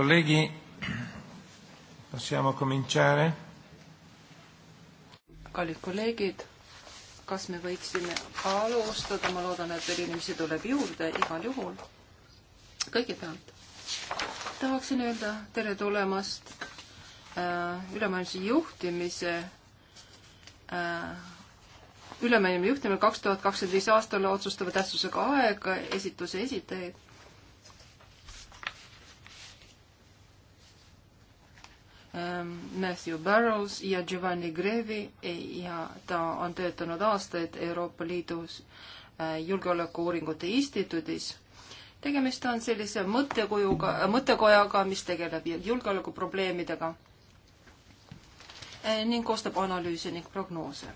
Colleghi, possiamo cominciare? kallid kolleegid, kas me võiksime alustada, ma loodan, et veel inimesi tuleb juurde igal juhul. kõigepealt tahaksin öelda tere tulemast äh, ülemaailmse juhtimise äh, ülemaailmne juhtimine kaks tuhat kakskümmend viis aastal otsustava tähtsusega aega esituse esitajaid Ähm, Matthew Barrows ja Giovanni Grevi ja ta on töötanud aastaid Euroopa Liidus äh, julgeolekuuuringute instituudis. tegemist on sellise mõttekujuga, mõttekojaga, mis tegeleb julgeolekuprobleemidega äh, ning koostab analüüse ning prognoose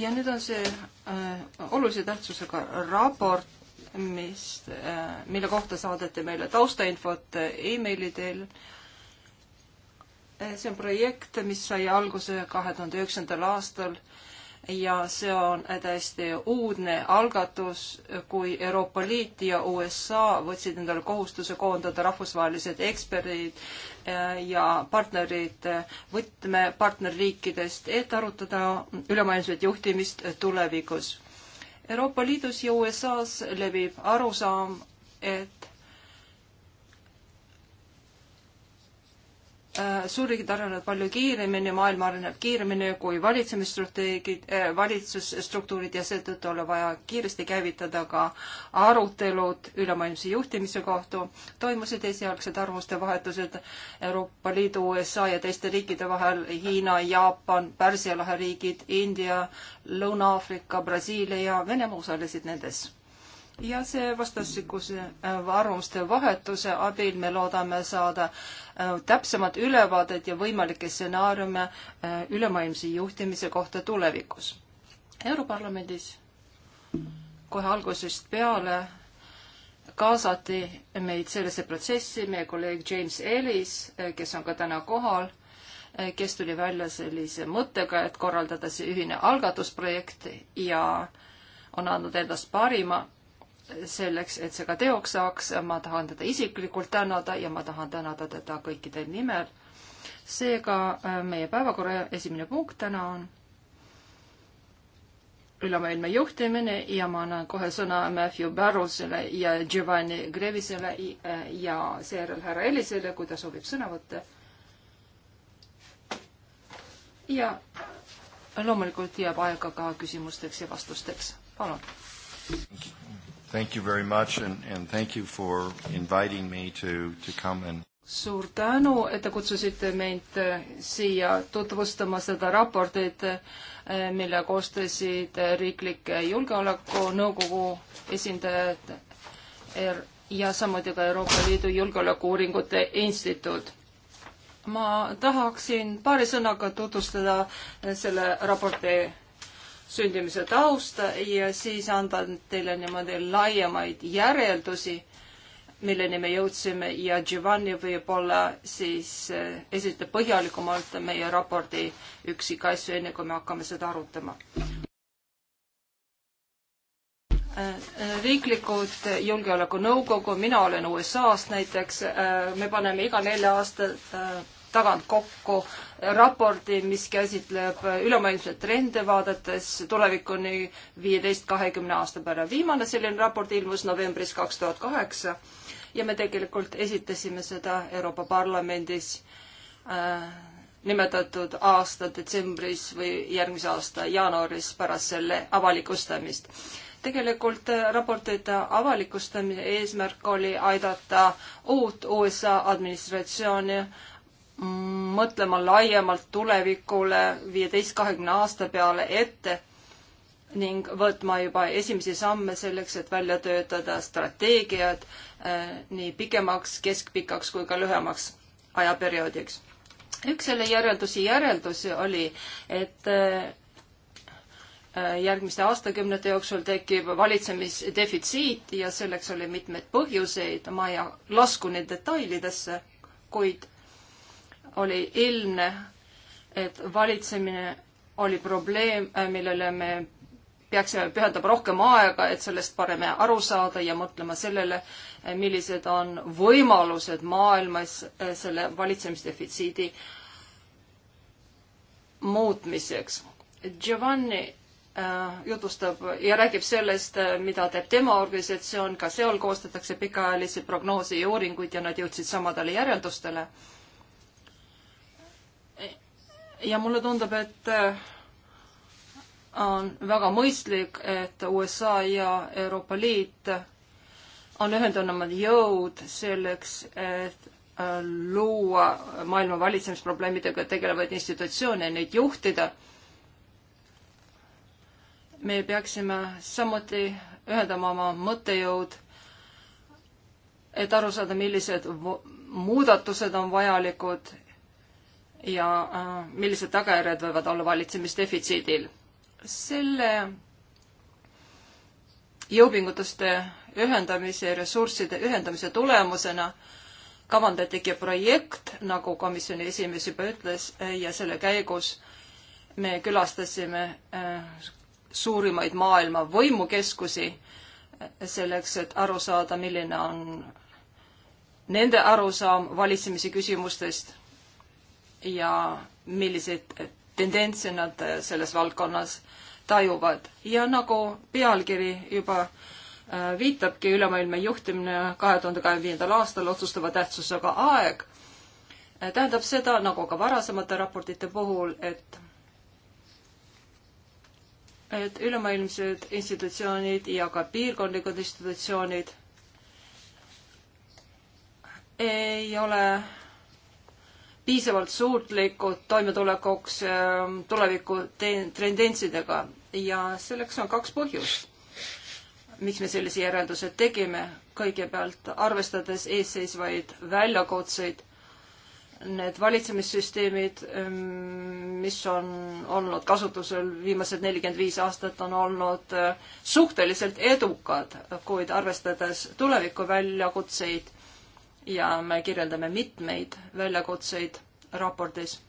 ja nüüd on see äh, olulise tähtsusega raport, mis äh,, mille kohta saadeti meile taustainfot äh, emaili teel. Äh, see on projekt, mis sai alguse kahe tuhande üheksandal aastal äh, ja see on täiesti uudne algatus, kui Euroopa Liit ja USA võtsid endale kohustuse koondada rahvusvahelised eksperdid eh, ja partnerid eh, võtmepartnerriikidest, et arutada ülemaailmset juhtimist tulevikus. Euroopa Liidus ja USA-s levib arusaam, et Äh, suurriigid arenevad palju kiiremini, maailm areneb kiiremini kui valitsemisstrateegid, äh, valitsusstruktuurid ja seetõttu ole vaja kiiresti käivitada ka arutelud ülemaailmse juhtimise kohta. toimusid esialgsed arvamuste vahetused Euroopa Liidu, USA ja teiste riikide vahel, Hiina, Jaapan, Pärsia lahe riigid, India, Lõuna-Aafrika, Brasiilia ja Venemaa osalesid nendes ja see vastastikuse äh, arvamuste vahetuse abil me loodame saada äh, täpsemat ülevaadet ja võimalikke stsenaariume äh, ülemaailmse juhtimise kohta tulevikus. Europarlamendis kohe algusest peale kaasati meid sellesse protsessi meie kolleeg James Ellis, kes on ka täna kohal, kes tuli välja sellise mõttega, et korraldada see ühine algatusprojekt ja on andnud endast parima selleks, et see ka teoks saaks, ma tahan teda isiklikult tänada ja ma tahan tänada teda kõikide nimel. seega äh, meie päevakorra esimene punkt täna on ülemaailmne juhtimine ja ma annan kohe sõna Matthew Barrosele ja Giovanni Grevisele äh, ja seejärel härra Elisele, kui ta soovib sõna võtta. ja loomulikult jääb aega ka küsimusteks ja vastusteks. palun. Thank you very much and, and thank you for inviting me to, to come and suur tänu, et te kutsusite meid eh, siia tutvustama seda raportit, eh, mille koostasid eh, Riiklike Julgeolekunõukogu esindajad er-, ja samuti ka Euroopa Liidu Julgeolekuuuringute Instituut. ma tahaksin paari sõnaga tutvustada selle raporti sündimise tausta ja siis anda teile niimoodi laiemaid järeldusi, milleni me jõudsime ja Giovanni võib-olla siis eh, esitab põhjalikumalt meie raporti üksikasju, enne kui me hakkame seda arutama. Eh, eh, riiklikud julgeolekunõukogu, mina olen USA-st näiteks, me paneme iga nelja aasta tagant kokku raporti, mis käsitleb ülemaailmseid trende vaadates tulevikuni viieteist, kahekümne aasta pärast. viimane selline raport ilmus novembris kaks tuhat kaheksa ja me tegelikult esitasime seda Euroopa Parlamendis äh, nimetatud aasta detsembris või järgmise aasta jaanuaris pärast selle avalikustamist tegelikult äh, raportite avalikustamise eesmärk oli aidata uut USA administratsiooni mõtlema laiemalt tulevikule, viieteist, kahekümne aasta peale ette ning võtma juba esimesi samme selleks, et välja töötada strateegiad äh, nii pikemaks, keskpikaks kui ka lühemaks ajaperioodiks. üks selle järeldusi järeldusi oli, et äh, äh, järgmiste aastakümnete jooksul tekib valitsemisdefitsiit ja selleks oli mitmeid põhjuseid, ma ei lasku nüüd detailidesse, kuid oli ilmne, et valitsemine oli probleem, äh, millele me peaksime pühendama rohkem aega, et sellest paremini aru saada ja mõtlema sellele, äh, millised on võimalused maailmas äh, selle valitsemisdefitsiidi muutmiseks. Giovanni jutustab ja räägib sellest, mida teeb tema organisatsioon, ka seal koostatakse pikaajalisi prognoose ja uuringuid ja nad jõudsid samadele järeldustele ja mulle tundub, et äh, on väga mõistlik, et USA ja Euroopa Liit on ühendanud oma jõud selleks, et äh, luua maailma valitsemisprobleemidega tegelevaid institutsioone ja neid juhtida. me peaksime samuti ühendama oma mõttejõud, et aru saada, millised muudatused on vajalikud ja äh, millised tagajärjed võivad olla valitsemisdefitsiidil. selle jõupingutuste ühendamise ja ressursside ühendamise tulemusena kavandatigi projekt, nagu komisjoni esimees juba ütles, ja selle käigus me külastasime äh, suurimaid maailma võimukeskusi äh, selleks, et aru saada, milline on nende arusaam valitsemise küsimustest ja milliseid tendentse nad äh, selles valdkonnas tajuvad. ja nagu pealkiri juba äh, viitabki, ülemaailmne juhtimine kahe tuhande kahekümne viiendal aastal otsustava tähtsusega aeg, äh, tähendab seda, nagu ka varasemate raportite puhul, et et ülemaailmsed institutsioonid ja ka piirkondlikud institutsioonid ei ole piisavalt suutlikud toimetulekuks ähm, tuleviku tendentsidega ja selleks on kaks põhjust, miks me sellise järelduse tegime. kõigepealt arvestades eesseisvaid väljakutseid, need valitsemissüsteemid, ähm, mis on olnud kasutusel viimased nelikümmend viis aastat, on olnud äh, suhteliselt edukad, kuid arvestades tuleviku väljakutseid ja me kirjeldame mitmeid väljakutseid raportis,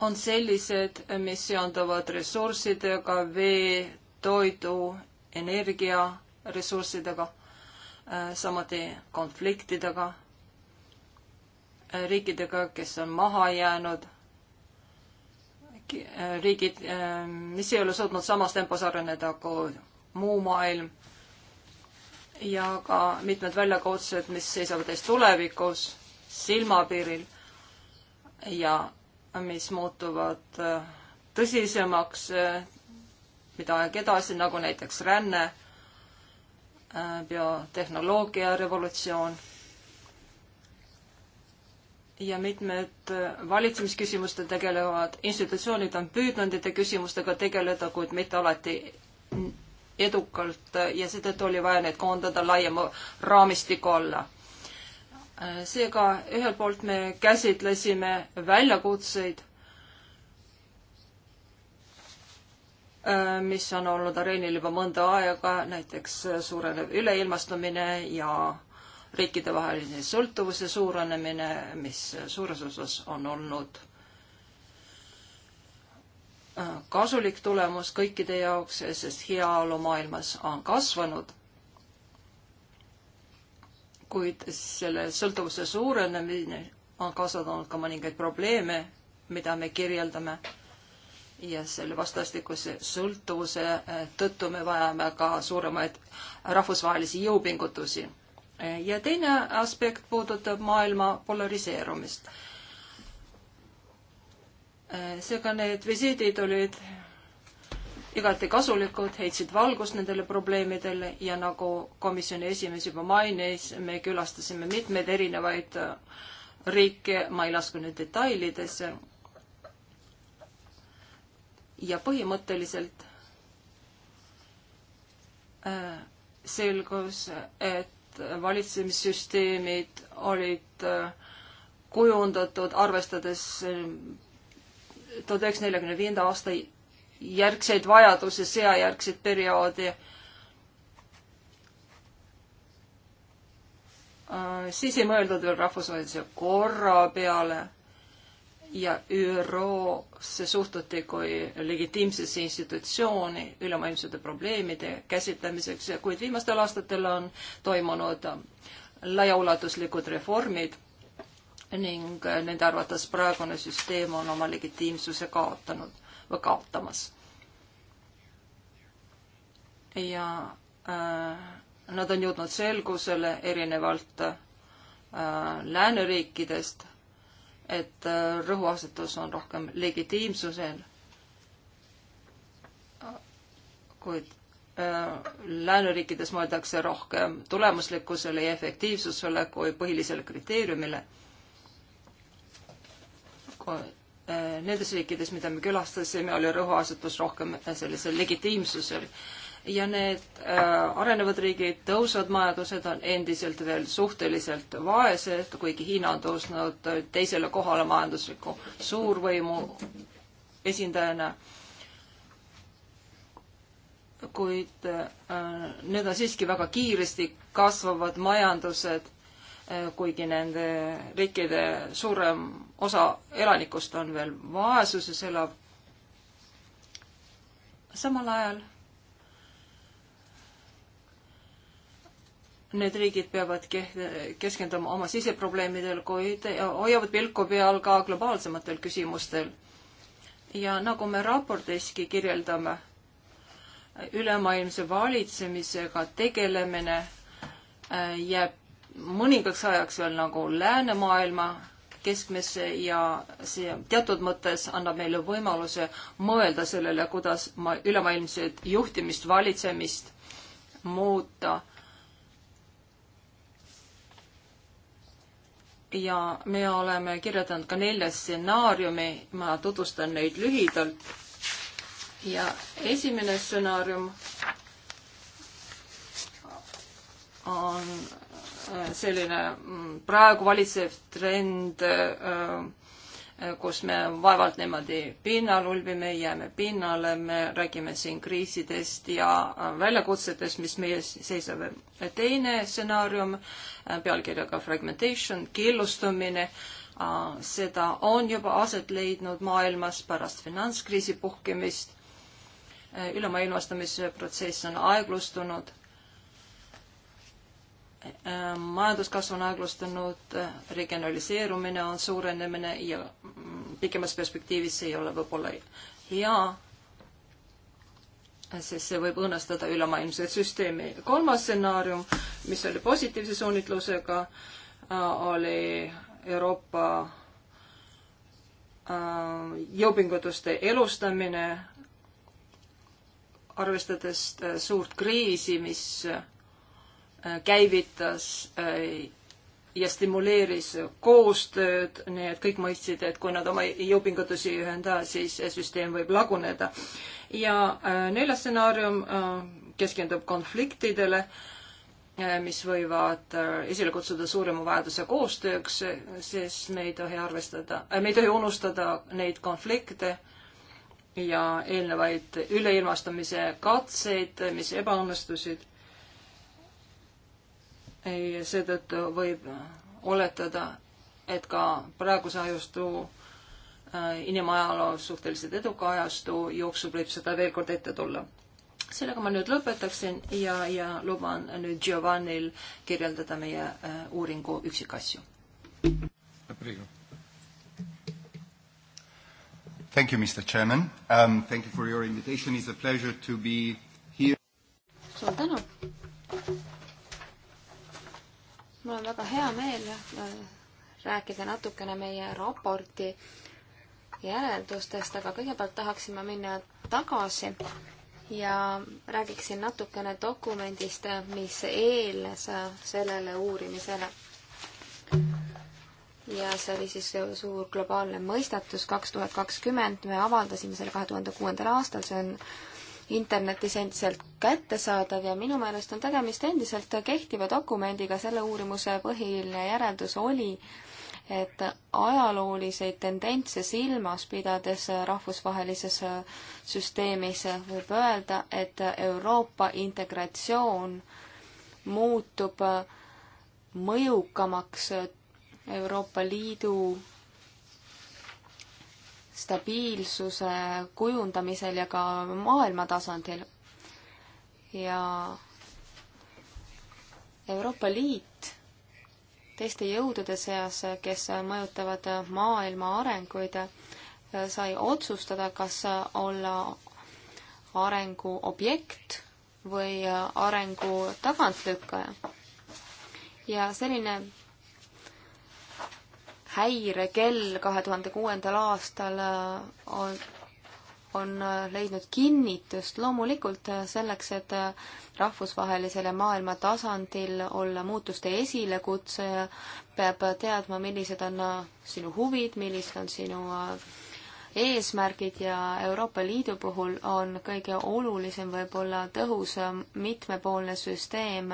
on sellised, mis seonduvad ressurssidega, vee, toidu, energiaressurssidega, äh, samuti konfliktidega, äh, riikidega, kes on maha jäänud äh, riigid, mis ei ole suutnud samas tempos areneda kui muu maailm ja ka mitmed väljakutsed, mis seisavad ees tulevikus, silmapiiril ja mis muutuvad äh, tõsisemaks, äh, mida aeg edasi, nagu näiteks ränne, äh, biotehnoloogia revolutsioon ja mitmed valitsemisküsimuste tegelevad institutsioonid on püüdnud nende küsimustega tegeleda, kuid mitte alati edukalt ja seetõttu oli vaja need koondada laiema raamistiku alla. seega ühelt poolt me käsitlesime väljakutseid, mis on olnud areenil juba mõnda aega, näiteks suurenev üleilmastumine ja riikidevahelise sõltuvuse suurenemine, mis suures osas on olnud kasulik tulemus kõikide jaoks, sest heaolu maailmas on kasvanud. kuid selle sõltuvuse suurenemine on kaasa toonud ka mõningaid probleeme, mida me kirjeldame. ja selle vastastikuse sõltuvuse eh, tõttu me vajame ka suuremaid rahvusvahelisi jõupingutusi. Eh, ja teine aspekt puudutab maailma polariseerumist Äh, seega need visiidid olid igati kasulikud, heitsid valgust nendele probleemidele ja nagu komisjoni esimees juba mainis, me külastasime mitmeid erinevaid äh, riike, ma ei lasku nüüd detailidesse. ja põhimõtteliselt äh, selgus, et valitsemissüsteemid olid kujundatud arvestades tuhande üheksasaja neljakümne viienda aasta järgseid vajadusi, sõjajärgset perioodi. Äh, siis ei mõeldud veel rahvusvahelise korra peale ja ÜRO-sse suhtuti kui legitiimsesse institutsiooni ülemaailmsete probleemide käsitlemiseks, kuid viimastel aastatel on toimunud laiaulatuslikud reformid ning nende arvates praegune süsteem on oma legitiimsuse kaotanud või kaotamas. ja äh, nad on jõudnud selgusele erinevalt äh, lääneriikidest, et äh, rõhuasetus on rohkem legitiimsusel, kuid äh, lääneriikides mõeldakse rohkem tulemuslikkusele ja efektiivsusele kui põhilisele kriteeriumile Äh, nendes riikides, mida me külastasime, oli rõhuasetus rohkem äh, sellisel legitiimsusel. ja need äh, arenevad riigid, tõusvad majandused on endiselt veel suhteliselt vaesed, kuigi Hiina on tõusnud teisele kohale majandusliku suurvõimu esindajana. kuid äh, need on siiski väga kiiresti kasvavad majandused Äh, kuigi nende riikide suurem osa elanikust on veel vaesuses elav. samal ajal need riigid peavad keskenduma oma siseprobleemidel, kuid hoiavad pilku peal ka globaalsematel küsimustel. ja nagu me raportiski kirjeldame, ülemaailmse valitsemisega tegelemine äh, jääb mõningaks ajaks veel nagu läänemaailma keskmesse ja see teatud mõttes annab meile võimaluse mõelda sellele, kuidas ma ülemaailmset juhtimist, valitsemist muuta. ja me oleme kirjeldanud ka nelja stsenaariumi, ma tutvustan neid lühidalt. ja esimene stsenaarium on Äh, selline mm, praegu valitsev trend, äh, äh, kus me vaevalt niimoodi pinnal ulbime, jääme pinnale, me räägime siin kriisidest ja väljakutsetest, mis meie seisavad. teine stsenaarium pealkirjaga fragmentation, killustumine seda on juba aset leidnud maailmas pärast finantskriisi puhkemist. ülemaailmastamise protsess on aeglustunud Äh, majanduskasv on aeglustunud, äh, regionaliseerumine on suurenemine ja mm, pikemas perspektiivis see ei ole võib-olla hea, sest see võib õõnestada ülemaailmset süsteemi. kolmas stsenaarium, mis oli positiivse suunitlusega, äh, oli Euroopa jõupingutuste elustamine, arvestades suurt kriisi, mis Äh, käivitas äh, ja stimuleeris koostööd, nii et kõik mõistsid, et kui nad oma jõupingutusi ei ühenda, siis süsteem võib laguneda. ja äh, neljas stsenaarium keskendub konfliktidele, mis võivad esile kutsuda suurema vajaduse koostööks, sest me ei tohi arvestada, me ei tohi unustada neid konflikte ja eelnevaid üleilmastamise katseid, mis ebaõnnestusid ei, seetõttu võib oletada, et ka praeguse ajastu äh, inimajaloo suhteliselt eduka ajastu jooksul võib seda veel kord ette tulla. sellega ma nüüd lõpetaksin ja, ja luban nüüd Giovannil kirjeldada meie äh, uuringu üksikasju. Thank you, Mr Chairman um,. Thank you for your invitation, it is a pleasure to be here. suur tänu mul on väga hea meel rääkida natukene meie raporti järeldustest, aga kõigepealt tahaksin ma minna tagasi ja räägiksin natukene dokumendist, mis eelnes sellele uurimisele. ja see oli siis suur globaalne mõistatus kaks tuhat kakskümmend, me avaldasime selle kahe tuhande kuuendal aastal, see on internetis endiselt kättesaadav ja minu meelest on tegemist endiselt kehtiva dokumendiga, selle uurimuse põhiline järeldus oli, et ajalooliseid tendentse silmas pidades rahvusvahelises süsteemis võib öelda, et Euroopa integratsioon muutub mõjukamaks Euroopa Liidu stabiilsuse kujundamisel ja ka maailma tasandil. ja Euroopa Liit teiste jõudude seas, kes mõjutavad maailma arenguid, sai otsustada, kas olla arengu objekt või arengu tagantlükkaja. ja selline häirekell kahe tuhande kuuendal aastal äh, on, on äh, leidnud kinnitust loomulikult äh, selleks, et rahvusvahelisel ja maailma tasandil olla muutuste esilekutseja, peab teadma, millised on sinu huvid, millised on sinu eesmärgid ja Euroopa Liidu puhul on kõige olulisem võib-olla tõhus mitmepoolne süsteem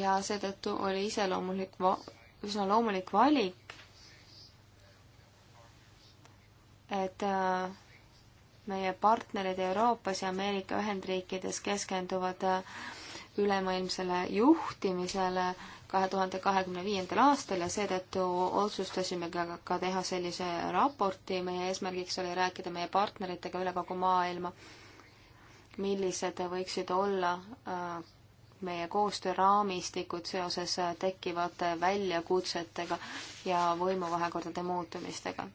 ja seetõttu oli iseloomulik, üsna loomulik valik, et äh, meie partnerid Euroopas ja Ameerika Ühendriikides keskenduvad äh, ülemaailmsele juhtimisele kahe tuhande kahekümne viiendal aastal ja seetõttu otsustasime ka, ka teha sellise raporti, meie eesmärgiks oli rääkida meie partneritega üle kogu maailma, millised võiksid olla äh, meie koostööraamistikud seoses tekkivate väljakutsetega ja võimuvahekordade muutumistega.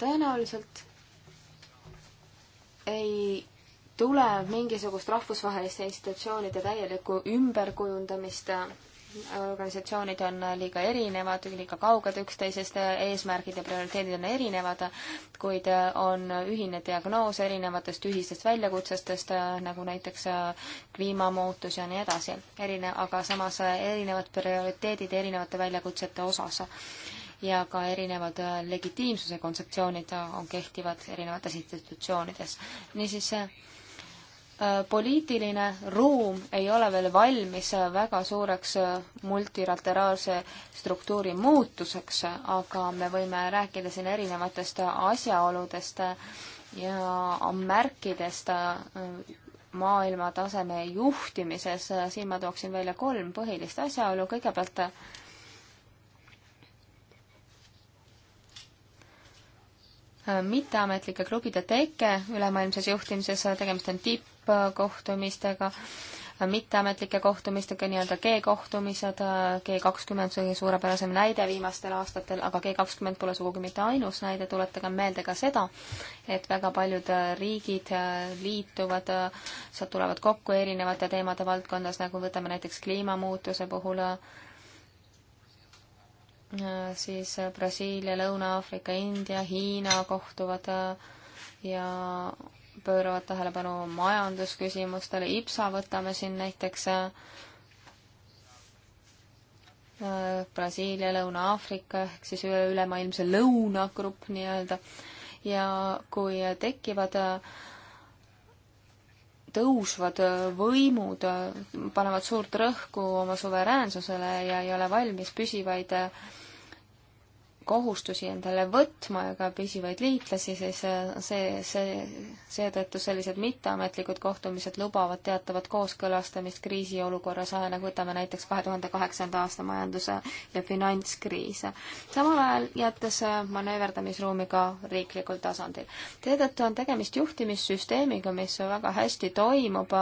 tõenäoliselt ei tule mingisugust rahvusvaheliste institutsioonide täielikku ümberkujundamist organisatsioonid on liiga erinevad, liiga kauged üksteisest, eesmärgid ja prioriteedid on erinevad, kuid on ühine diagnoos erinevatest ühistest väljakutsestest, nagu näiteks kliimamuutus ja nii edasi. erine-, aga samas erinevad prioriteedid erinevate väljakutsete osas ja ka erinevad legitiimsuse kontseptsioonid on kehtivad erinevates institutsioonides. niisiis Äh, poliitiline ruum ei ole veel valmis äh, väga suureks äh, multilateraalse struktuuri muutuseks, aga me võime rääkida siin erinevatest asjaoludest ja märkidest maailmataseme juhtimises, siin ma tooksin välja kolm põhilist asjaolu, kõigepealt mitteametlike klubide teke ülemaailmses juhtimises, tegemist on tipp tippkohtumistega, mitteametlike kohtumistega, nii-öelda G-kohtumised, G20 see oli suurepärasem näide viimastel aastatel, aga G20 pole sugugi mitte ainus näide, tuletagem meelde ka seda, et väga paljud riigid liituvad, sealt tulevad kokku erinevate teemade valdkondas, nagu võtame näiteks kliimamuutuse puhul siis Brasiilia, Lõuna-Aafrika, India, Hiina kohtuvad ja pööravad tähelepanu majandusküsimustele, IPSA võtame siin näiteks äh, Brasiilia, Lõuna-Aafrika ehk siis ülemaailmse lõunagrupp nii-öelda ja kui tekivad äh, tõusvad äh, võimud panevad suurt rõhku oma suveräänsusele ja ei ole valmis püsivaid äh, kohustusi endale võtma ja ka püsivaid liitlasi, siis see, see, seetõttu sellised mitteametlikud kohtumised lubavad teatavat kooskõlastamist kriisiolukorras, nagu võtame näiteks kahe tuhande kaheksanda aasta majanduse ja finantskriis. samal ajal jättes äh, manööverdamisruumi ka riiklikul tasandil. seetõttu on tegemist juhtimissüsteemiga, mis väga hästi toimub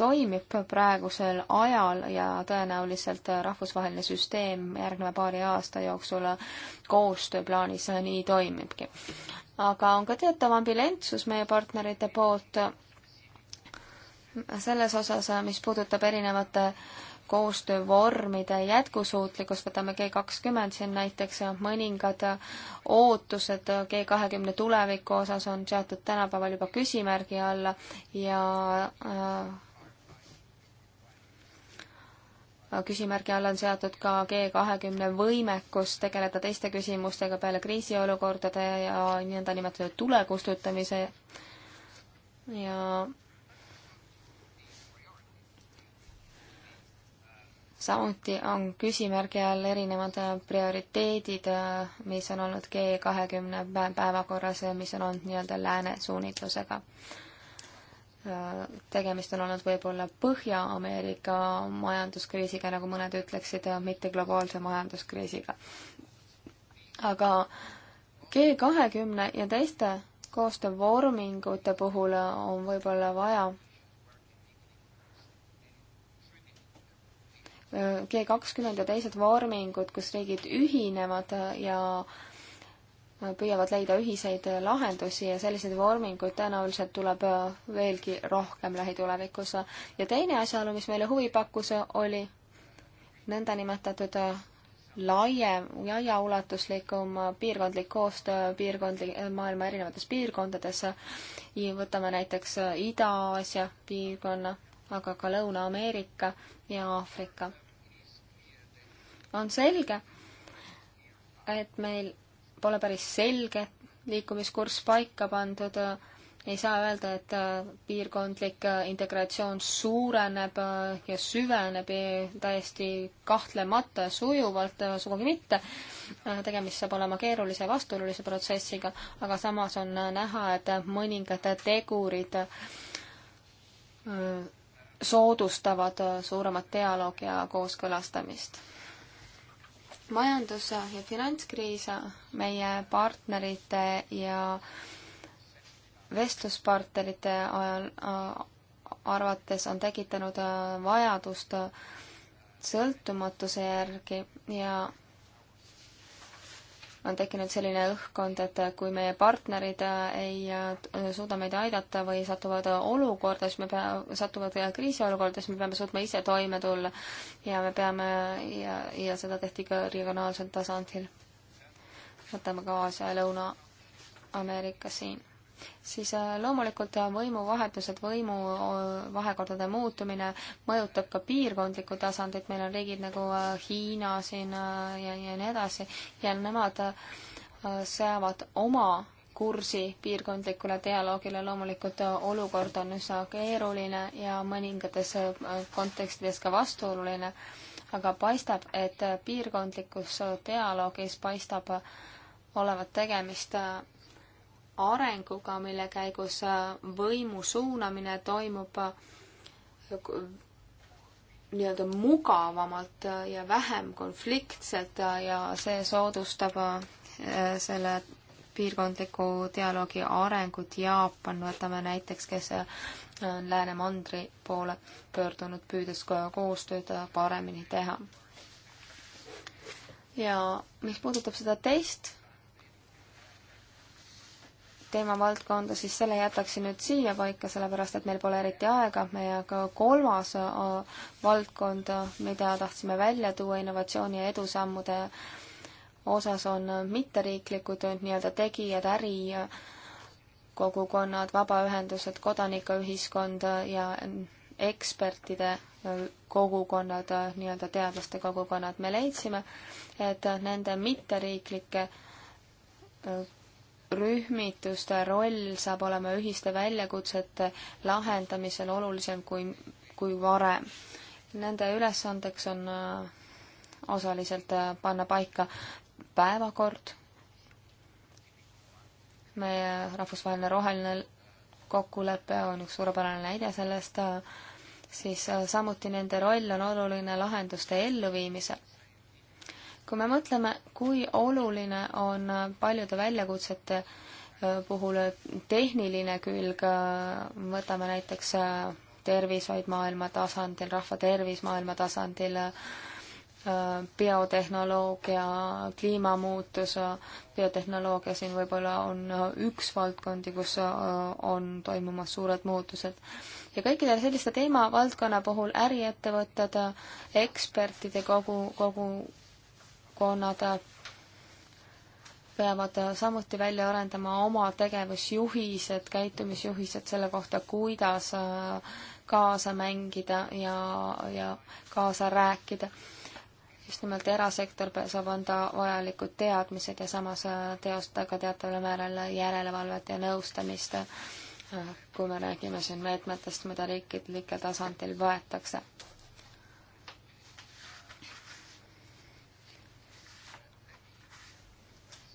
toimib praegusel ajal ja tõenäoliselt rahvusvaheline süsteem järgneva paari aasta jooksul koostööplaanis nii toimibki. aga on ka teatav ambivalentsus meie partnerite poolt selles osas, mis puudutab erinevate äh, koostöövormide jätkusuutlikkus, võtame G kakskümmend siin näiteks, mõningad ootused G kahekümne tuleviku osas on seatud tänapäeval juba küsimärgi alla ja äh, küsimärgi alla on seatud ka G kahekümne võimekus tegeleda teiste küsimustega peale kriisiolukordade ja nõndanimetatud tule kustutamise ja samuti on küsimärgi all erinevad prioriteedid, mis on olnud G kahekümne päevakorras, mis on olnud nii-öelda lääne suunitlusega. tegemist on olnud võib-olla Põhja-Ameerika majanduskriisiga, nagu mõned ütleksid, mitte globaalse majanduskriisiga. aga G kahekümne ja teiste koostöövormingute puhul on võib-olla vaja G kakskümmend ja teised vormingud, kus riigid ühinevad ja püüavad leida ühiseid lahendusi ja selliseid vorminguid tõenäoliselt tuleb veelgi rohkem lähitulevikus. ja teine asjaolu, mis meile huvi pakkus, oli nõndanimetatud laiem, laiaulatuslikum piirkondlik koostöö piirkondli-, maailma erinevates piirkondades. võtame näiteks Ida-Aasia piirkonna, aga ka Lõuna-Ameerika ja Aafrika on selge, et meil pole päris selge liikumiskurss paika pandud, ei saa öelda, et äh, piirkondlik äh, integratsioon suureneb äh, ja süveneb täiesti kahtlemata ja sujuvalt, sugugi mitte. tegemist saab olema keerulise vastuolulise protsessiga, aga samas on näha, et mõningad tegurid soodustavad suuremat dialoogi ja kooskõlastamist majandus- ja finantskriis meie partnerite ja vestluspartnerite ajal arvates on tekitanud vajadust sõltumatuse järgi ja on tekkinud selline õhkkond, et kui meie partnerid äh, ei äh, suuda meid aidata või satuvad olukorda, siis me pea-, satuvad kriisiolukorda, siis me peame suutma ise toime tulla ja me peame ja, ja seda tehti ka regionaalsel tasandil. võtame ka Aasia ja Lõuna-Ameerika siin siis äh, loomulikult äh, võimuvahetused, võimu äh, vahekordade muutumine mõjutab ka piirkondlikku tasandit, meil on riigid nagu Hiina siin ja, ja nii edasi ja nemad seavad oma kursi piirkondlikule dialoogile, loomulikult olukord on üsna keeruline ja mõningates kontekstides ka vastuoluline, aga paistab, et piirkondlikus dialoogis paistab olevat tegemist arenguga, mille käigus äh, võimu suunamine toimub äh, nii-öelda mugavamalt äh, ja vähem konfliktselt ja see soodustab selle piirkondliku dialoogi arengut. Jaapan, võtame näiteks, kes on läänemandri poole pöördunud, püüdes koostööd paremini teha. ja mis puudutab seda teist teemavaldkonda, siis selle jätaksin nüüd siiapaika, sellepärast et meil pole eriti aega. meie ka kolmas äh, valdkond, mida tahtsime välja tuua innovatsiooni ja edusammude osas, on mitteriiklikud nii-öelda tegijad, äri, kogukonnad, vabaühendused, kodanikuühiskond ja ekspertide äh, kogukonnad, nii-öelda teadlaste kogukonnad. me leidsime, et nende mitteriiklike äh, rühmituste roll saab olema ühiste väljakutsete lahendamisel olulisem kui, kui varem. Nende ülesandeks on äh, osaliselt äh, panna paika päevakord, meie rahvusvaheline roheline kokkulepe on üks suurepärane näide sellest, äh, siis samuti nende roll on oluline lahenduste elluviimisel kui me mõtleme, kui oluline on paljude väljakutsete äh, puhul tehniline külg, äh, võtame näiteks äh, tervishoid maailma tasandil, rahva tervis maailma tasandil, biotehnoloogia, kliimamuutus, biotehnoloogia siin võib-olla on üks valdkondi, kus on toimumas suured muutused. ja kõikidel selliste teemavaldkonna puhul äriettevõtted, ekspertide kogu, kogu osakonnad peavad samuti välja arendama oma tegevusjuhised, käitumisjuhised selle kohta, kuidas äh, kaasa mängida ja, ja kaasa rääkida. just nimelt erasektor saab anda vajalikud teadmised ja samas äh, teostada ka teataval määral järelevalvet ja nõustamist, äh, kui me räägime siin meetmetest, mida riiklikel tasandil võetakse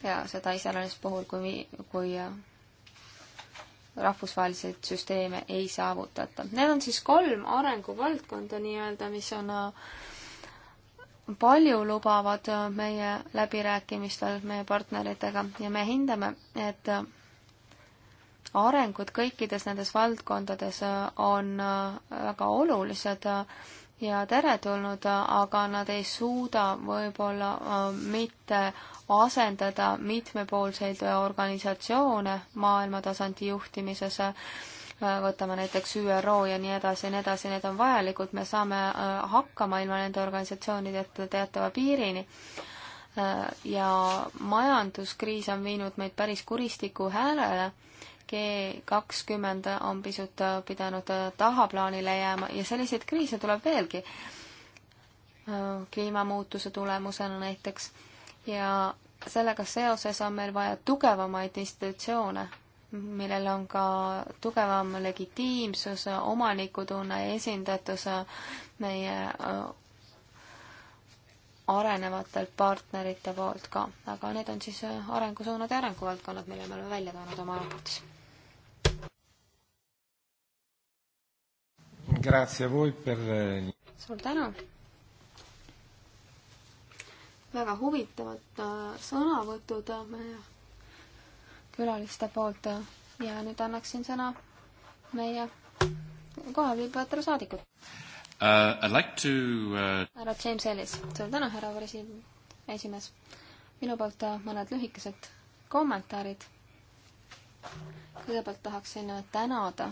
ja seda iseäranis puhul, kui, kui äh, rahvusvaheliseid süsteeme ei saavutata. Need on siis kolm arenguvaldkonda nii-öelda, mis on äh, paljulubavad äh, meie läbirääkimistel meie partneritega ja me hindame, et arengud kõikides nendes valdkondades on väga olulised ja teretulnud, aga nad ei suuda võib-olla äh, mitte asendada mitmepoolseid äh, organisatsioone maailma tasandi juhtimises, äh, võtame näiteks ÜRO ja nii edasi ja nii edasi, need on vajalikud, me saame hakkama ilma nende organisatsioonideta teatava piirini ja majanduskriis on viinud meid päris kuristiku häälele G kakskümmend on pisut äh, pidanud äh, tahaplaanile jääma ja selliseid kriise tuleb veelgi. Äh, kliimamuutuse tulemusena näiteks ja sellega seoses on meil vaja tugevamaid institutsioone, millel on ka tugevam legitiimsus, omanikutunne, esindatus meie arenevatelt partnerite poolt ka, aga need on siis arengusuunad ja arenguvaldkonnad, mille me oleme välja toonud oma raportis. Per... Eh, suur tänu! väga huvitavad äh, sõnavõtud äh, meie külaliste poolt äh, ja nüüd annaksin sõna meie kohalviibijatele saadikud uh,. I'd like to uh... härra James Ellis, suur tänu, härra presi-, esimees. minu poolt mõned lühikesed kommentaarid. kõigepealt tahaksin tänada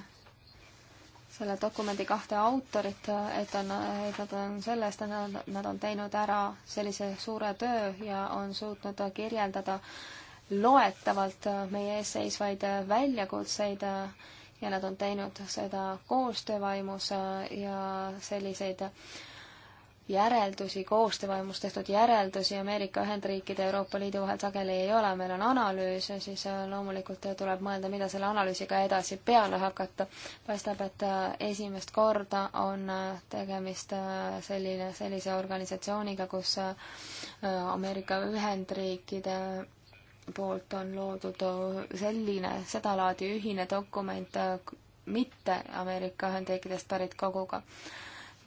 selle dokumendi kahte autorit, et on, et nad on selle eest, et nad on teinud ära sellise suure töö ja on suutnud kirjeldada loetavalt meie ees seisvaid väljakutseid ja nad on teinud seda koostöövaimus ja selliseid äh, järeldusi, koostöövaimus tehtud järeldusi Ameerika Ühendriikide ja Euroopa Liidu vahel sageli ei ole, meil on analüüs ja siis äh, loomulikult äh, tuleb mõelda, mida selle analüüsiga edasi peale hakata. paistab, et äh, esimest korda on tegemist selline, sellise organisatsiooniga, kus Ameerika Ühendriikide poolt on loodud selline sedalaadi ühine dokument mitte Ameerika Ühendriikidest pärit koguga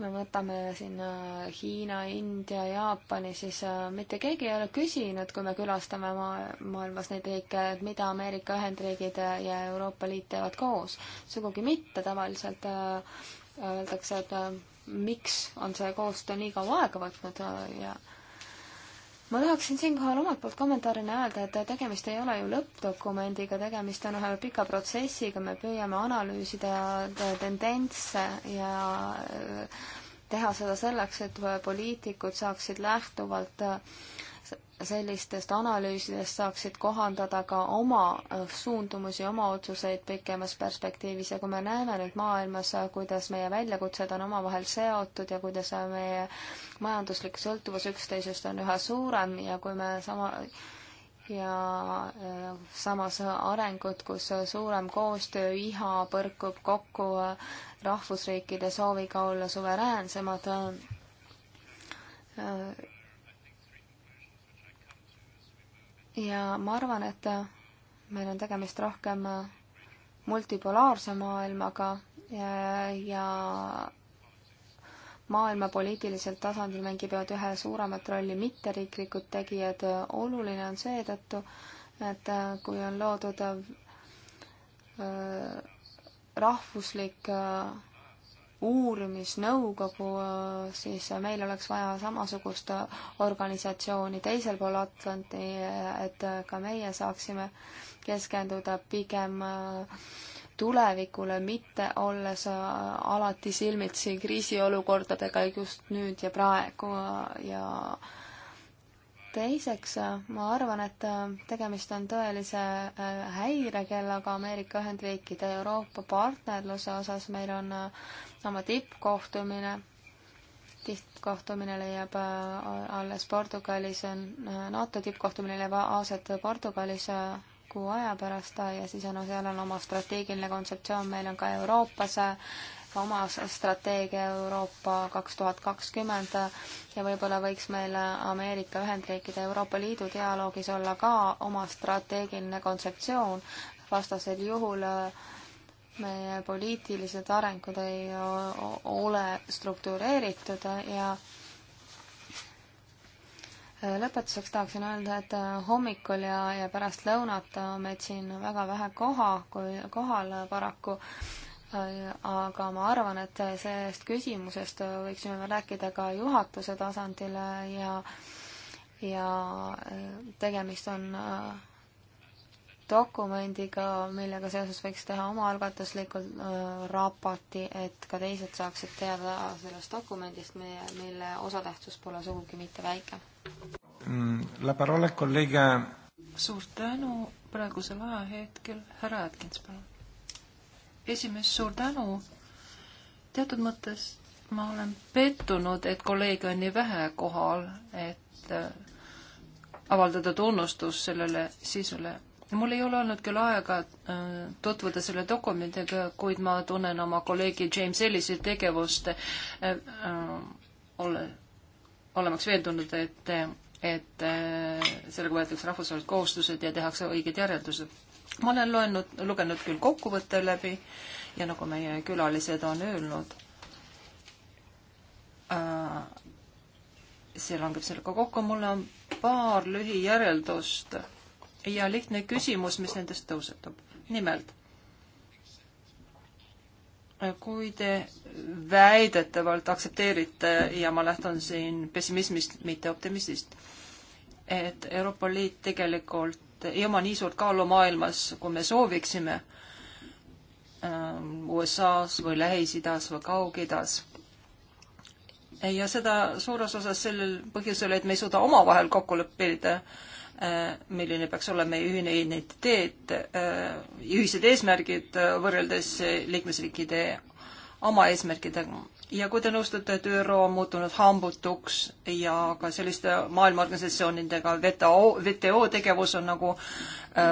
me võtame siin Hiina, India, Jaapani, siis äh, mitte keegi ei ole küsinud, kui me külastame maa, maailmas neid riike, et mida Ameerika Ühendriigid äh, ja Euroopa Liit teevad koos. sugugi mitte, tavaliselt äh, öeldakse, et miks on see koostöö nii kaua aega võtnud ja ma tahaksin siinkohal omalt poolt kommentaarina öelda, et tegemist ei ole ju lõppdokumendiga, tegemist on ühe pika protsessiga, me püüame analüüsida tendentse ja äh, teha seda selleks, et poliitikud saaksid lähtuvalt äh, sellistest analüüsidest saaksid kohandada ka oma äh, suundumusi, oma otsuseid pikemas perspektiivis ja kui me näeme nüüd maailmas, äh, kuidas meie väljakutsed on omavahel seotud ja kuidas äh, meie majanduslik sõltuvus üksteisest on üha suurem ja kui me sama ja samas arengud, kus suurem koostöö iha põrkub kokku rahvusriikide sooviga olla suveräänsemad ja ma arvan, et meil on tegemist rohkem multipolaarse maailmaga ja, ja maailma poliitilisel tasandil mängivad ühe suuremat rolli mitteriiklikud tegijad. oluline on seetõttu, et kui on loodud äh, rahvuslik äh, uurimisnõukogu, siis meil oleks vaja samasugust organisatsiooni teisel pool Atlandi, et ka meie saaksime keskenduda pigem tulevikule, mitte olles alati silmitsi kriisiolukordadega just nüüd ja praegu ja äh, teiseks, äh, ma arvan, et äh, tegemist on tõelise äh, häirekellaga Ameerika Ühendriikide ja Euroopa partnerluse osas. meil on oma tippkohtumine, tippkohtumine leiab alles Portugalis, NATO tippkohtumine leiab aset Portugalis kuu aja pärast ja siis on, seal on oma strateegiline kontseptsioon, meil on ka Euroopas oma strateegia Euroopa kaks tuhat kakskümmend ja võib-olla võiks meil Ameerika Ühendriikide Euroopa Liidu dialoogis olla ka oma strateegiline kontseptsioon, vastasel juhul äh, meie poliitilised arengud ei ole struktureeritud ja äh, lõpetuseks tahaksin öelda, et äh, hommikul ja, ja pärast lõunat on meid siin väga vähe koha, kui kohal paraku aga ma arvan, et sellest küsimusest võiksime rääkida ka juhatuse tasandil ja, ja äh, tegemist on äh, dokumendiga, millega seoses võiks teha omaalgatuslikult äh, raporti, et ka teised saaksid teada sellest dokumendist, meie, mille osatähtsus pole sugugi mitte väike. Mm, la parole kolleeg. suur tänu, praegusel ajahetkel härra Atkins, palun esimees, suur tänu. teatud mõttes ma olen pettunud, et kolleege on nii vähe kohal, et äh, avaldada tunnustus sellele sisule. mul ei ole olnud küll aega äh, tutvuda selle dokumendiga, kuid ma tunnen oma kolleegi James Ellisi tegevust äh, äh,, ole, olemaks veendunud, et, et äh, sellega võetakse rahvusvahelised kohustused ja tehakse õiged järeldused ma olen loenud, lugenud küll kokkuvõtte läbi ja nagu meie külalised on öelnud äh,, see langeb sellega kokku, mul on paar lühijäreldust ja lihtne küsimus, mis nendest tõusetub. nimelt, kui te väidetavalt aktsepteerite ja ma lähtun siin pessimismist, mitte optimistist, et Euroopa Liit tegelikult et ei oma nii suurt kaalu maailmas, kui me sooviksime ähm, USA-s või Lähis-Idas või Kaug-Idas. ja seda suures osas sellel põhjusel, et me ei suuda omavahel kokku leppida, äh, milline peaks olema meie ühine identiteet, äh, ühised eesmärgid äh, võrreldes liikmesriikide oma eesmärkidega ja kui te nõustute, et ÜRO on muutunud hambutuks ja ka selliste maailmaorganisatsioonidega WTO, WTO tegevus on nagu äh,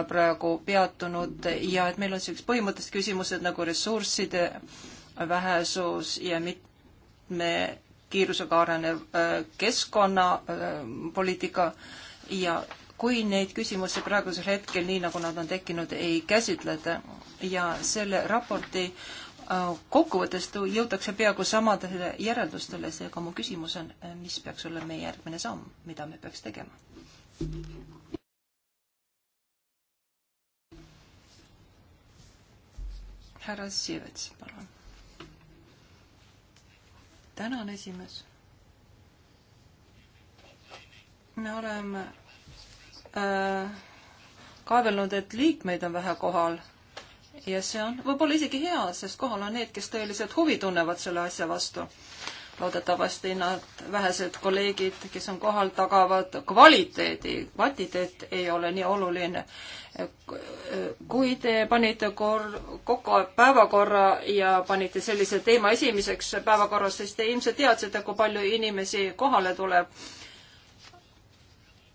praegu peatunud ja et meil on sellised põhimõttelised küsimused nagu ressursside vähesus ja mitme kiirusega arenev äh, keskkonnapoliitika ja kui neid küsimusi praegusel hetkel, nii nagu nad on tekkinud, ei käsitleta ja selle raporti äh, kokkuvõttes jõutakse peaaegu samadele järeldustele, seega mu küsimus on, mis peaks olema meie järgmine samm, mida me peaks tegema? härra Siivets, palun. tänan, esimees. me oleme äh, kaevelnud, et liikmeid on vähe kohal ja see on võib-olla isegi hea, sest kohal on need, kes tõeliselt huvi tunnevad selle asja vastu. loodetavasti nad vähesed kolleegid, kes on kohal, tagavad kvaliteedi, kvantiteet ei ole nii oluline. kui te panite kor-, kokku päevakorra ja panite sellise teema esimeseks päevakorras, siis te ilmselt teadsite, kui palju inimesi kohale tuleb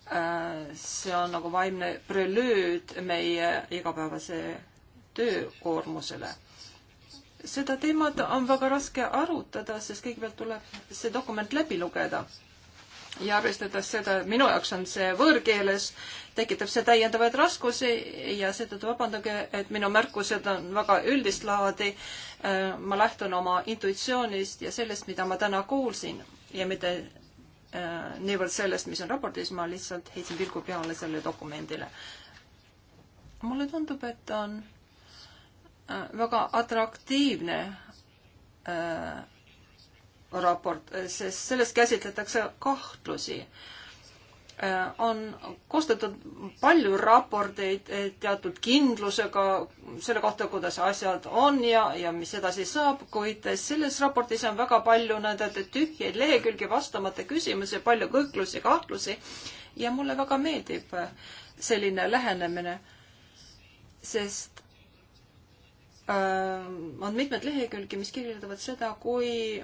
äh, see on nagu vaimne prelüüd meie igapäevase töökoormusele. seda teemat on väga raske arutada, sest kõigepealt tuleb see dokument läbi lugeda ja arvestades seda, et minu jaoks on see võõrkeeles, tekitab see täiendavaid raskusi ja seetõttu vabandage, et minu märkused on väga üldist laadi. Äh, ma lähtun oma intuitsioonist ja sellest, mida ma täna kuulsin ja mitte äh, niivõrd sellest, mis on raportis, ma lihtsalt heitsin pilgu peale sellele dokumendile. mulle tundub, et on Äh, väga atraktiivne äh, raport, äh, sest selles käsitletakse kahtlusi äh,. on koostatud palju raporteid äh, teatud kindlusega selle kohta, kuidas asjad on ja, ja mis edasi saab, kuid selles raportis on väga palju nii-öelda tühjaid lehekülgi, vastamata küsimusi, palju kõhklusi, kahtlusi ja mulle väga meeldib selline lähenemine, sest Äh, on mitmed lehekülgi, mis kirjeldavad seda, kui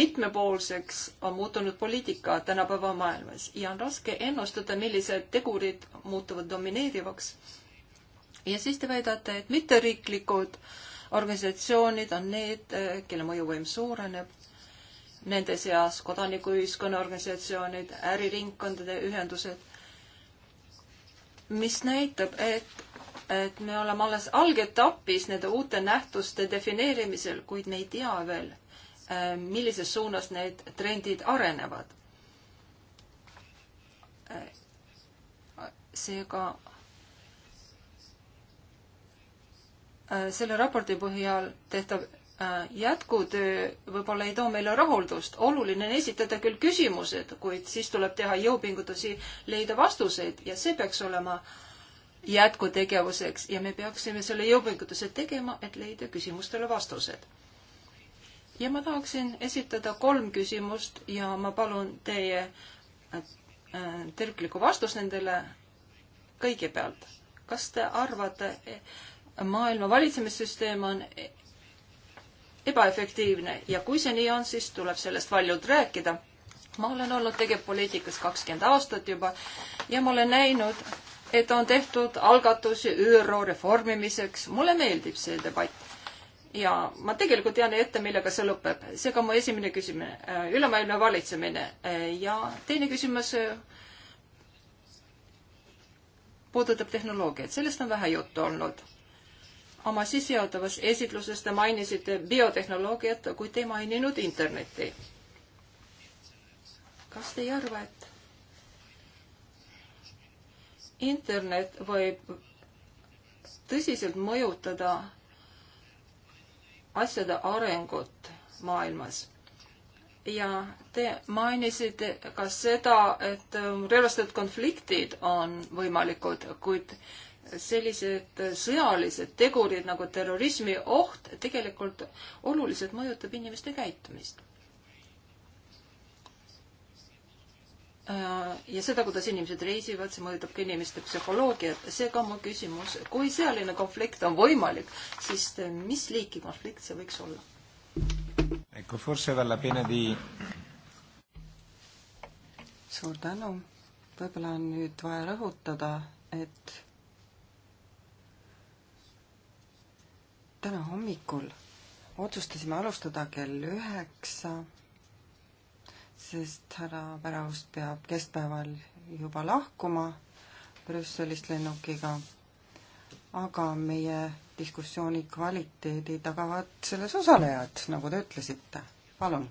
mitmepoolseks on muutunud poliitika tänapäeva maailmas ja on raske ennustada, millised tegurid muutuvad domineerivaks. ja siis te väidate, et mitteriiklikud organisatsioonid on need, äh, kelle mõjuvõim suureneb. Nende seas kodanikuühiskonna organisatsioonid, äriringkondade ühendused, mis näitab, et et me oleme alles algetapis nende uute nähtuste defineerimisel, kuid me ei tea veel, äh, millises suunas need trendid arenevad. Äh, seega äh, selle raporti põhjal tehtav jätkutöö võib-olla ei too meile rahuldust. oluline on esitada küll küsimused, kuid siis tuleb teha jõupingutusi leida vastuseid ja see peaks olema äh, jätkutegevuseks ja me peaksime selle jõupingutuse tegema, et leida küsimustele vastused. ja ma tahaksin esitada kolm küsimust ja ma palun teie äh, terviklikku vastust nendele kõigepealt. kas te arvate, maailma valitsemissüsteem on e-, ebaefektiivne ja kui see nii on, siis tuleb sellest valjult rääkida. ma olen olnud tegevpoliitikas kakskümmend aastat juba ja ma olen näinud, et on tehtud algatusi ÜRO reformimiseks. mulle meeldib see debatt. ja ma tegelikult tean ette, millega see lõpeb. seega mu esimene küsimine, äh, ülemaailmne valitsemine äh, ja teine küsimus äh, puudutab tehnoloogiat. sellest on vähe juttu olnud. oma sissejuhatavas esitluses te mainisite biotehnoloogiat, kuid te ei maininud Internetti. kas te ei arva, et internet võib tõsiselt mõjutada asjade arengut maailmas. ja te mainisite ka seda, et ähm, relvastatud konfliktid on võimalikud, kuid sellised sõjalised tegurid nagu terrorismi oht tegelikult oluliselt mõjutab inimeste käitumist Äh, ja seda, kuidas inimesed reisivad, see mõjutab ka inimeste psühholoogiat. seega mu küsimus, kui sõjaline konflikt on võimalik, siis äh, mis liiki konflikt see võiks olla? suur tänu. võib-olla on nüüd vaja rõhutada, et täna hommikul otsustasime alustada kell üheksa 9 sest härra Väraus peab keskpäeval juba lahkuma Brüsselist lennukiga. aga meie diskussiooni kvaliteedi tagavad selles osalejad, nagu te ütlesite. palun.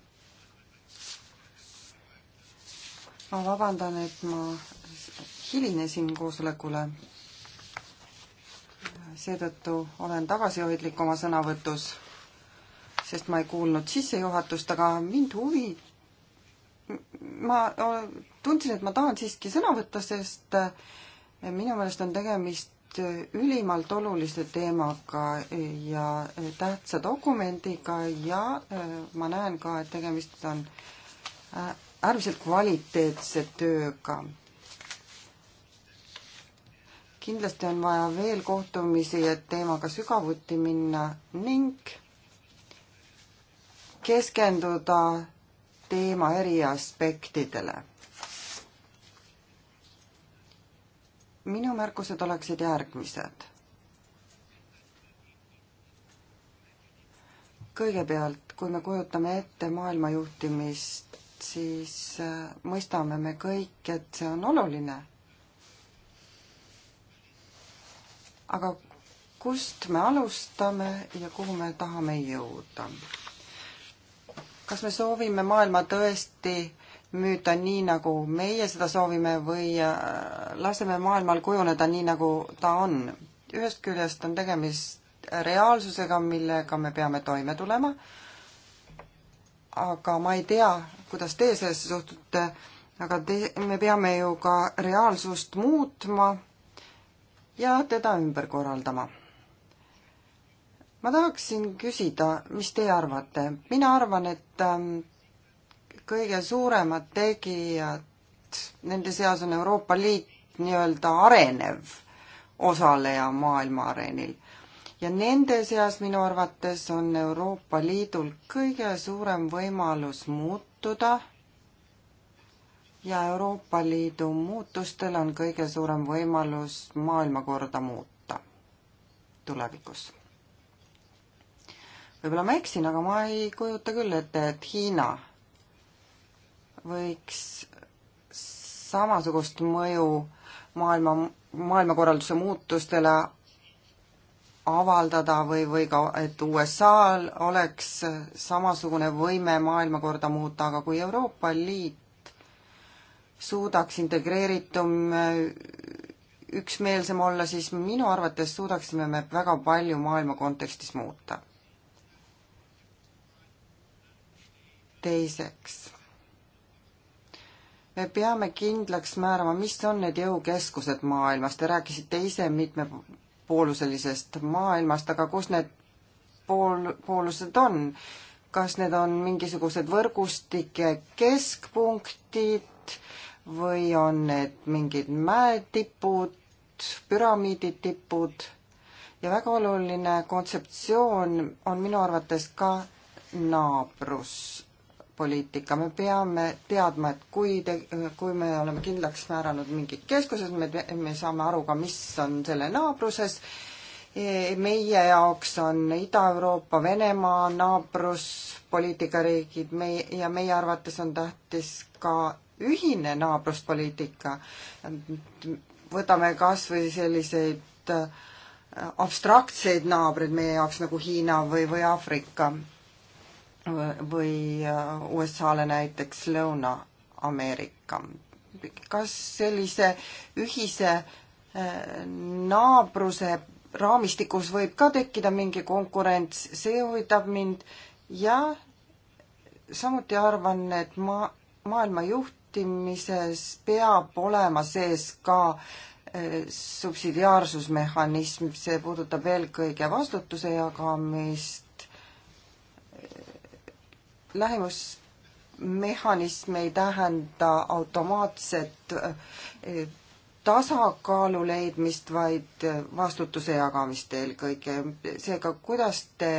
ma vabandan, et ma hilinesin koosolekule. seetõttu olen tagasihoidlik oma sõnavõtus, sest ma ei kuulnud sissejuhatust, aga mind huvi, ma tundsin, et ma tahan siiski sõna võtta, sest eh, minu meelest on tegemist eh, ülimalt olulise teemaga ja eh, tähtsa dokumendiga ja ma näen ka, et tegemist on äärmiselt kvaliteetse tööga. kindlasti on vaja veel kohtumisi, et teemaga sügavuti minna ning keskenduda teema eri aspektidele. minu märkused oleksid järgmised. kõigepealt, kui me kujutame ette maailma juhtimist, siis äh, mõistame me kõik, et see on oluline. aga kust me alustame ja kuhu me tahame jõuda? kas me soovime maailma tõesti müüda nii, nagu meie seda soovime või äh, laseme maailmal kujuneda nii, nagu ta on. ühest küljest on tegemist reaalsusega, millega me peame toime tulema, aga ma ei tea, kuidas teie sellesse suhtute, aga te, me peame ju ka reaalsust muutma ja teda ümber korraldama ma tahaksin küsida, mis teie arvate, mina arvan, et ähm, kõige suuremad tegijad, nende seas on Euroopa Liit nii-öelda arenev osaleja maailma areenil. ja nende seas minu arvates on Euroopa Liidul kõige suurem võimalus muutuda ja Euroopa Liidu muutustel on kõige suurem võimalus maailmakorda muuta tulevikus võib-olla ma eksin, aga ma ei kujuta küll ette, et Hiina võiks samasugust mõju maailma, maailmakorralduse muutustele avaldada või, või ka, et USA-l oleks samasugune võime maailmakorda muuta, aga kui Euroopa Liit suudaks integreeritum, üksmeelsem olla, siis minu arvates suudaksime me väga palju maailma kontekstis muuta teiseks, me peame kindlaks määrama, mis on need jõukeskused maailmas, te rääkisite ise mitmepooluselisest maailmast, aga kus need pool, poolused on? kas need on mingisugused võrgustike keskpunktid või on need mingid mäetipud, püramiidi tipud? ja väga oluline kontseptsioon on minu arvates ka naabrus poliitika, me peame teadma, et kui te, kui me oleme kindlaks määranud mingid keskused, me, me saame aru ka, mis on selle naabruses. E, meie jaoks on Ida-Euroopa, Venemaa naabruspoliitika riigid, me ja meie arvates on tähtis ka ühine naabruspoliitika. võtame kas või selliseid äh, abstraktseid naabreid meie jaoks nagu Hiina või, või Aafrika või äh, USA-le näiteks Lõuna-Ameerika. kas sellise ühise äh, naabruse raamistikus võib ka tekkida mingi konkurents, see huvitab mind ja samuti arvan, et ma, maailma juhtimises peab olema sees ka äh, subsidiaarsusmehhanism, see puudutab eelkõige vastutuse jagamist, lähimusmehhanism ei tähenda automaatset eh, tasakaalu leidmist, vaid eh, vastutuse jagamist eelkõige. seega, kuidas te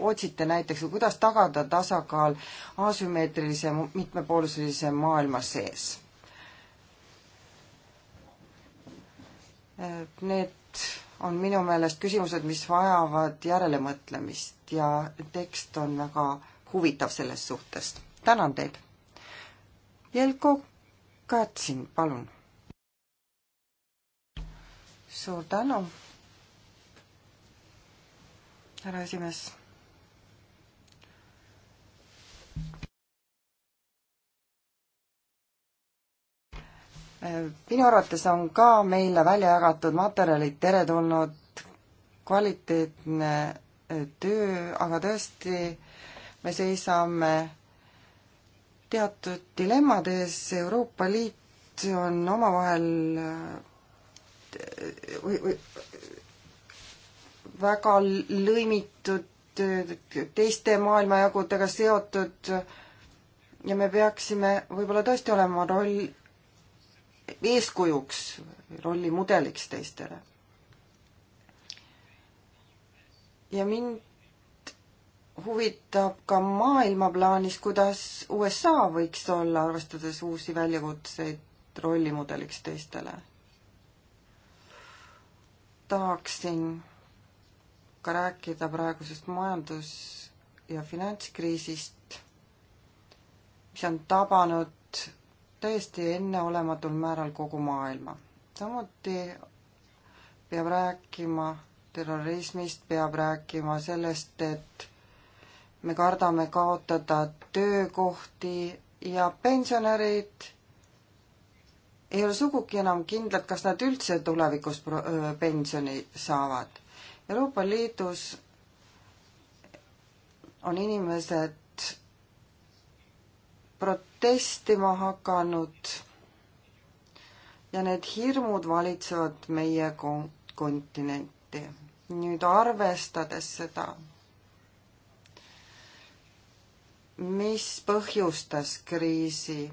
otsite näiteks või kuidas tagada tasakaal asümmeetrilise mitmepoolselise maailma sees? Eh, need on minu meelest küsimused, mis vajavad järelemõtlemist ja tekst on väga äh, huvitav sellest suhtest. tänan teid. Jelko Katsin, palun. suur tänu, härra esimees minu arvates on ka meile välja jagatud materjalid teretulnud, kvaliteetne eh, töö, aga tõesti me seisame teatud dilemmades, Euroopa Liit on omavahel või, või väga lõimitud, teiste maailmajagudega seotud ja me peaksime võib-olla tõesti olema roll, eeskujuks, rollimudeliks teistele. ja mind huvitab ka maailmaplaanis, kuidas USA võiks olla, arvestades uusi väljakutseid, rollimudeliks teistele. tahaksin ka rääkida praegusest majandus- ja finantskriisist, mis on tabanud täiesti enneolematul määral kogu maailma. samuti peab rääkima terrorismist, peab rääkima sellest, et me kardame kaotada töökohti ja pensionärid ei ole sugugi enam kindlad, kas nad üldse tulevikus pensioni saavad. Euroopa Liidus on inimesed protestima hakanud ja need hirmud valitsevad meie kontinenti. nüüd arvestades seda mis põhjustas kriisi?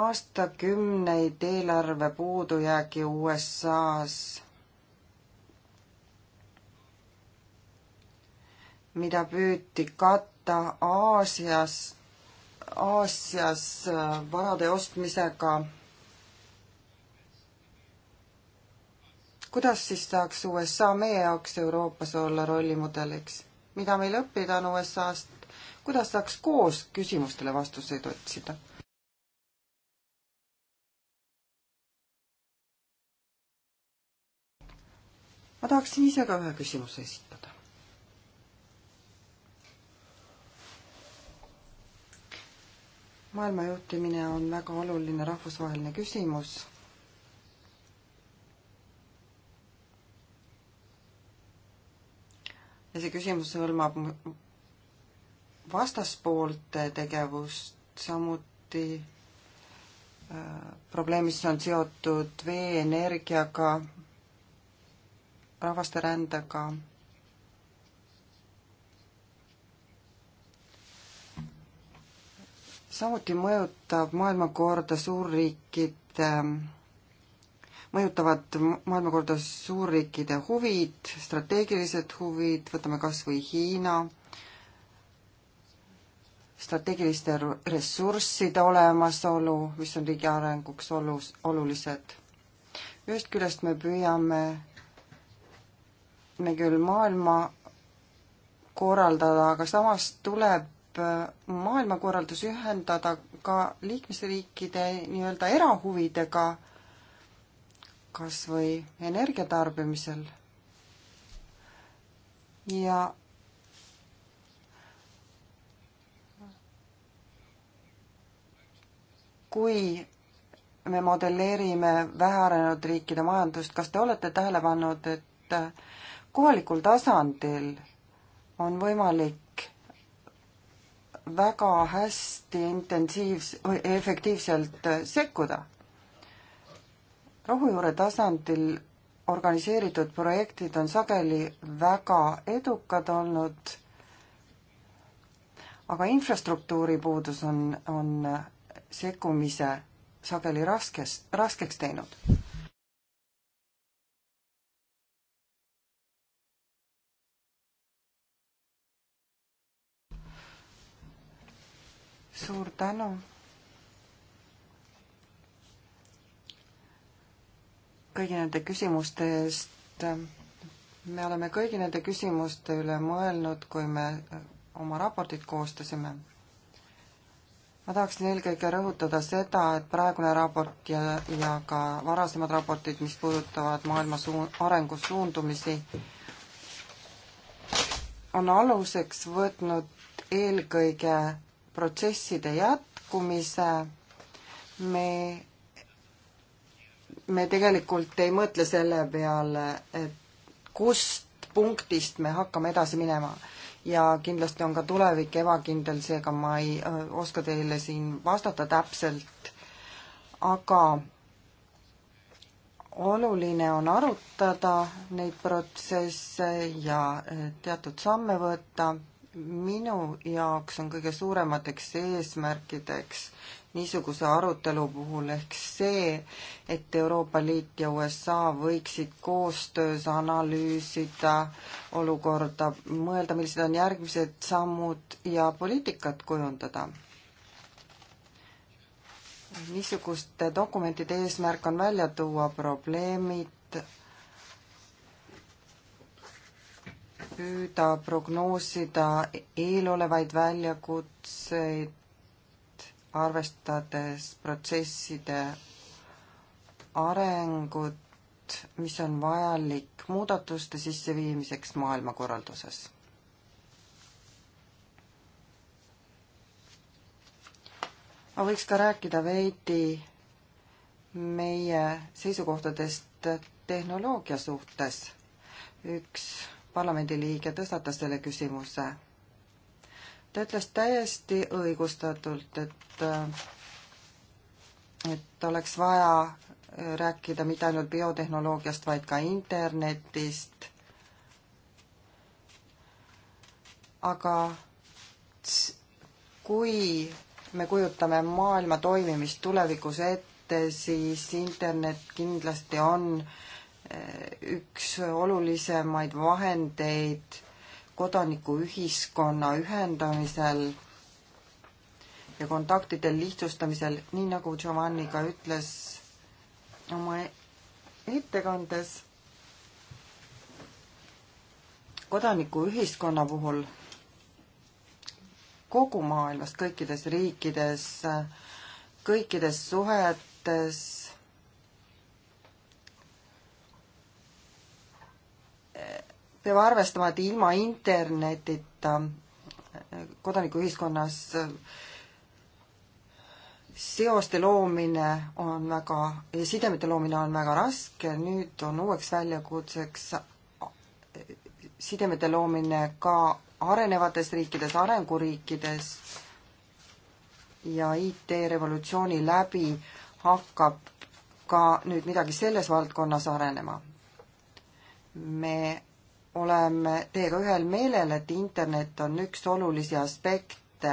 aastakümneid eelarve puudujäägi USA-s, mida püüti katta Aasias, Aasias äh, varade ostmisega kuidas siis saaks USA meie jaoks Euroopas olla rollimudeliks? mida meil õppida on USA-st? kuidas saaks koos küsimustele vastuseid otsida? ma tahaksin ise ka ühe küsimuse esitada. maailma juhtimine on väga oluline rahvusvaheline küsimus ja see küsimus hõlmab vastaspoolte tegevust, samuti äh, probleem, mis on seotud vee, energiaga, rahvasterändega. samuti mõjutab maailmakorda suurriikide, mõjutavad maailmakorda suurriikide huvid, strateegilised huvid, võtame kas või Hiina strateegiliste ressursside olemasolu, mis on riigi arenguks olus, olulised. ühest küljest me püüame, me küll maailma korraldada, aga samas tuleb äh, maailmakorraldus ühendada ka liikmesriikide nii-öelda erahuvidega kas või energia tarbimisel. ja kui me modelleerime vähearenenud riikide majandust, kas te olete tähele pannud, et kohalikul tasandil on võimalik väga hästi intensiivs- või efektiivselt sekkuda? rohujuure tasandil organiseeritud projektid on sageli väga edukad olnud, aga infrastruktuuri puudus on, on sekkumise sageli raskes, raskeks teinud. suur tänu. kõigi nende küsimuste eest. me oleme kõigi nende küsimuste üle mõelnud, kui me oma raportit koostasime ma tahaksin eelkõige rõhutada seda, et praegune raport ja, ja ka varasemad raportid, mis puudutavad maailma suu-, arengusuundumisi, on aluseks võtnud eelkõige protsesside jätkumise, me, me tegelikult ei mõtle selle peale, et kust punktist me hakkame edasi minema ja kindlasti on ka tulevik ebakindel, seega ma ei äh, oska teile siin vastata täpselt, aga oluline on arutada neid protsesse ja äh, teatud samme võtta. minu jaoks on kõige suuremateks eesmärkideks niisuguse arutelu puhul ehk see, et Euroopa Liit ja USA võiksid koostöös analüüsida olukorda, mõelda, millised on järgmised sammud ja poliitikat kujundada. niisuguste dokumentide eesmärk on välja tuua probleemid, püüda prognoosida eelolevaid väljakutseid, arvestades protsesside arengut, mis on vajalik muudatuste sisseviimiseks maailmakorralduses. ma võiks ka rääkida veidi meie seisukohtadest tehnoloogia suhtes. üks parlamendiliige tõstatas selle küsimuse ta ütles täiesti õigustatult, et äh, et oleks vaja äh, rääkida mitte ainult biotehnoloogiast, vaid ka internetist. aga kui me kujutame maailma toimimist tulevikus ette, siis internet kindlasti on äh, üks olulisemaid vahendeid kodanikuühiskonna ühendamisel ja kontaktide lihtsustamisel, nii nagu Giovanni ka ütles oma ettekandes, kodanikuühiskonna puhul kogu maailmas, kõikides riikides, kõikides suhetes peab arvestama, et ilma internetita äh, kodanikuühiskonnas äh, seoste loomine on väga, sidemete loomine on väga raske, nüüd on uueks väljakutseks äh, sidemete loomine ka arenevates riikides, arenguriikides ja IT-revolutsiooni läbi hakkab ka nüüd midagi selles valdkonnas arenema. me oleme teiega ühel meelel, et internet on üks olulisi aspekte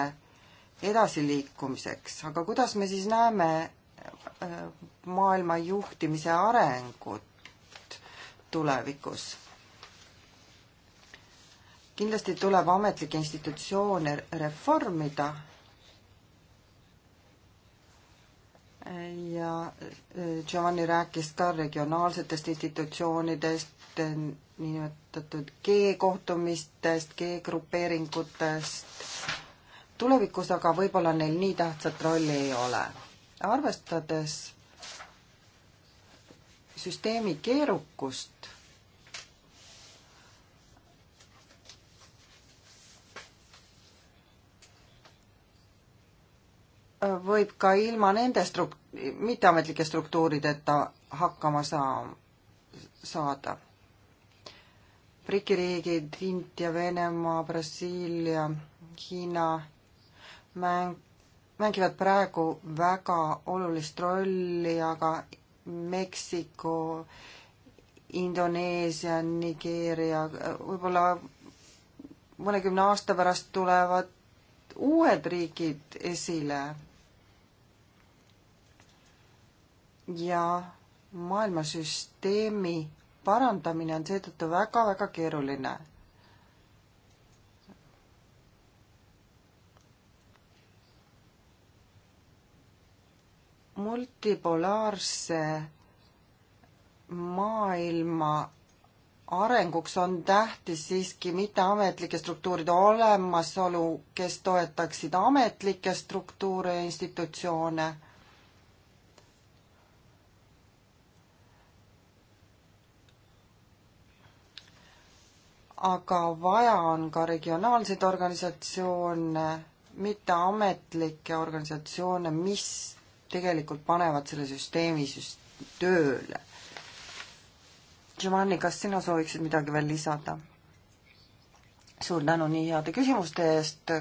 edasiliikumiseks, aga kuidas me siis näeme äh, maailma juhtimise arengut tulevikus? kindlasti tuleb ametlikke institutsioone reformida ja äh, Giovanni rääkis ka regionaalsetest institutsioonidest, niinimetatud G-kohtumistest, G-grupeeringutest. tulevikus aga võib-olla neil nii tähtsat rolli ei ole. arvestades süsteemi keerukust, võib ka ilma nende struk-, mitteametlike struktuurideta hakkama saa-, saada BRICS riigid, India, Venemaa, Brasiilia, Hiina mäng, mängivad praegu väga olulist rolli, aga Meksiko, Indoneesia, Nigeeria, võib-olla mõnekümne aasta pärast tulevad uued riigid esile. ja maailmasüsteemi parandamine on seetõttu väga-väga keeruline. multipolaarse maailma arenguks on tähtis siiski mitteametlike struktuuride olemasolu, kes toetaksid ametlikke struktuure ja institutsioone aga vaja on ka regionaalseid organisatsioone, mitteametlikke organisatsioone, mis tegelikult panevad selle süsteemi süst-, tööle. Giovanni, kas sina sooviksid midagi veel lisada? suur tänu nii heade küsimuste eest,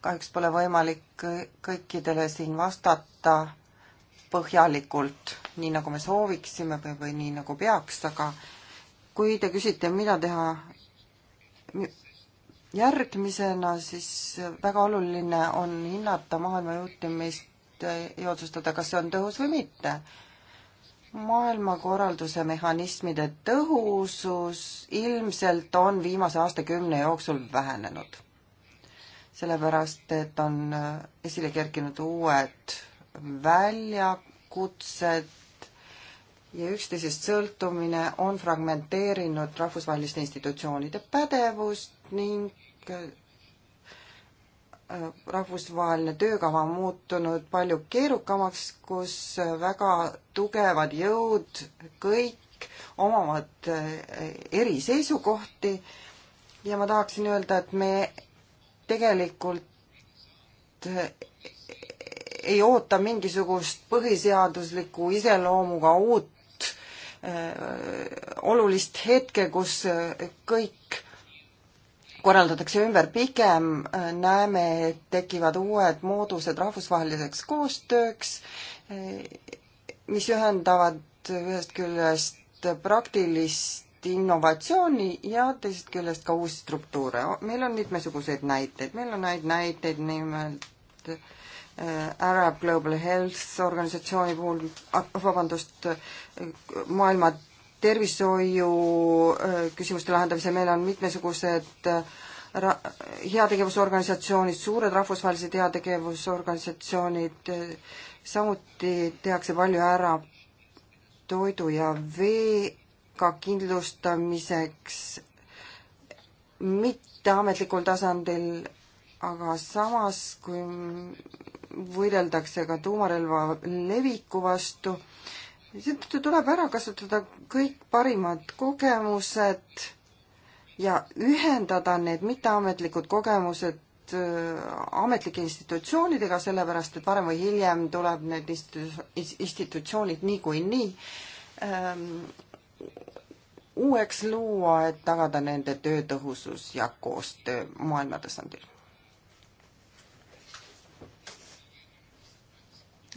kahjuks pole võimalik kõikidele siin vastata põhjalikult, nii nagu me sooviksime või, või nii nagu peaks, aga kui te küsite, mida teha järgmisena siis väga oluline on hinnata maailma juhtimist ja otsustada, kas see on tõhus või mitte. maailmakorralduse mehhanismide tõhusus ilmselt on viimase aastakümne jooksul vähenenud. sellepärast, et on esile kerkinud uued väljakutsed, ja üksteisest sõltumine on fragmenteerinud rahvusvaheliste institutsioonide pädevust ning äh, rahvusvaheline töökava on muutunud palju keerukamaks, kus väga tugevad jõud kõik omavad äh, eri seisukohti ja ma tahaksin öelda, et me tegelikult äh, ei oota mingisugust põhiseadusliku iseloomuga uut Äh, olulist hetke, kus äh, kõik korraldatakse ümber, pigem äh, näeme, et tekivad uued moodused rahvusvaheliseks koostööks, mis ühendavad ühest küljest praktilist innovatsiooni ja teisest küljest ka uusi struktuure. meil on mitmesuguseid näiteid, meil on häid näiteid nimelt äh, Äh, Arab Global Health organisatsiooni puhul, ah, vabandust, äh, maailma tervishoiu äh, küsimuste lahendamise, meil on mitmesugused ra-, heategevusorganisatsioonid, suured rahvusvahelised heategevusorganisatsioonid, samuti tehakse palju ära toidu ja veega kindlustamiseks mitteametlikul tasandil, aga samas, kui võideldakse ka tuumarelva leviku vastu. seetõttu tuleb ära kasutada kõik parimad kogemused ja ühendada need mitteametlikud kogemused äh, ametlike institutsioonidega, sellepärast et varem või hiljem tuleb need institutsioonid niikuinii ähm, uueks luua, et tagada nende töö tõhusus ja koostöö maailma tasandil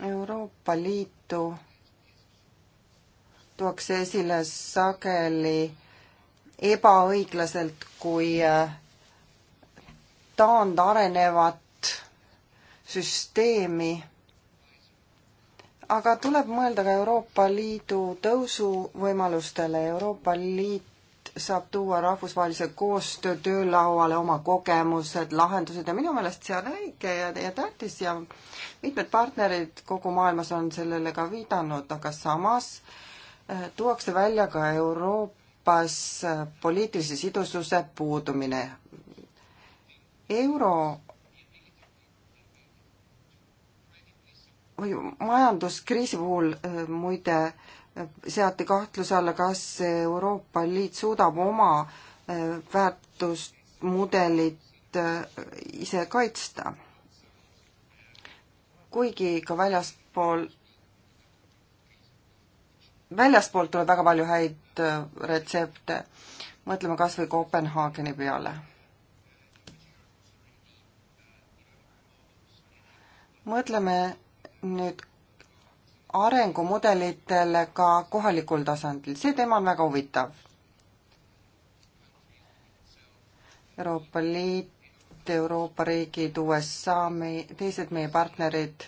Euroopa Liitu tuuakse esile sageli ebaõiglaselt kui äh, taandarenevat süsteemi, aga tuleb mõelda ka Euroopa Liidu tõusuvõimalustele, Euroopa Liit saab tuua rahvusvahelise koostöö töölauale oma kogemused, lahendused ja minu meelest see on õige ja, ja tähtis ja mitmed partnerid kogu maailmas on sellele ka viidanud, aga samas äh, tuuakse välja ka Euroopas äh, poliitilise sidususe puudumine. euro või majanduskriisi puhul äh, muide seati kahtluse alla, kas Euroopa Liit suudab oma väärtust, mudelit ise kaitsta kuigi ka väljaspool, väljaspoolt tuleb väga palju häid äh, retsepte. mõtleme kas või Kopenhaageni peale. mõtleme nüüd arengumudelitele ka kohalikul tasandil, see teema on väga huvitav. Euroopa Liit teised Euroopa riigid, USA, me, teised meie partnerid,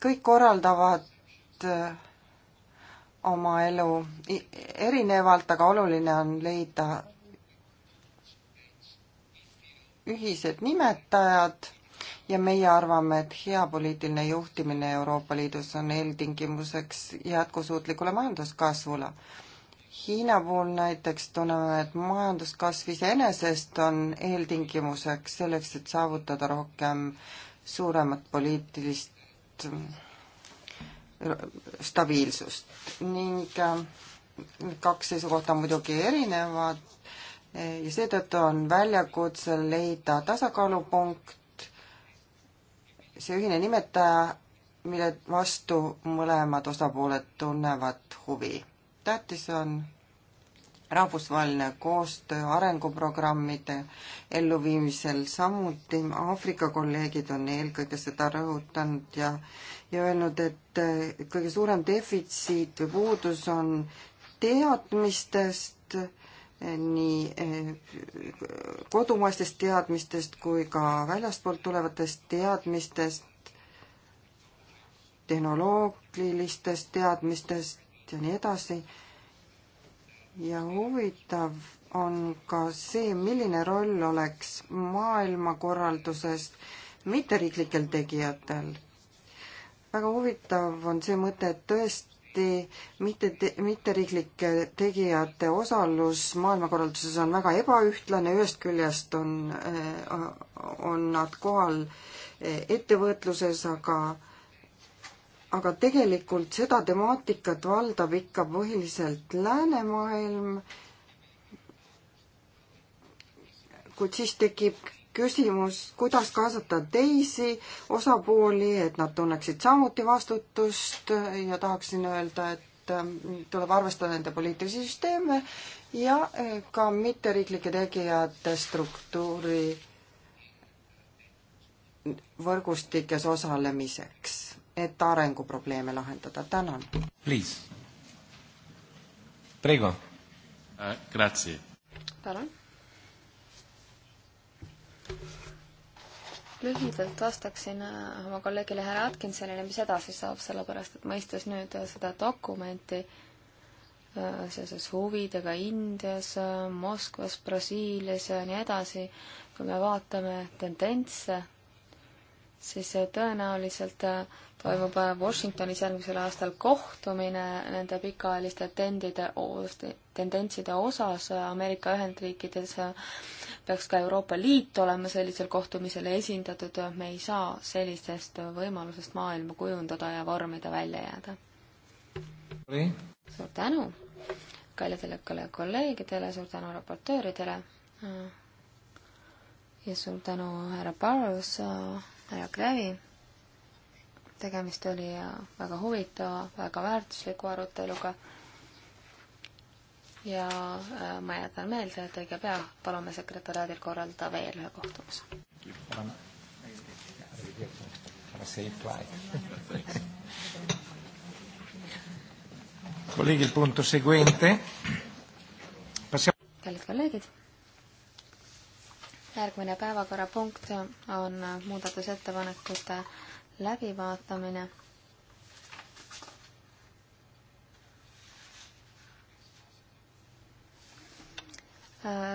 kõik korraldavad äh, oma elu erinevalt, aga oluline on leida ühised nimetajad ja meie arvame, et hea poliitiline juhtimine Euroopa Liidus on eeltingimuseks jätkusuutlikule majanduskasvule Hiina puhul näiteks tunneme, et majanduskasv iseenesest on eeltingimuseks selleks, et saavutada rohkem suuremat poliitilist äh, stabiilsust ning äh, kaks seisukohta on muidugi erinevad äh, ja seetõttu on väljakutsel leida tasakaalupunkt, see ühine nimetaja, mille vastu mõlemad osapooled tunnevad huvi tähtis on rahvusvaheline koostöö arenguprogrammide elluviimisel, samuti Aafrika kolleegid on eelkõige seda rõhutanud ja ja öelnud, et kõige suurem defitsiit või puudus on teadmistest, nii eh, kodumaistest teadmistest kui ka väljastpoolt tulevatest teadmistest, tehnoloogilistest teadmistest, Liit ja nii edasi. ja huvitav on ka see, milline roll oleks maailmakorralduses mitteriiklikel tegijatel. väga huvitav on see mõte, et tõesti mitte, mitteriiklike tegijate osalus maailmakorralduses on väga ebaühtlane, ühest küljest on, eh, on nad kohal eh, ettevõtluses, aga aga tegelikult seda temaatikat valdab ikka põhiliselt läänemaailm. kuid siis tekib küsimus, kuidas kaasata teisi osapooli, et nad tunneksid samuti vastutust ja tahaksin öelda, et ähm, tuleb arvestada nende poliitilisi süsteeme ja äh, ka mitteriiklike tegijate struktuuri võrgustikes osalemiseks et arenguprobleeme lahendada, tänan. Please. Prego äh,. Grazie. tänan. lühidalt vastaksin äh, oma kolleegile härra Atkinsonile, mis edasi saab, sellepärast et mõistes nüüd äh, seda dokumenti äh, seoses huvidega Indias, Moskvas, Brasiilias ja nii edasi, kui me vaatame tendentse siis tõenäoliselt äh, toimub äh, Washingtonis järgmisel aastal kohtumine nende pikaajaliste tendide, tendentside osas Ameerika Ühendriikides äh, peaks ka Euroopa Liit olema sellisel kohtumisel esindatud, me ei saa sellisest võimalusest maailma kujundada ja vormida välja jääda. suur tänu kallidele kolleegidele, suur tänu raportööridele ja suur tänu härra Barros härra Krävi. tegemist oli väga huvitava, väga väärtusliku aruteluga. ja äh, ma jätan meelde, et õige pea palume sekretäraadil korraldada veel ühe kohtumise. Colleghi, il punto seguente. Passiamo... Cari colleghi järgmine päevakorrapunkt on muudatusettepanekute läbivaatamine.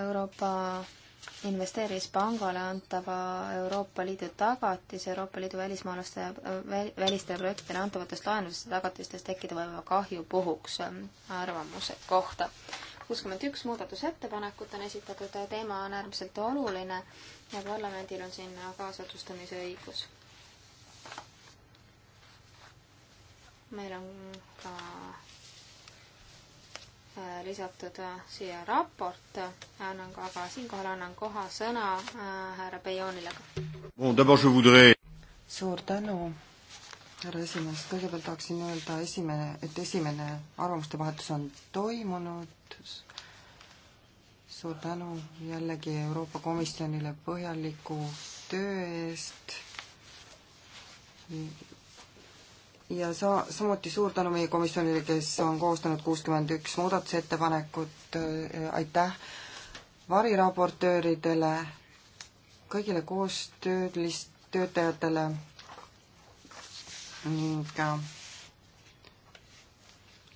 Euroopa investeerimispangale antava Euroopa Liidu tagatise, Euroopa Liidu välismaalaste, välistele projektidele antavatest laenudest ja tagatistest tekkiva kahju puhuks ähm, arvamuse kohta kuuskümmend üks muudatusettepanekut on esitatud, teema on äärmiselt oluline ja parlamendil on siin kaasotsustamise õigus. meil on ka äh, lisatud äh, siia raport, annan ka, aga siinkohal annan koha sõna äh, härra Bejonile bon,. Voudrais... suur tänu, härra esimees, kõigepealt tahaksin öelda esimene, et esimene arvamuste vahetus on toimunud hääletus. suur tänu jällegi Euroopa Komisjonile põhjaliku töö eest. ja sa, samuti suur tänu meie komisjonile, kes on koostanud kuuskümmend üks muudatusettepanekut, aitäh variraportööridele, kõigile koostöölist-, töötajatele ning äh,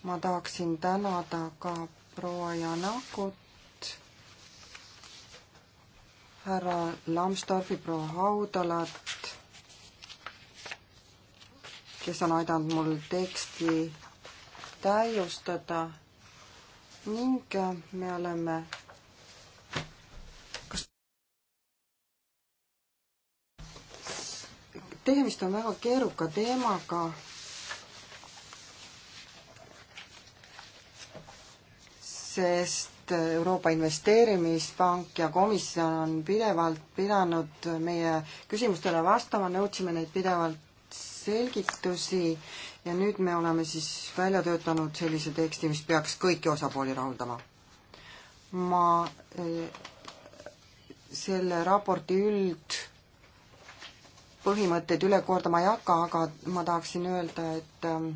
ma tahaksin tänada ka proua Janakut, härra Lambsdorfi, proua Haudalat, kes on aidanud mul teksti täiustada ning me oleme kas tegemist on väga keeruka teemaga sest Euroopa Investeerimispank ja komisjon on pidevalt pidanud meie küsimustele vastama, nõudsime neid pidevalt selgitusi ja nüüd me oleme siis välja töötanud sellise teksti, mis peaks kõiki osapooli rahuldama. ma eh, selle raporti üld põhimõtteid üle kordama ei hakka, aga ma tahaksin öelda, et ähm,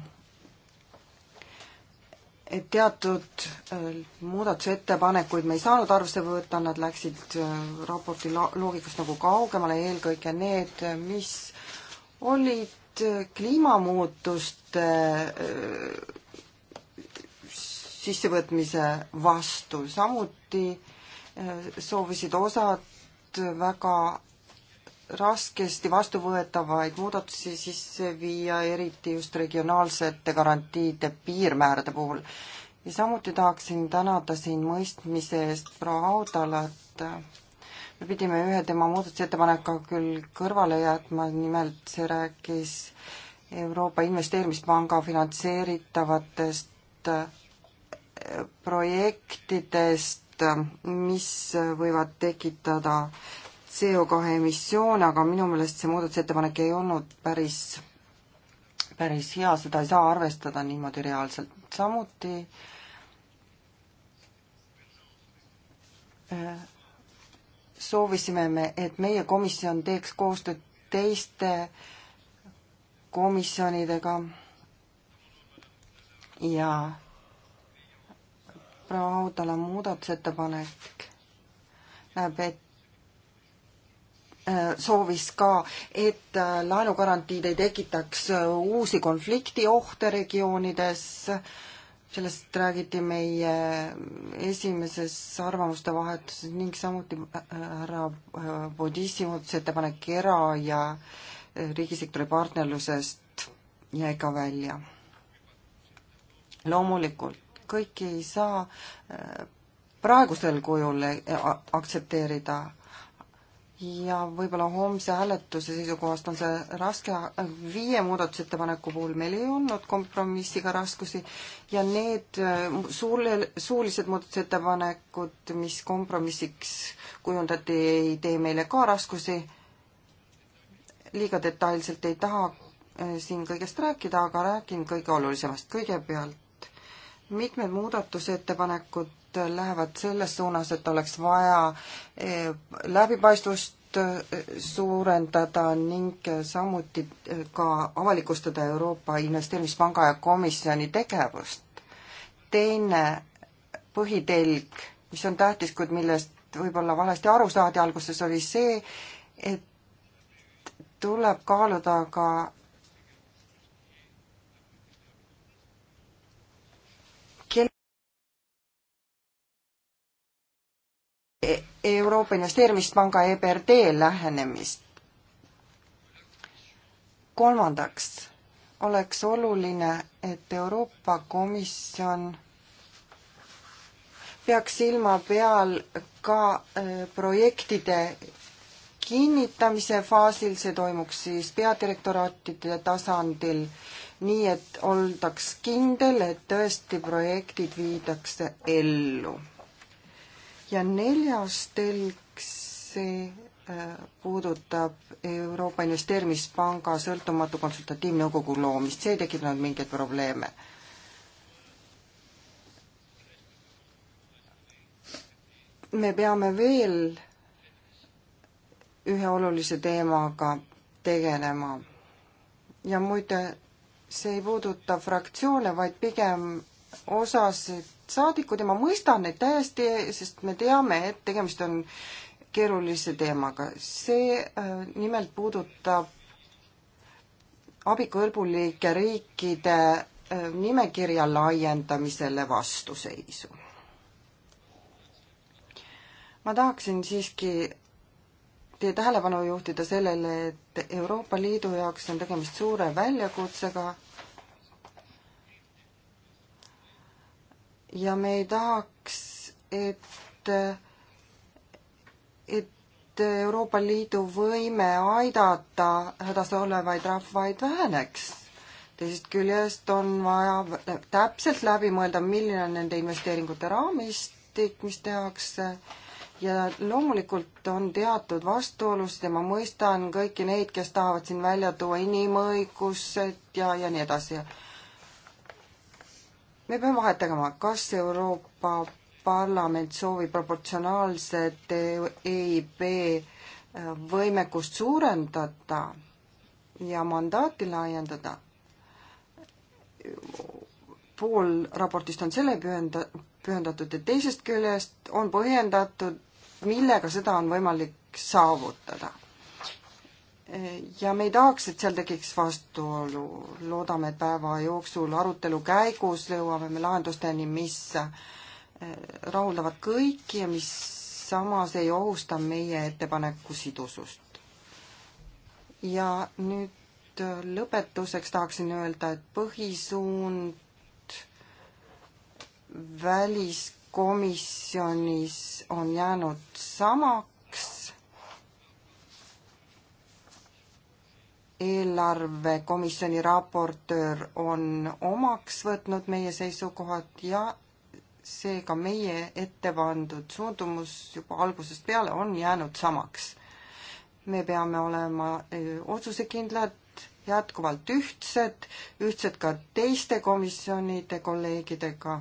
teatud äh, muudatusettepanekuid me ei saanud arvesse võtta, nad läksid äh, raporti loogikast nagu kaugemale, eelkõige need, äh, mis olid kliimamuutuste sissevõtmise vastu, samuti soovisid osad väga raskesti vastuvõetavaid muudatusi sisse viia, eriti just regionaalsete garantiide piirmäärade puhul. ja samuti tahaksin tänada siin mõistmise eest proua Haudalat. me pidime ühe tema muudatusettepaneku küll kõrvale jätma, nimelt see rääkis Euroopa Investeerimispanga finantseeritavatest äh, projektidest, mis võivad tekitada CO2 emissioone, aga minu meelest see muudatusettepanek ei olnud päris, päris hea, seda ei saa arvestada niimoodi reaalselt. samuti äh, soovisime me, et meie komisjon teeks koostööd teiste komisjonidega ja proua Haudala muudatusettepanek näeb ette, Äh, soovis ka, et äh, laenugarantiid ei tekitaks äh, uusi konfliktiohte regioonides. sellest räägiti meie esimeses arvamuste vahetuses ning samuti härra Bodissi muudatusettepanek era- ja riigisektori partnerlusest jäi ka välja. loomulikult kõiki ei saa praegusel kujul aktsepteerida ja võib-olla homse hääletuse seisukohast on see raske, viie muudatusettepaneku puhul meil ei olnud kompromissiga raskusi ja need äh, suule, suulised muudatusettepanekud, mis kompromissiks kujundati, ei tee meile ka raskusi. liiga detailselt ei taha äh, siin kõigest rääkida, aga räägin kõige olulisemast. kõigepealt mitmed muudatusettepanekud lähevad selles suunas, et oleks vaja eh, läbipaistvust eh, suurendada ning eh, samuti ka avalikustada Euroopa Investeerimispanga ja komisjoni tegevust. teine põhitelg, mis on tähtis, kuid millest võib-olla valesti aru saadi alguses, oli see, et tuleb kaaluda ka Euroopa Investeerimispanga EBRD lähenemist. kolmandaks oleks oluline, et Euroopa Komisjon peaks silma peal ka äh, projektide kinnitamise faasil, see toimuks siis peadirektoraatide tasandil, nii et oldaks kindel, et tõesti projektid viidakse ellu ja neljas telg, see äh, puudutab Euroopa Investeerimispanga sõltumatu konsultatiivnõukogu loomist, see ei tekitanud mingeid probleeme. me peame veel ühe olulise teemaga tegelema. ja muide, see ei puuduta fraktsioone, vaid pigem osas saadikud ja ma mõistan neid täiesti, sest me teame, et tegemist on keerulise teemaga. see äh, nimelt puudutab abikõlbulike riikide äh, nimekirja laiendamisele vastuseisu. ma tahaksin siiski teie tähelepanu juhtida sellele, et Euroopa Liidu jaoks on tegemist suure väljakutsega ja me ei tahaks, et, et Euroopa Liidu võime aidata hädas olevaid rahvaid väheneks. teisest küljest on vaja täpselt läbi mõelda, milline on nende investeeringute raamistik, mis tehakse ja loomulikult on teatud vastuolusid ja ma mõistan kõiki neid, kes tahavad siin välja tuua inimõigused ja, ja nii edasi me peame vahet tegema, kas Euroopa Parlament soovib proportsionaalset EIB äh, võimekust suurendada ja mandaati laiendada. pool raportist on selle pühenda-, pühendatud ja teisest küljest on põhjendatud, millega seda on võimalik saavutada ja me ei tahaks, et seal tekiks vastuolu. loodame, et päeva jooksul arutelu käigus jõuame me lahendusteni, mis eh, rahuldavad kõiki ja mis samas ei ohusta meie ettepaneku sidusust. ja nüüd eh, lõpetuseks tahaksin öelda, et põhisuund väliskomisjonis on jäänud samaks eelarvekomisjoni raportöör on omaks võtnud meie seisukohad ja seega meie ette pandud suundumus juba algusest peale on jäänud samaks. me peame olema äh, otsusekindlad, jätkuvalt ühtsed, ühtsed ka teiste komisjonide kolleegidega,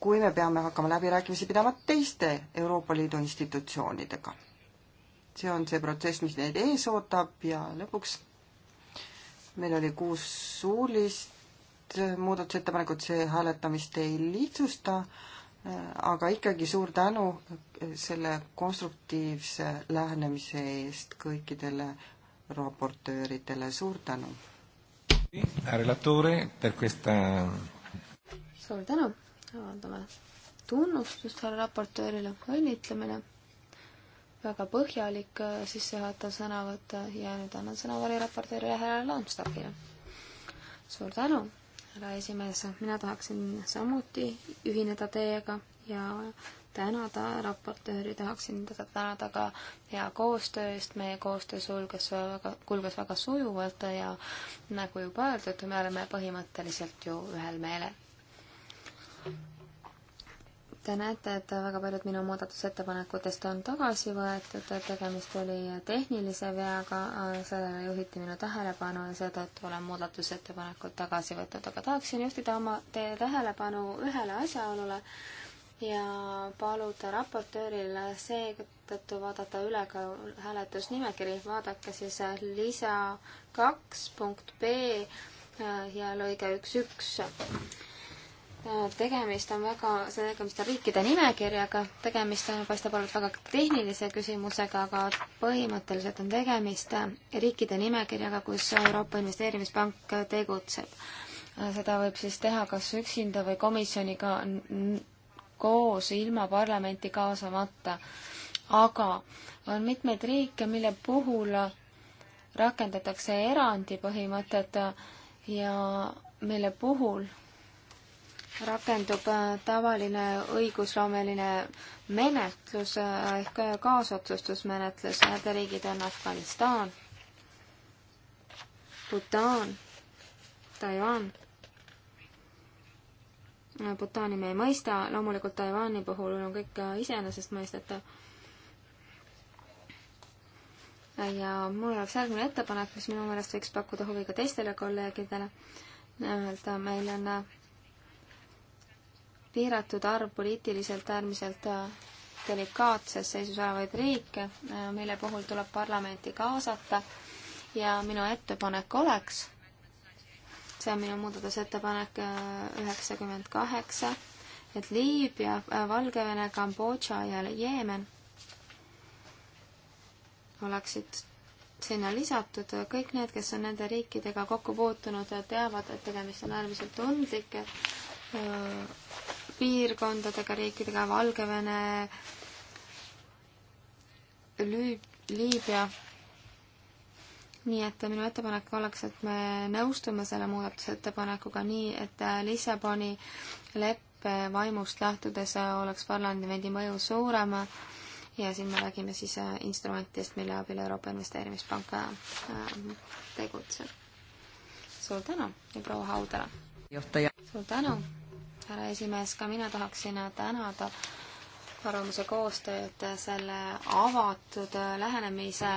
kui me peame hakkama läbirääkimisi pidama teiste Euroopa Liidu institutsioonidega see on see protsess, mis neid ees ootab ja lõpuks meil oli kuus suulist muudatusettepanekut, see hääletamist ei lihtsusta, aga ikkagi suur tänu selle konstruktiivse lähenemise eest kõikidele raportööridele, suur tänu! suur tänu, avaldame tunnustust härra raportöörile, õnnitlemine väga põhjalik äh, sissejuhatav sõnavõtt ja nüüd annan sõna variraportööri härra Laamstapile. suur tänu, härra esimees, mina tahaksin samuti ühineda teiega ja tänada raportööri, tahaksin teda tänada ka hea koostöö eest, meie koostöö sulges väga, kulges väga sujuvalt ja nagu juba öeldud, me oleme põhimõtteliselt ju ühel meelel. Te näete, et väga paljud minu muudatusettepanekutest on tagasi võetud, tegemist oli tehnilise veaga, sellele juhiti minu tähelepanu ja seetõttu olen muudatusettepanekud tagasi võtnud, aga tahaksin juhtida oma, teie tähelepanu ühele asjaolule ja paluda raportööril seetõttu vaadata üle ka hääletusnimekiri, vaadake siis lisa kaks punkt B ja lõige üks üks tegemist on väga, tegemist on riikide nimekirjaga, tegemist on, paistab olevat väga tehnilise küsimusega, aga põhimõtteliselt on tegemist riikide nimekirjaga, kus Euroopa Investeerimispank tegutseb. seda võib siis teha kas üksinda või komisjoniga koos, ilma parlamenti kaasamata. aga on mitmeid riike, mille puhul rakendatakse erandi põhimõtet ja mille puhul rakendub äh, tavaline õigusloomeline menetlus äh, ehk äh, kaasotsustusmenetlus, hädariigid on Afganistan, Bhutan, Taiwan. Bhutani me ei mõista, loomulikult Taiwan'i puhul on kõik iseenesestmõistetav. ja mul oleks järgmine ettepanek, mis minu meelest võiks pakkuda huvi ka teistele kolleegidele. nimelt meil on piiratud arv poliitiliselt äärmiselt äh, delikaatses seisus olevaid riike, äh, mille puhul tuleb parlamenti kaasata ja minu ettepanek oleks, see on minu muudatusettepanek äh, üheksakümmend kaheksa, et Liibüa, Valgevene, Kambodža ja Jeemen oleksid sinna lisatud, kõik need, kes on nende riikidega kokku puutunud, teavad, et tegemist on äärmiselt tundlike piirkondadega riikidega, Valgevene, Liibüa. nii et minu ettepanek oleks, et me nõustume selle muudatusettepanekuga nii, et Lissaboni leppe vaimust lähtudes oleks parlamendi mõju suurem ja siin me räägime siis instrumentidest, mille abil Euroopa Investeerimispank äh, tegutseb. suur tänu ja proua Haudala! juhataja. suur tänu, härra esimees, ka mina tahaksin tänada arvamuse koostööd selle avatud lähenemise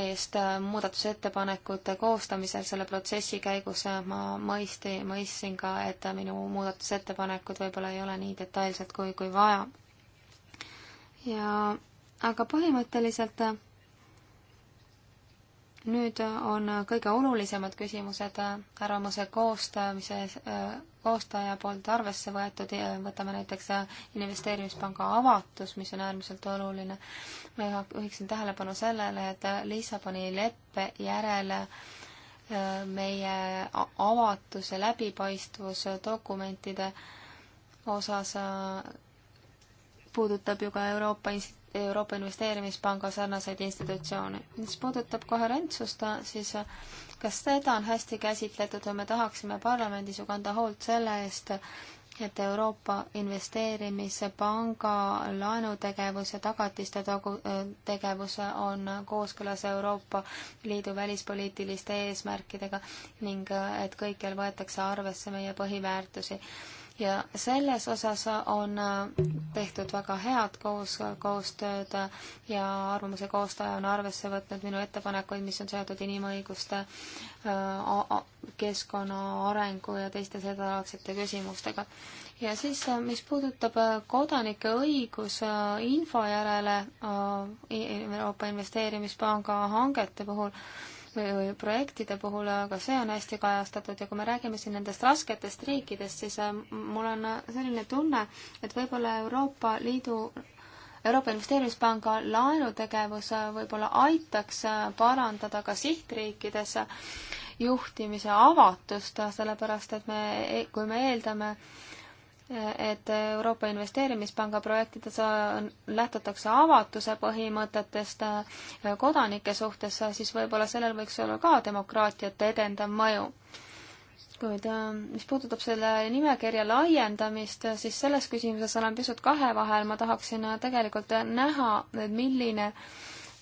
eest muudatusettepanekute koostamisel selle protsessi käigus ma mõisti, mõistsin ka, et minu muudatusettepanekud võib-olla ei ole nii detailsed kui, kui vaja. ja aga põhimõtteliselt nüüd on kõige olulisemad küsimused arvamuse koostamise, koostaja poolt arvesse võetud, võtame näiteks investeerimispanga avatus, mis on äärmiselt oluline. ma juhiksin tähelepanu sellele, et Lissaboni leppe järele äh, meie avatus ja läbipaistvus dokumentide osas äh, puudutab ju ka Euroopa institutsioonide Euroopa Investeerimispanga sarnaseid institutsioone. mis puudutab koherentsust, siis kas seda on hästi käsitletud või me tahaksime parlamendis ju kanda hoolt selle eest, et Euroopa Investeerimispanga laenutegevus ja tagatiste tegevus on kooskõlas Euroopa Liidu välispoliitiliste eesmärkidega ning et kõikjal võetakse arvesse meie põhiväärtusi ja selles osas on äh, tehtud väga head koos, äh, koostööd ja arvamuse koostaja on arvesse võtnud minu ettepanekuid, mis on seotud inimõiguste, äh, keskkonna arengu ja teiste sedalaadsete küsimustega. ja siis, mis puudutab kodanike õigus info järele Euroopa Investeerimispanga hangete puhul, või, või projektide puhul, aga see on hästi kajastatud ja kui me räägime siin nendest rasketest riikidest, siis äh, mul on äh, selline tunne, et võib-olla Euroopa Liidu Euroopa Investeerimispanga laenutegevus äh, võib-olla aitaks parandada ka sihtriikides juhtimise avatust, sellepärast et me, e-, kui me eeldame, et Euroopa Investeerimispanga projektides lähtutakse avatuse põhimõtetest äh, kodanike suhtes, siis võib-olla sellel võiks olla ka demokraatiat edendav mõju. kuid äh, mis puudutab selle nimekirja laiendamist, siis selles küsimuses olen pisut kahe vahel, ma tahaksin äh, tegelikult näha, milline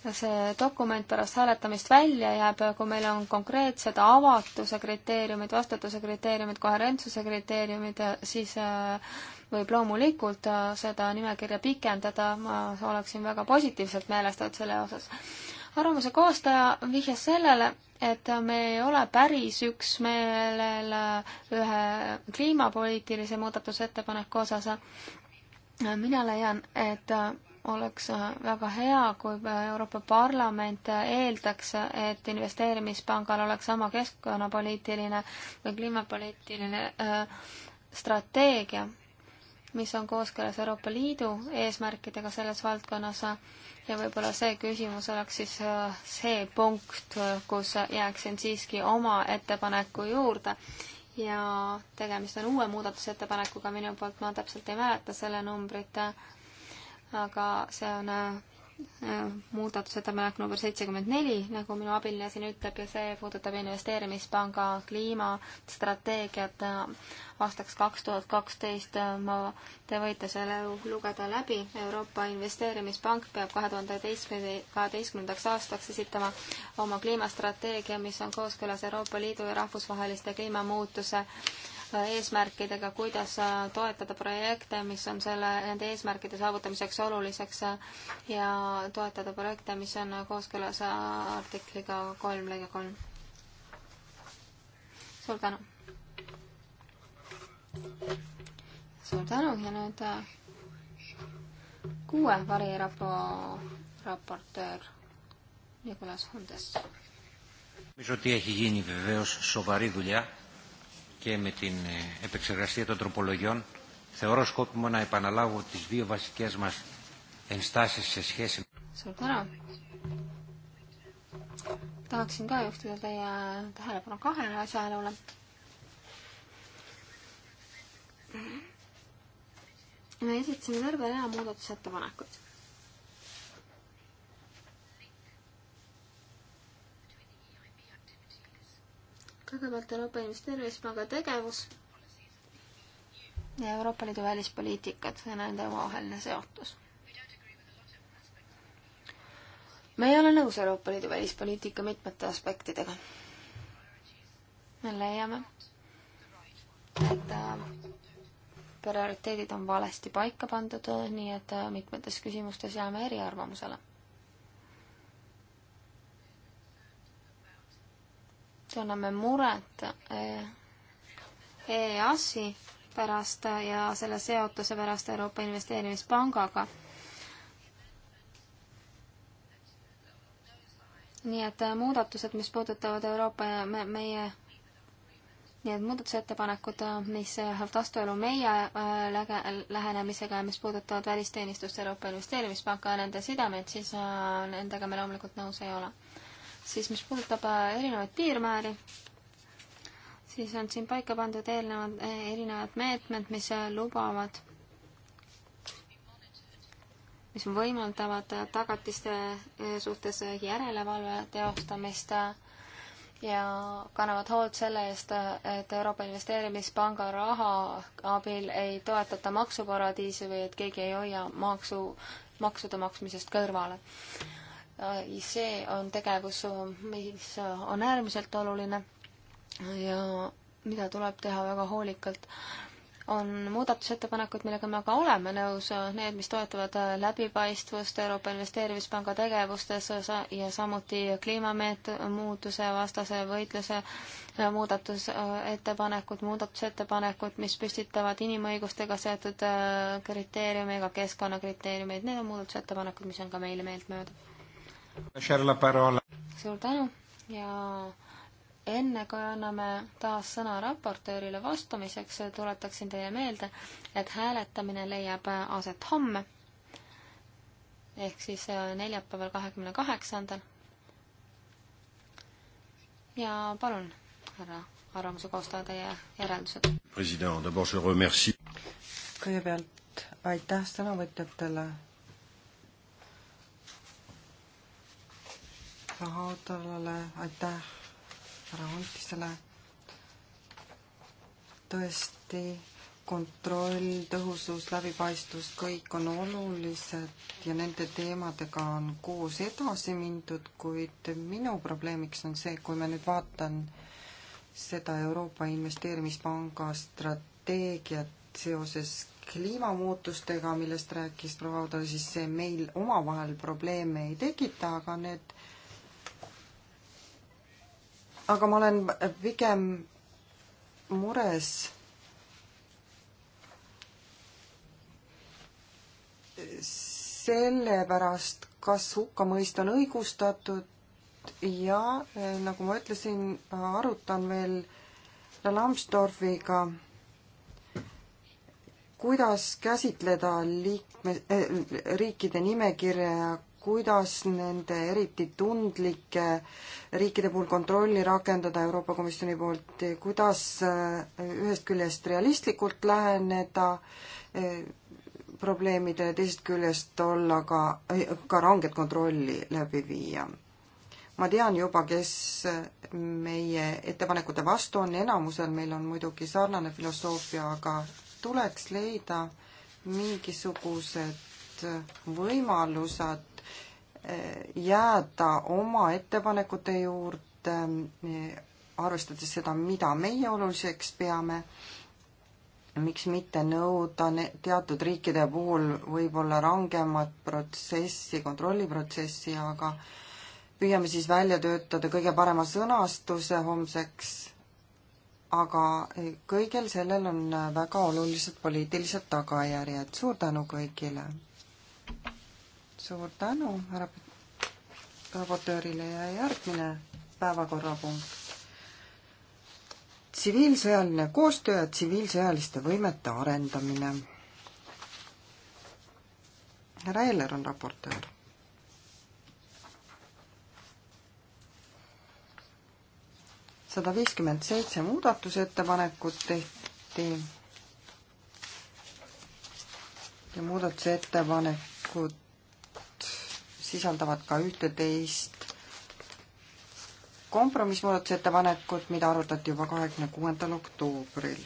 see dokument pärast hääletamist välja jääb, kui meil on konkreetsed avatuse kriteeriumid, vastutuse kriteeriumid, koherentsuse kriteeriumid, siis äh, võib loomulikult äh, seda nimekirja pikendada, ma oleksin väga positiivselt meelestatud selle osas. arvamuse koostaja vihjas sellele, et me ei ole päris üksmeelel äh, ühe kliimapoliitilise muudatusettepaneku osas. mina leian, et oleks äh, väga hea, kui äh, Euroopa Parlament äh, eeldaks, et investeerimispangal oleks sama keskkonnapoliitiline või kliimapoliitiline strateegia, mis on kooskõlas Euroopa Liidu eesmärkidega selles valdkonnas ja võib-olla see küsimus oleks siis see punkt, kus jääksin siiski oma ettepaneku juurde ja tegemist on uue muudatusettepanekuga minu poolt, ma täpselt ei mäleta selle numbrit, aga see on äh, äh, muudatusettepanek number seitsekümmend neli, nagu minu abiline siin ütleb, ja see puudutab investeerimispanga kliimastrateegiat äh, aastaks kaks tuhat kaksteist. ma, te võite selle lugeda läbi. Euroopa Investeerimispank peab kahe tuhande teistkümne, kaheteistkümnendaks aastaks esitama oma kliimastrateegia, mis on kooskõlas Euroopa Liidu ja rahvusvaheliste kliimamuutuse äh, eesmärkidega, kuidas äh, toetada projekte, mis on selle, nende eesmärkide saavutamiseks oluliseks äh, ja toetada projekte, mis on äh, kooskõlas artikliga kolm, lõige kolm. suur tänu! suur tänu ja nüüd kuue varirapo raportöör Nikolas Hundes. Νομίζω ότι έχει γίνει βεβαίως σοβαρή δουλειά και με την επεξεργασία των τροπολογιών θεωρώ σκόπιμο να επαναλάβω τις δύο βασικές μας ενστάσεις σε σχέση Suur tänu! tahaksin ka juhtida teie tähelepanu kahele asjaolule. me esitasime terve rea muudatusettepanekuid kõigepealt Euroopa Investeerimispanga tegevus ja Euroopa Liidu välispoliitikad ja nende omavaheline seotus. me ei ole nõus Euroopa Liidu välispoliitika mitmete aspektidega. me leiame, et äh, prioriteedid on valesti paika pandud, nii et äh, mitmetes küsimustes jääme eriarvamusele tunneme muret eh, EAS-i pärast ja selle seotuse pärast Euroopa Investeerimispangaga. nii et eh, muudatused, mis puudutavad Euroopa ja me, meie, nii et muudatusettepanekud, eh, mis lähevad vastuolu meie läge, lähenemisega ja mis puudutavad välisteenistust Euroopa Investeerimispanka ja nende sidemeid, siis nendega me loomulikult nõus ei ole siis mis puudutab äh, erinevaid piirmääri, siis on siin paika pandud eelnevad, äh, erinevad meetmed, mis äh, lubavad, mis võimaldavad tagatiste suhtes järelevalve teostamist ja kannavad hoolt selle eest, et Euroopa Investeerimispanga raha abil ei toetata maksuparadiise või et keegi ei hoia maksu, maksude maksmisest kõrvale Äh, see on tegevus, mis äh, on äärmiselt oluline ja mida tuleb teha väga hoolikalt on muudatusettepanekud, millega me aga oleme nõus, äh, need, mis toetavad läbipaistvust Euroopa Investeerimispanga tegevustes ja samuti kliimameet-, muutuse vastase võitluse muudatusettepanekud, muudatusettepanekud, mis püstitavad inimõigustega seotud kriteeriume ega keskkonnakriteeriumeid, need on muudatusettepanekud, mis on ka meile meeltmööda suur tänu ja enne kui anname taas sõna raportöörile vastamiseks, tuletaksin teile meelde, et hääletamine leiab aset homme ehk siis äh, neljapäeval, kahekümne kaheksandal. ja palun, härra arvamuse koostaja, teie järeldused. president, d'abord je remercie. kõigepealt aitäh sõnavõtjatele härra Haudalale, aitäh härra Antisele. tõesti, kontroll, tõhusus, läbipaistvus, kõik on olulised ja nende teemadega on koos edasi mindud, kuid minu probleemiks on see, kui ma nüüd vaatan seda Euroopa Investeerimispanga strateegiat seoses kliimamuutustega, millest rääkis proua Audar, siis see meil omavahel probleeme ei tekita, aga need aga ma olen pigem mures selle pärast, kas hukkamõist on õigustatud ja nagu ma ütlesin, arutan veel Lambsdorfiga, kuidas käsitleda liikme äh,, riikide nimekirja ja kuidas nende eriti tundlike riikide puhul kontrolli rakendada Euroopa Komisjoni poolt, kuidas äh, ühest küljest realistlikult läheneda äh, probleemidele, teisest küljest olla ka, äh, ka ranget kontrolli läbi viia. ma tean juba, kes meie ettepanekute vastu on, enamusel meil on muidugi sarnane filosoofia, aga tuleks leida mingisugused võimalused jääda oma ettepanekute juurde, arvestades seda, mida meie oluliseks peame, miks mitte nõuda teatud riikide puhul võib-olla rangemat protsessi, kontrolliprotsessi, aga püüame siis välja töötada kõige parema sõnastuse homseks, aga kõigel sellel on väga olulised poliitilised tagajärjed, suur tänu kõigile! suur tänu härra raportöörile ja järgmine päevakorrapunkt. tsiviilsõjaline koostöö ja tsiviilsõjaliste võimete arendamine. härra Eller on raportöör sada viiskümmend seitse muudatusettepanekut tehti ja muudatusettepanekud sisaldavad ka ühte-teist kompromissmuudatusettepanekut, mida arutati juba kahekümne kuuendal oktoobril.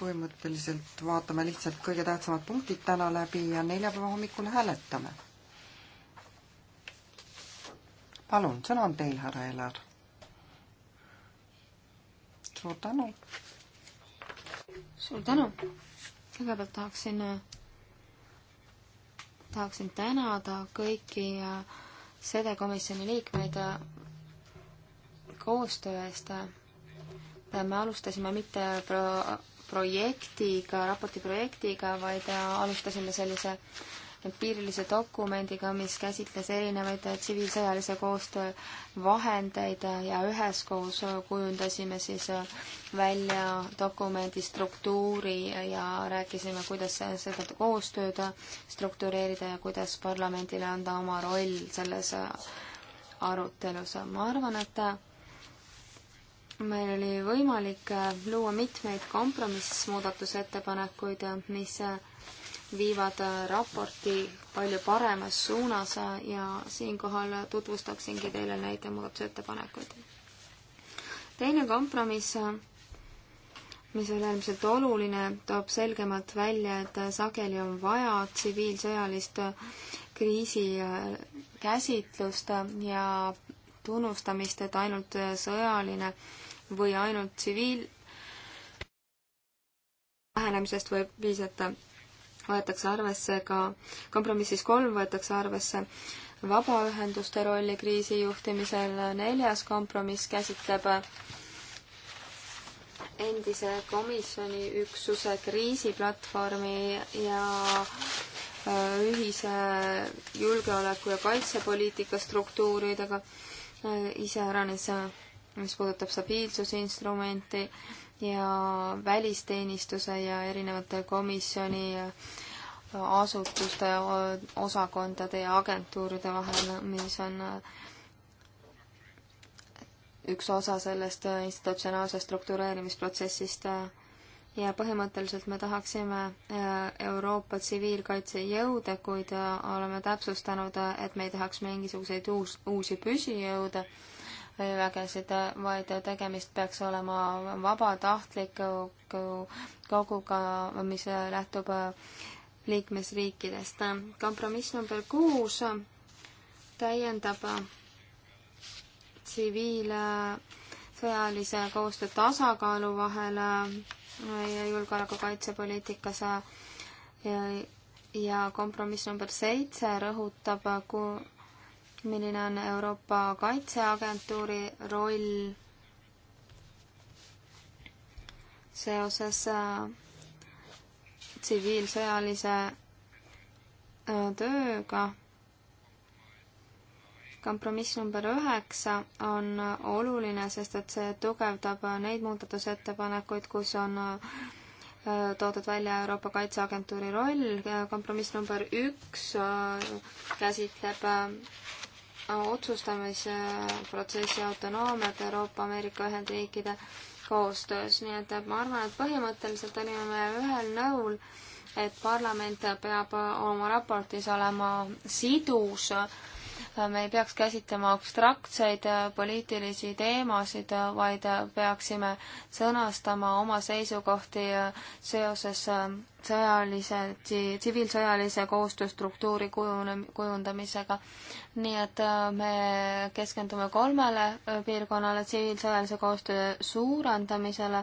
põhimõtteliselt vaatame lihtsalt kõige tähtsamad punktid täna läbi ja neljapäeva hommikul hääletame. palun, sõna on teil, härra Elar. suur tänu. suur tänu. kõigepealt tahaksin äh, tahaksin tänada kõiki äh, selle komisjoni liikmeid äh, koostöö eest. Äh, me alustasime mitte pro-, projektiga, raporti projektiga, vaid alustasime sellise empiirilise dokumendiga, mis käsitles erinevaid tsiviilsõjalise koostöö vahendeid ja üheskoos kujundasime siis välja dokumendi struktuuri ja rääkisime, kuidas seda koostööd struktureerida ja kuidas parlamendile anda oma roll selles arutelus. ma arvan, et meil oli võimalik luua mitmeid kompromissmuudatusettepanekuid, mis viivad raporti palju paremas suunas ja siinkohal tutvustaksingi teile neid muudatusettepanekuid. teine kompromiss mis on äärmiselt oluline, toob selgemalt välja, et sageli on vaja tsiviilsõjalist kriisi käsitlust ja tunnustamist, et ainult sõjaline või ainult tsiviil lähenemisest võib viisata, võetakse arvesse ka, kompromissis kolm võetakse arvesse vabaühenduste rolli kriisi juhtimisel, neljas kompromiss käsitleb endise komisjoni üksuse kriisiplatvormi ja äh, ühise julgeoleku- ja kaitsepoliitika struktuuridega äh, iseäranis, äh, mis puudutab stabiilsusinstrumenti ja välisteenistuse ja erinevate komisjoni asutuste, osakondade ja agentuuride vahel, mis on üks osa sellest äh, institutsionaalsest struktureerimisprotsessist äh, ja põhimõtteliselt me tahaksime äh, Euroopa tsiviilkaitsejõude, kuid oleme täpsustanud, et me ei tahaks mingisuguseid uus, uusi püsijõude või vägesid, vaid tegemist peaks olema vabatahtliku koguga, mis lähtub liikmesriikidest. kompromiss number kuus täiendab tsiviilsõjalise koostöö tasakaalu vahel ja julgeoleku kaitsepoliitikas ja, ja kompromiss number seitse rõhutab, milline on Euroopa Kaitseagentuuri roll seoses tsiviilsõjalise tööga kompromiss number üheksa on oluline, sest et see tugevdab neid muudatusettepanekuid, kus on äh, toodud välja Euroopa Kaitseagentuuri roll. kompromiss number üks äh, käsitleb äh, otsustamisprotsessi autonoomiat Euroopa-Ameerika Ühendriikide koostöös, nii et ma arvan, et põhimõtteliselt olime me ühel nõul, et parlament peab oma raportis olema sidus me ei peaks käsitlema abstraktseid äh, poliitilisi teemasid, äh, vaid äh, peaksime sõnastama oma seisukohti seoses sõjalise, tsiviilsõjalise koostööstruktuuri kujunem-, kujundamisega. nii et me keskendume kolmele piirkonnale, tsiviilsõjalise koostöö suurendamisele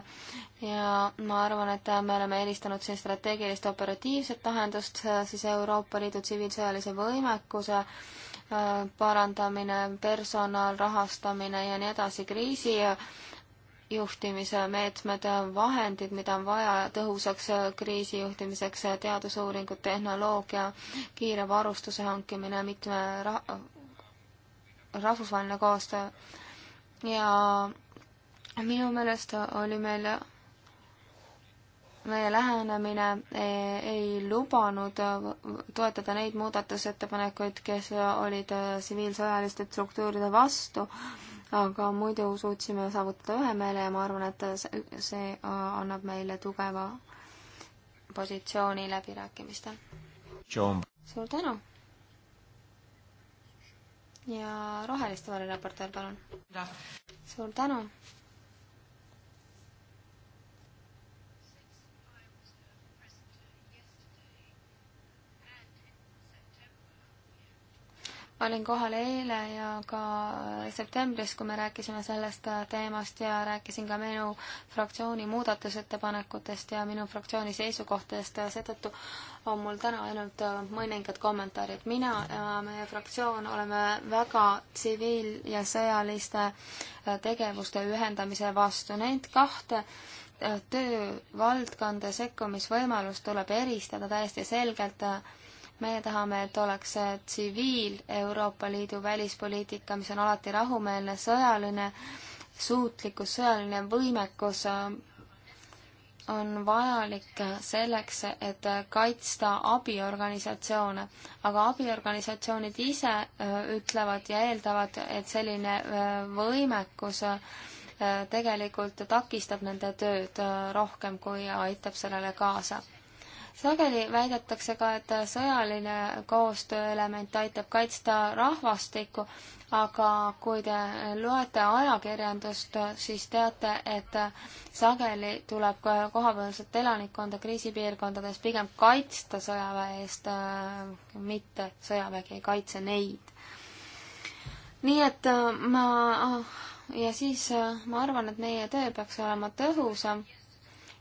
ja ma arvan, et me oleme eelistanud siin strateegilist operatiivset lahendust siis Euroopa Liidu tsiviilsõjalise võimekuse Äh, parandamine, personal, rahastamine ja nii edasi, kriisi juhtimise meetmed, vahendid, mida on vaja tõhusaks kriisijuhtimiseks, teadusuuringud, tehnoloogia, kiire varustuse hankimine, mitme ra-, rahvusvaheline koostöö ja minu meelest oli meil meie lähenemine ei, ei lubanud toetada neid muudatusettepanekuid, kes olid e, tsiviilsõjaliste struktuuride vastu, aga muidu suutsime saavutada ühe meele ja ma arvan, et see e, annab meile tugeva positsiooni läbirääkimistel. suur tänu! ja roheliste variraportöör, palun! suur tänu! olin kohal eile ja ka septembris, kui me rääkisime sellest äh, teemast ja rääkisin ka minu fraktsiooni muudatusettepanekutest ja minu fraktsiooni seisukohtadest, seetõttu on mul täna ainult äh, mõningad kommentaarid. mina ja meie fraktsioon oleme väga tsiviil- ja sõjaliste äh, tegevuste ühendamise vastu. Neid kahte töövaldkonda sekkumisvõimalust tuleb eristada täiesti selgelt meie tahame, et oleks tsiviil Euroopa Liidu välispoliitika, mis on alati rahumeelne, sõjaline suutlikkus, sõjaline võimekus äh, on vajalik selleks, et kaitsta abiorganisatsioone. aga abiorganisatsioonid ise äh, ütlevad ja eeldavad, et selline äh, võimekus tegelikult takistab nende tööd rohkem, kui aitab sellele kaasa sageli väidetakse ka, et sõjaline koostööelement aitab kaitsta rahvastikku, aga kui te loete ajakirjandust, siis teate, et sageli tuleb kohapealset elanikkonda kriisipiirkondades pigem kaitsta sõjaväe eest, mitte sõjavägi ei kaitse neid. nii et äh, ma, äh, ja siis äh, ma arvan, et meie töö peaks olema tõhusam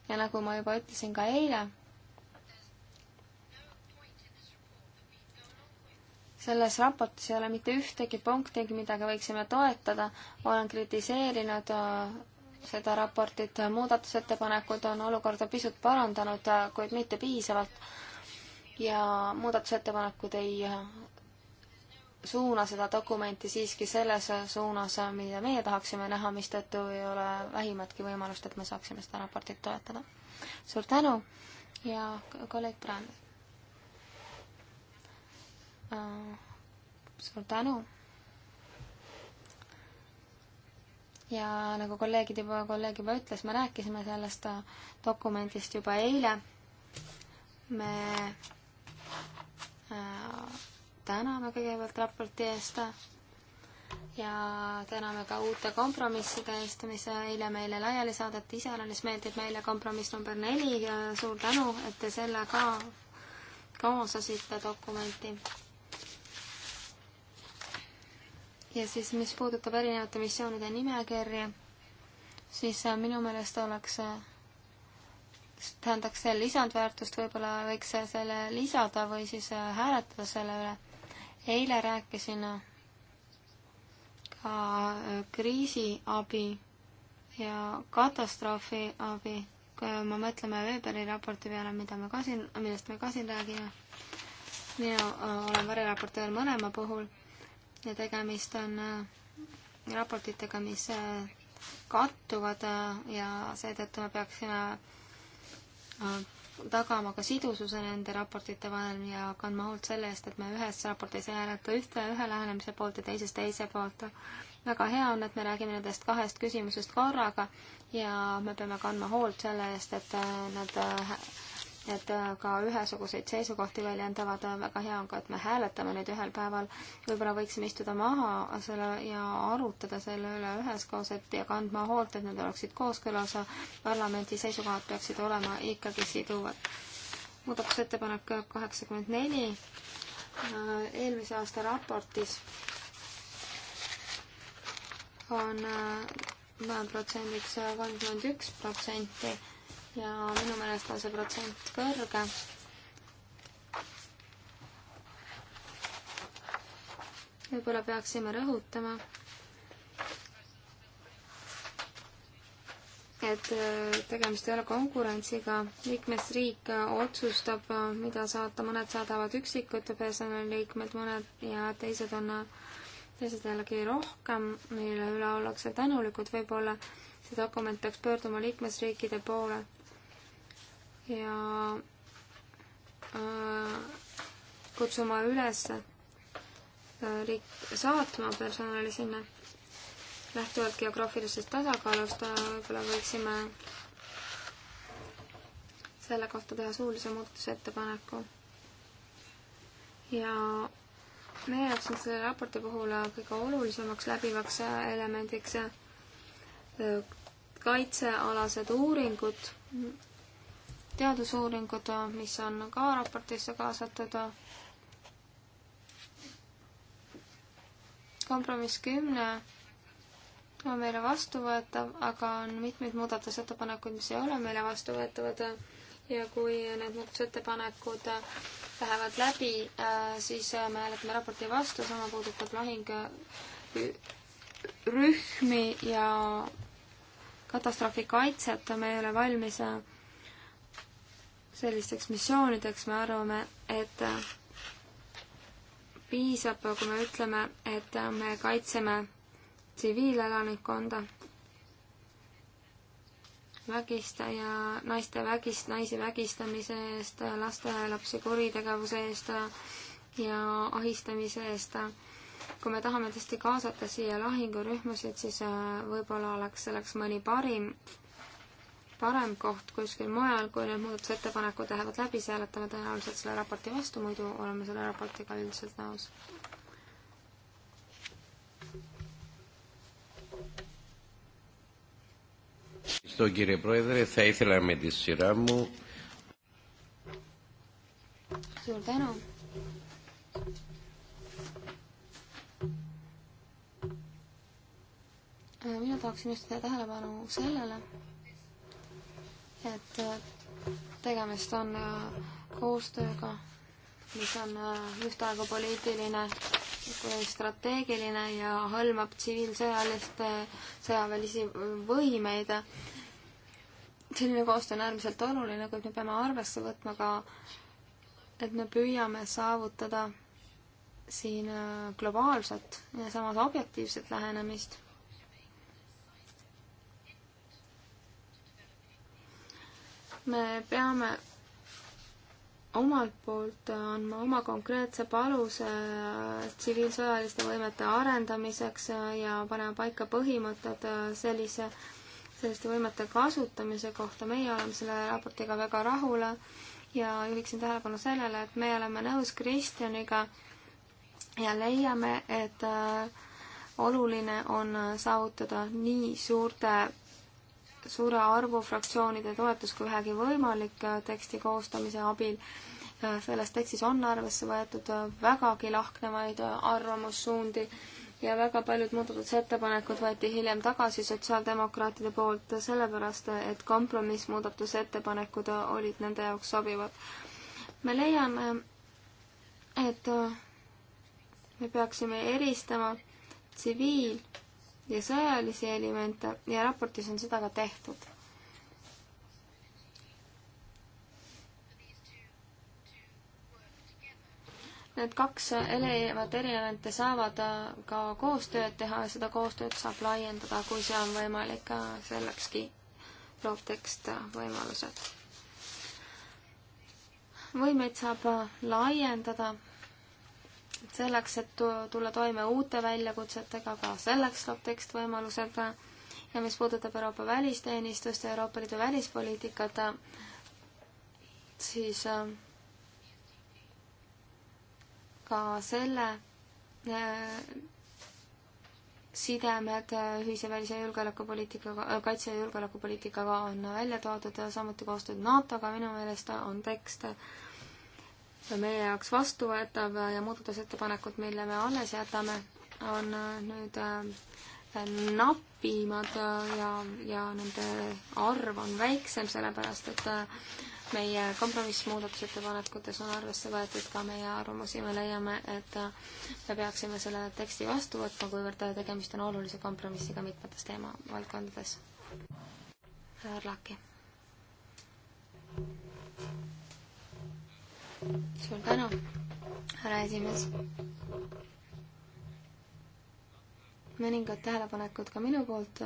ja nagu ma juba ütlesin ka eile, selles raportis ei ole mitte ühtegi punkti, mida võiksime toetada, olen kritiseerinud äh, seda raportit, muudatusettepanekud on olukorda pisut parandanud, äh, kuid mitte piisavalt. ja muudatusettepanekud ei äh, suuna seda dokumenti siiski selles suunas, mida meie tahaksime näha, mistõttu ei ole vähimatki võimalust, et me saaksime seda raportit toetada. suur tänu ja kolleeg Brand. Äh, suur tänu. ja nagu kolleegid juba, kolleeg juba ütles, me rääkisime sellest äh, dokumendist juba eile. me äh, täname kõigepealt raporti eest ja täname ka uute kompromisside eest, mis eile meile laiali saadeti, iseäranis meeldib meile kompromiss number neli ja suur tänu, et te selle ka kaasasite dokumenti ja siis, mis puudutab erinevate missioonide nimekirja, siis äh, minu meelest oleks, äh, tähendaks see lisandväärtust, võib-olla võiks selle lisada või siis äh, hääletada selle üle. eile rääkisin ka kriisiabi ja katastroofiabi, kui me mõtleme Weberi raporti peale, mida me ka siin, millest me ka siin räägime, mina olen variraportöör mõlema puhul ja tegemist on äh, raportitega, mis äh, kattuvad äh, ja seetõttu me peaksime tagama ka sidususe nende raportite vahel ja kandma hoolt selle eest, et me ühes raportis ei hääleta ühte, ühe lähenemise poolt ja teises teise poolt. väga hea on, et me räägime nendest kahest küsimusest korraga ja me peame kandma hoolt selle eest, et nad et äh, ka ühesuguseid seisukohti väljendavad, väga hea on ka, et me hääletame nüüd ühel päeval, võib-olla võiksime istuda maha selle ja arutada selle üle üheskoos, et ja kandma hoolt, et need oleksid kooskõlas, parlamendi seisukohad peaksid olema ikkagi siduvad. muudatusettepanek kaheksakümmend neli, äh, eelmise aasta raportis on äh, protsendiks kolmkümmend üks protsenti ja minu meelest on see protsent kõrge. võib-olla peaksime rõhutama, et äh, tegemist ei ole konkurentsiga, liikmesriik otsustab, äh, mida saata, mõned saadavad üksikute personaliliikmed, mõned ja teised on, äh, teised jällegi rohkem, mille üle ollakse tänulikud, võib-olla see dokument peaks pöörduma liikmesriikide poole ja äh, kutsuma üles äh, riik saatma personali sinna. lähtuvalt geograafilisest tasakaalust äh, võib-olla võiksime selle kohta teha suulise muudatusettepaneku. ja meie jaoks on selle raporti puhul kõige olulisemaks läbivaks elemendiks kaitsealased uuringud teadusuuringud, mis on ka raportisse kaasatud. kompromiss kümne on meile vastuvõetav, aga on mitmeid muudatusettepanekuid, mis ei ole meile vastuvõetavad ja kui need muudatusettepanekud lähevad läbi, siis me hääletame raporti vastu, sama puudutab lahingurühmi ja katastroofikaitset, me ei ole valmis sellisteks missioonideks, me arvame, et äh, piisab, kui me ütleme, et äh, me kaitseme tsiviilelanikkonda, vägista- ja naiste vägist-, naisi vägistamise eest, äh, laste ja lapse kuritegevuse eest ja ahistamise eest. kui me tahame tõesti kaasata siia lahingurühmasid, siis võib-olla oleks selleks mõni parim parem koht kuskil mujal, kui need muudatusettepanekud lähevad läbi, siis hääletame tõenäoliselt selle raporti vastu, muidu oleme selle raportiga üldiselt nõus. Ευχαριστώ κύριε Πρόεδρε. Θα ήθελα με τη σειρά μου... Σουρτένο. mina tahaksin just teie tähelepanu sellele, et äh, tegemist on äh, koostööga, mis on äh, ühtaegu poliitiline kui strateegiline ja hõlmab tsiviilsõjaliste sõjaväelisi võimeid. selline koostöö on äärmiselt oluline, kuid me peame arvesse võtma ka, et me püüame saavutada siin globaalset ja samas objektiivset lähenemist me peame omalt poolt andma oma konkreetse paluse tsiviilsõjaliste võimete arendamiseks ja panema paika põhimõtted sellise, selliste võimete kasutamise kohta. meie oleme selle raportiga väga rahule ja juhiksin tähelepanu sellele, et me oleme nõus Kristjaniga ja leiame, et äh, oluline on saavutada nii suurte suure arvu fraktsioonide toetus kui vähegi võimalik äh, teksti koostamise abil. Äh, selles tekstis on arvesse võetud äh, vägagi lahknevaid arvamussuundi ja väga paljud muudatusettepanekud võeti hiljem tagasi sotsiaaldemokraatide poolt, sellepärast et kompromissmuudatusettepanekud olid nende jaoks sobivad. me leiame, et me peaksime eristama tsiviil- ja sõjalisi elemente ja raportis on seda ka tehtud. Need kaks elevat elementi saavad ka koostööd teha ja seda koostööd saab laiendada, kui see on võimalik, sellekski loob tekst võimalused. võimeid saab laiendada selleks, et tulla toime uute väljakutsetega, ka selleks loob tekst võimalused ja mis puudutab Euroopa välisteenistust ja Euroopa Liidu välispoliitikat, siis ka selle äh, sidemed ühise välis- ja julgeolekupoliitikaga, äh, kaitse- ja julgeolekupoliitikaga on välja toodud ja samuti koostööd NATO-ga minu meelest on tekst meie jaoks vastuvõetav ja muudatusettepanekud, mille me alles jätame, on äh, nüüd äh, napimad äh, ja, ja nende arv on väiksem, sellepärast et meie kompromissmuudatusettepanekutes on arvesse võetud ka meie arvamusi, me leiame, et me peaksime selle teksti vastu võtma, kuivõrd tegemist on olulise kompromissiga mitmetes teemavaldkondades. härra Laki suur tänu, härra esimees. mõningad tähelepanekud ka minu poolt.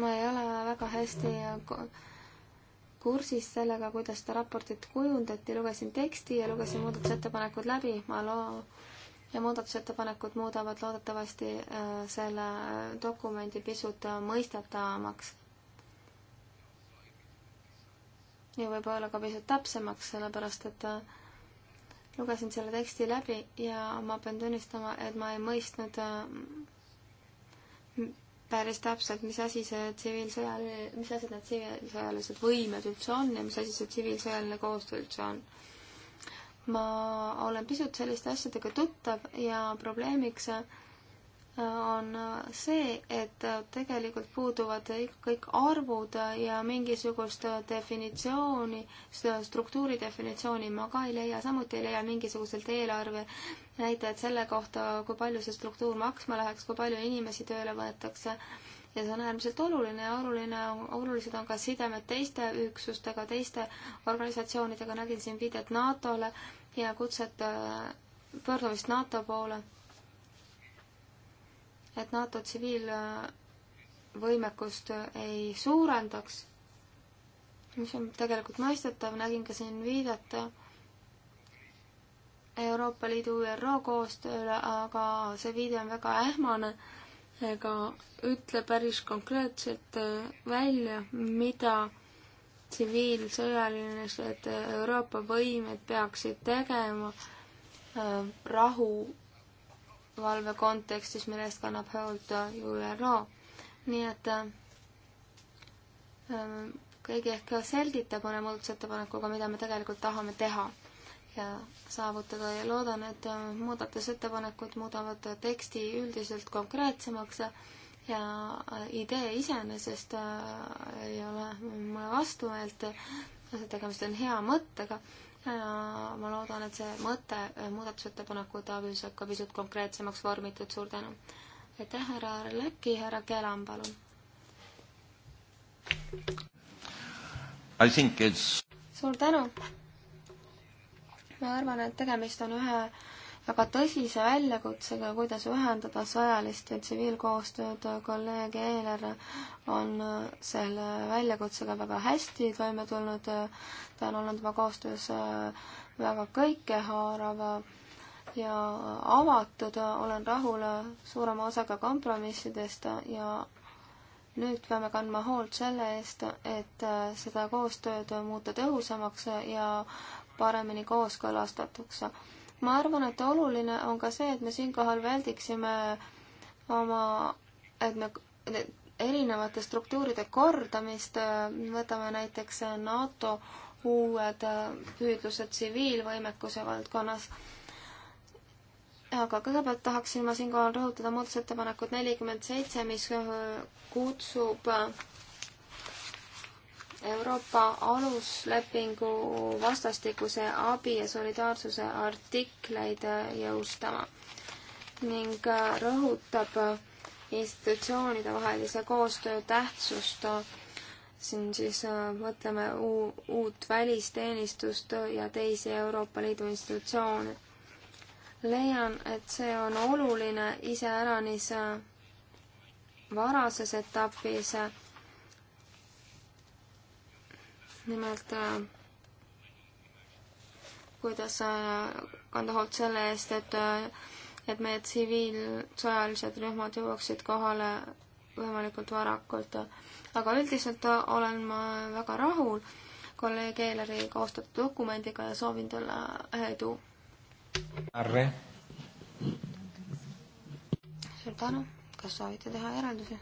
ma ei ole väga hästi kursis sellega, kuidas seda raportit kujundati, lugesin teksti ja lugesin muudatusettepanekud läbi, ma loo- ja muudatusettepanekud muudavad loodetavasti äh, selle dokumendi pisut äh, mõistetavamaks ja võib-olla ka pisut täpsemaks, sellepärast et äh, lugesin selle teksti läbi ja ma pean tunnistama, et ma ei mõistnud äh, päris täpselt, mis asi see tsiviilsõjaline, mis asjad need tsiviilsõjalised võimed üldse on ja mis asi see tsiviilsõjaline koostöö üldse on. ma olen pisut selliste asjadega tuttav ja probleemiks äh, on see, et tegelikult puuduvad kõik arvud ja mingisugust definitsiooni, struktuuri definitsiooni ma ka ei leia, samuti ei leia mingisuguselt eelarve näitajat selle kohta, kui palju see struktuur maksma läheks, kui palju inimesi tööle võetakse. ja see on äärmiselt oluline ja oluline, olulised on ka sidemed teiste üksustega, teiste organisatsioonidega, nägin siin viidet NATO-le ja kutset äh, pöördumist NATO poole et NATO tsiviilvõimekust ei suurendaks, mis on tegelikult mõistetav, nägin ka siin viidata Euroopa Liidu ÜRO koostööle, aga see viide on väga ähmane ega ütle päris konkreetselt välja, mida tsiviilsõjalised Euroopa võimed peaksid tegema äh, rahu valve kontekstis, mille eest kannab hoolt ÜRO. nii et äh, ähm, keegi ehk selgitab mõne muudatusettepanekuga, mida me tegelikult tahame teha ja saavutada ja loodan, et äh, muudatusettepanekud muudavad teksti üldiselt konkreetsemaks ja äh, idee iseenesest ei ole mulle vastumeelt, tegemist on hea mõttega ma loodan, et see mõte äh, muudatusettepanekute abil saab ka pisut konkreetsemaks vormitud, suur tänu. aitäh, härra Läki, härra Kelam, palun. suur tänu. ma arvan, et tegemist on ühe väga tõsise väljakutsega, kuidas ühendada sõjalist ja tsiviilkoostööd. kolleeg Eeler on selle väljakutsega väga hästi toime tulnud. ta on olnud oma koostöös väga kõikehaarav ja avatud. olen rahul suurema osaga kompromissidest ja nüüd peame kandma hoolt selle eest, et seda koostööd muuta tõhusamaks ja paremini kooskõlastatuks ma arvan, et oluline on ka see, et me siinkohal väldiksime oma, et me erinevate struktuuride kordamist, võtame näiteks NATO uued püüdlused tsiviilvõimekuse valdkonnas. aga kõigepealt tahaksin ma siinkohal rõhutada muudatusettepanekut nelikümmend seitse, mis kutsub Euroopa aluslepingu vastastikuse abi ja solidaarsuse artikleid äh, jõustama ning äh, rõhutab äh, institutsioonide vahelise koostöö tähtsust. siin siis mõtleme uut välisteenistust ja teisi Euroopa Liidu institutsioone. leian, et see on oluline iseäranis varases etapis nimelt äh, kuidas äh, kanda hoolt selle eest, et, äh, et meie tsiviilsõjalised rühmad jõuaksid kohale võimalikult varakult. aga üldiselt olen ma väga rahul kolleeg Eeleri koostatud dokumendiga ja soovin talle edu. Arre. suur tänu, kas soovite teha järeldusi?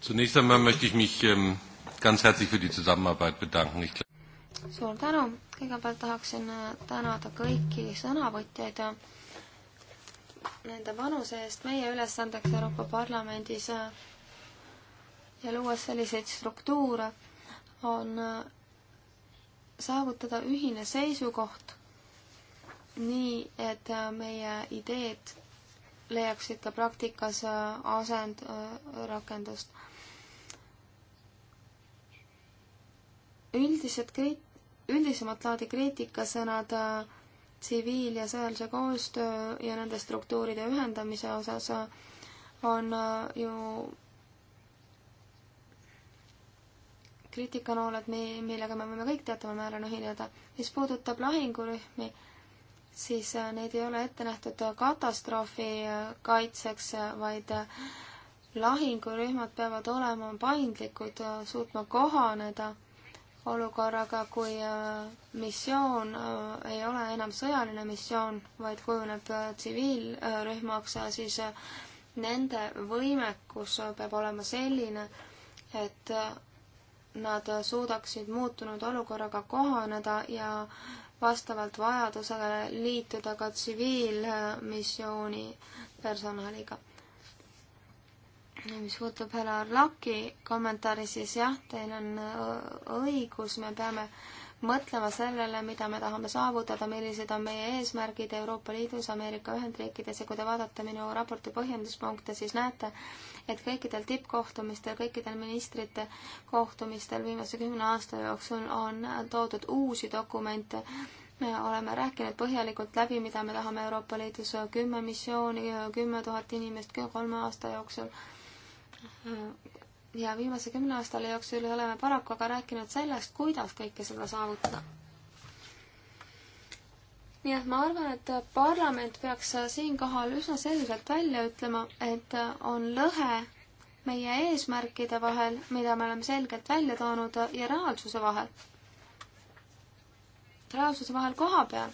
Zunächst einmal möchte ich mich ähm, ganz herzlich für die Zusammenarbeit bedanken. Ich suur tänu, kõigepealt tahaksin äh, tänada kõiki sõnavõtjaid äh, nende panuse eest meie ülesandeks Euroopa Parlamendis äh, ja luues selliseid struktuure, on saavutada ühine seisukoht nii, et meie ideed leiaksid ka praktikas asend, rakendust üldised kreit-, üldisemat laadi kriitikasõnad äh, tsiviil- ja sõjalise koostöö ja nende struktuuride ühendamise osas äh, on äh, ju kriitikanooled, mi-, millega me võime kõik teataval määral ühineda. mis puudutab lahingurühmi, siis neid ei ole ette nähtud katastroofi kaitseks, vaid lahingurühmad peavad olema paindlikud, suutma kohaneda olukorraga, kui äh, missioon äh, ei ole enam sõjaline missioon, vaid kujuneb äh, tsiviilrühmaks, siis nende võimekus peab olema selline, et nad suudaksid muutunud olukorraga kohaneda ja vastavalt vajadusele liituda ka tsiviilmissiooni personaliga mis puutub härra Arlaki kommentaari, siis jah, teil on äh, õigus, me peame mõtlema sellele, mida me tahame saavutada, millised on meie eesmärgid Euroopa Liidus, Ameerika Ühendriikides ja kui te vaatate minu raporti põhjenduspunkte, siis näete, et kõikidel tippkohtumistel, kõikidel ministrite kohtumistel viimase kümne aasta jooksul on toodud uusi dokumente, me oleme rääkinud põhjalikult läbi, mida me tahame Euroopa Liidus, kümme missiooni, kümme tuhat inimest kolme aasta jooksul ja viimase kümne aastale jooksul oleme paraku aga rääkinud sellest, kuidas kõike seda saavutada. nii et ma arvan, et parlament peaks siinkohal üsna selgelt välja ütlema, et on lõhe meie eesmärkide vahel, mida me oleme selgelt välja toonud, ja reaalsuse vahel. reaalsuse vahel koha peal.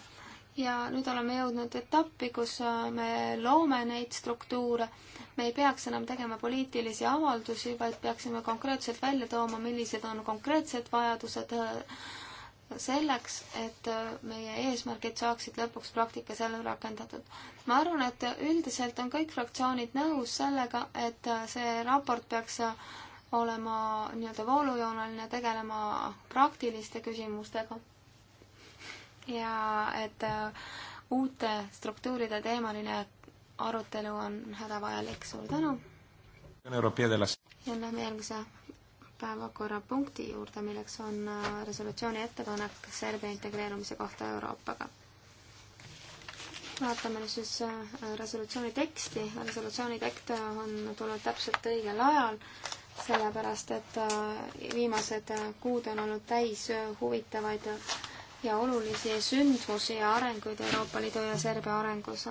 ja nüüd oleme jõudnud etappi, kus me loome neid struktuure me ei peaks enam tegema poliitilisi avaldusi, vaid peaksime konkreetselt välja tooma, millised on konkreetsed vajadused äh, selleks, et äh, meie eesmärgid saaksid lõpuks praktikas ellu rakendatud. ma arvan, et üldiselt on kõik fraktsioonid nõus sellega, et äh, see raport peaks olema nii-öelda voolujooneline, tegelema praktiliste küsimustega. ja et uute struktuuride teemaline arutelu on hädavajalik, suur tänu! ja lähme järgmise päevakorrapunkti juurde, milleks on äh, resolutsiooni ettepanek Serbia integreerumise kohta Euroopaga. vaatame nüüd siis äh, resolutsiooni teksti, resolutsiooni tekst on tulnud täpselt õigel ajal, sellepärast et äh, viimased kuud on olnud täis huvitavaid ja olulisi sündmusi ja arenguid Euroopa Liidu ja Serbia arengus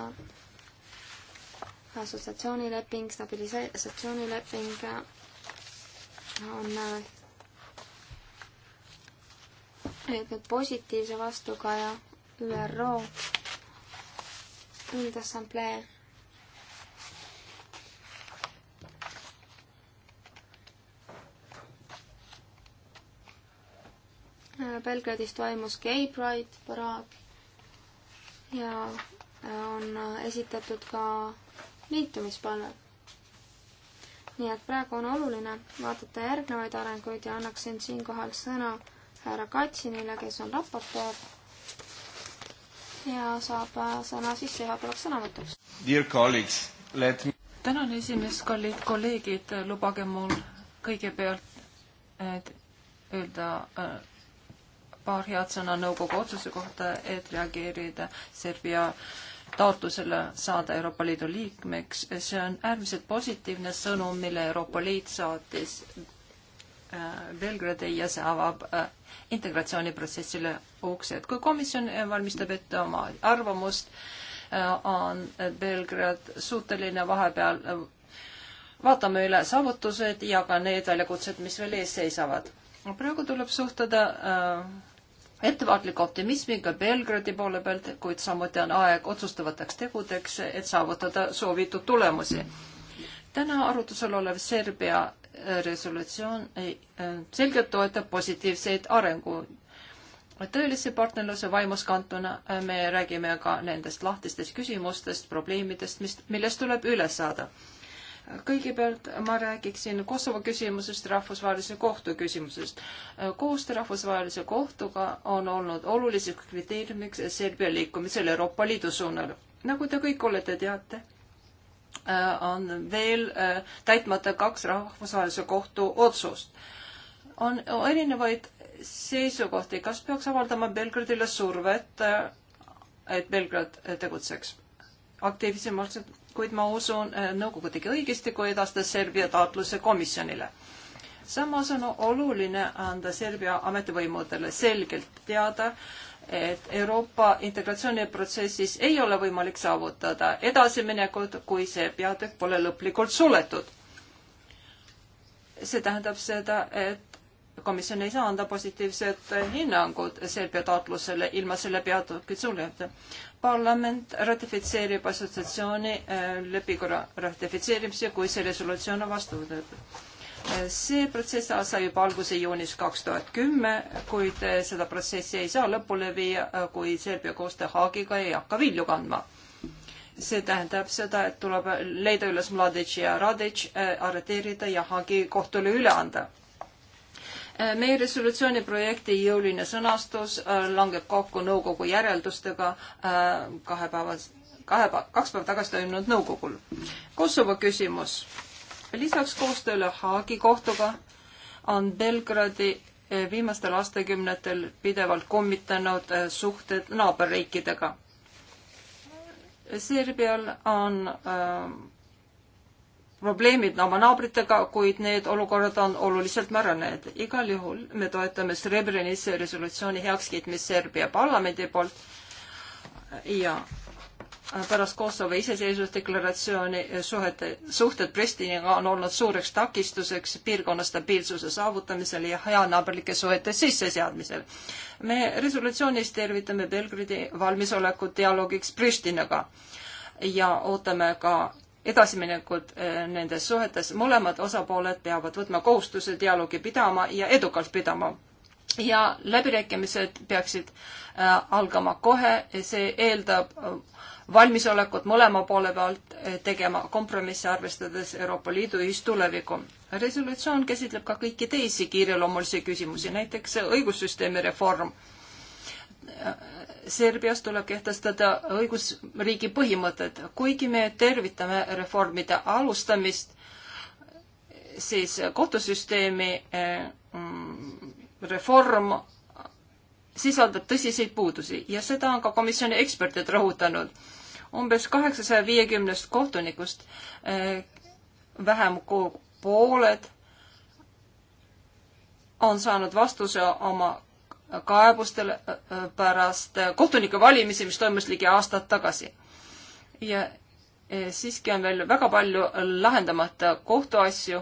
assotsiatsioonileping, stabilisatsioonileping on leidnud äh, positiivse vastukaja ÜRO Üldassamblee äh, Belgradis toimus Gay Pride paraad ja äh, on esitatud ka liitumispalve. nii et praegu on oluline vaadata järgnevaid arenguid ja annaksin siinkohal sõna härra Katsinile, kes on raportöör ja saab äh, sõna sissejuhatavaks sõnavõtuks. Dear colleagues, let me tänan esimees, kallid kolleegid, lubage mul kõigepealt öelda äh, paar head sõna nõukogu otsuse kohta, et reageerida Serbia äh, taotlusele saada Euroopa Liidu liikmeks. see on äärmiselt positiivne sõnum, mille Euroopa Liit saatis äh, Belgradi ja see avab äh, integratsiooniprotsessile uksed. kui komisjon valmistab ette oma arvamust, äh, on Belgrad suuteline vahepeal vaatame üle saavutused ja ka need väljakutsed, mis veel ees seisavad. praegu tuleb suhtuda äh, ettevaatliku optimismiga Belgradi poole pealt, kuid samuti on aeg otsustavateks tegudeks, et saavutada soovitud tulemusi. täna arutusel olev Serbia äh, resolutsioon äh, selgelt toetab positiivseid arenguid tõelise partnerluse vaimus kantuna äh, me räägime ka nendest lahtistest küsimustest, probleemidest, mis, millest tuleb üle saada kõigepealt ma räägiksin Kosovo küsimusest, rahvusvahelise kohtu küsimusest. koostöö rahvusvahelise kohtuga on olnud oluliseks kriteeriumiks Serbia liikumisel Euroopa Liidu suunal. nagu te kõik olete, teate, äh, on veel äh, täitmata kaks rahvusvahelise kohtu otsust. on erinevaid seisukohti, kas peaks avaldama Belgradile survet, äh, et Belgrad tegutseks aktiivsemalt kuid ma usun, äh, nõukogu tegi õigesti, kui edastas Serbia taotluse komisjonile. samas on oluline anda Serbia ametivõimudele selgelt teada, et Euroopa integratsiooniprotsessis ei ole võimalik saavutada edasiminekut, kui see peatükk pole lõplikult suletud. see tähendab seda, et komisjon ei saa anda positiivset hinnangut Serbia taotlusele ilma selle peatükitsuljata. parlament ratifitseerib assotsiatsiooni äh, lepingu ratifitseerimise, kui see resolutsioon on vastu võetud äh, see protsess sai juba alguse juunis kaks tuhat kümme, kuid äh, seda protsessi ei saa lõpule viia, kui Serbia koostöö Haagiga ei hakka vilju kandma. see tähendab seda, et tuleb leida üles Mladic ja Radic, arreteerida ja Haagi kohtule üle anda. Äh, meie resolutsiooni projekti jõuline sõnastus äh, langeb kokku nõukogu järeldustega kahepäevas, äh, kahe, kaks päeva tagasi toimunud nõukogul. Kosovo küsimus. lisaks koostööle Haagi kohtuga on Belgradi viimastel aastakümnetel pidevalt kummitanud suhted naaberriikidega. Serbial on äh, probleemid oma naabritega, kuid need olukorrad on oluliselt märanenud. igal juhul me toetame Srebrenitsa resolutsiooni heakskiitmist Serbia parlamendi poolt ja pärast Kosovo iseseisvusdeklaratsiooni suhete, suhted Pristiniga on olnud suureks takistuseks piirkonna stabiilsuse saavutamisel ja heanaaberlike suhete sisseseadmisel. me resolutsioonis tervitame Belgradi valmisolekut dialoogiks Pristinaga ja ootame ka edasiminekud äh, nendes suhetes, mõlemad osapooled peavad võtma kohustuse dialoogi pidama ja edukalt pidama. ja läbirääkimised peaksid äh, algama kohe, see eeldab äh, valmisolekut mõlema poole pealt tegema kompromisse, arvestades Euroopa Liidu ühist tulevikku. resolutsioon käsitleb ka kõiki teisi kiireloomulisi küsimusi, näiteks õigussüsteemi reform Serbias tuleb kehtestada õigusriigi põhimõtted. kuigi me tervitame reformide alustamist, siis kohtusüsteemi eh, reform sisaldab tõsiseid puudusi ja seda on ka komisjoni eksperdid rõhutanud. umbes kaheksasaja viiekümnest kohtunikust eh, vähem kui pooled on saanud vastuse oma kaebustele äh, äh, pärast äh, kohtunike valimisi, mis toimus ligi aastad tagasi. ja siiski on veel väga palju lahendamata kohtuasju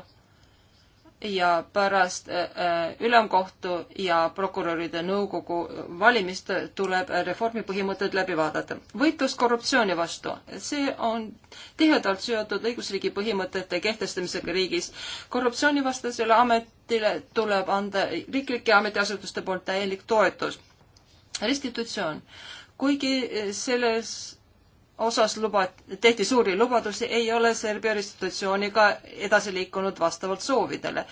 ja pärast äh, äh, ülemkohtu ja prokuröride nõukogu valimist tuleb reformi põhimõtted läbi vaadata. võitlus korruptsiooni vastu, see on tihedalt seotud õigusriigi põhimõtete kehtestamisega riigis. korruptsioonivastasele ametile tuleb anda riiklike ametiasutuste poolt täielik toetus. restitutsioon, kuigi selles osas lubat-, tehti suuri lubadusi, ei ole Serbia institutsiooniga edasi liikunud vastavalt soovidele.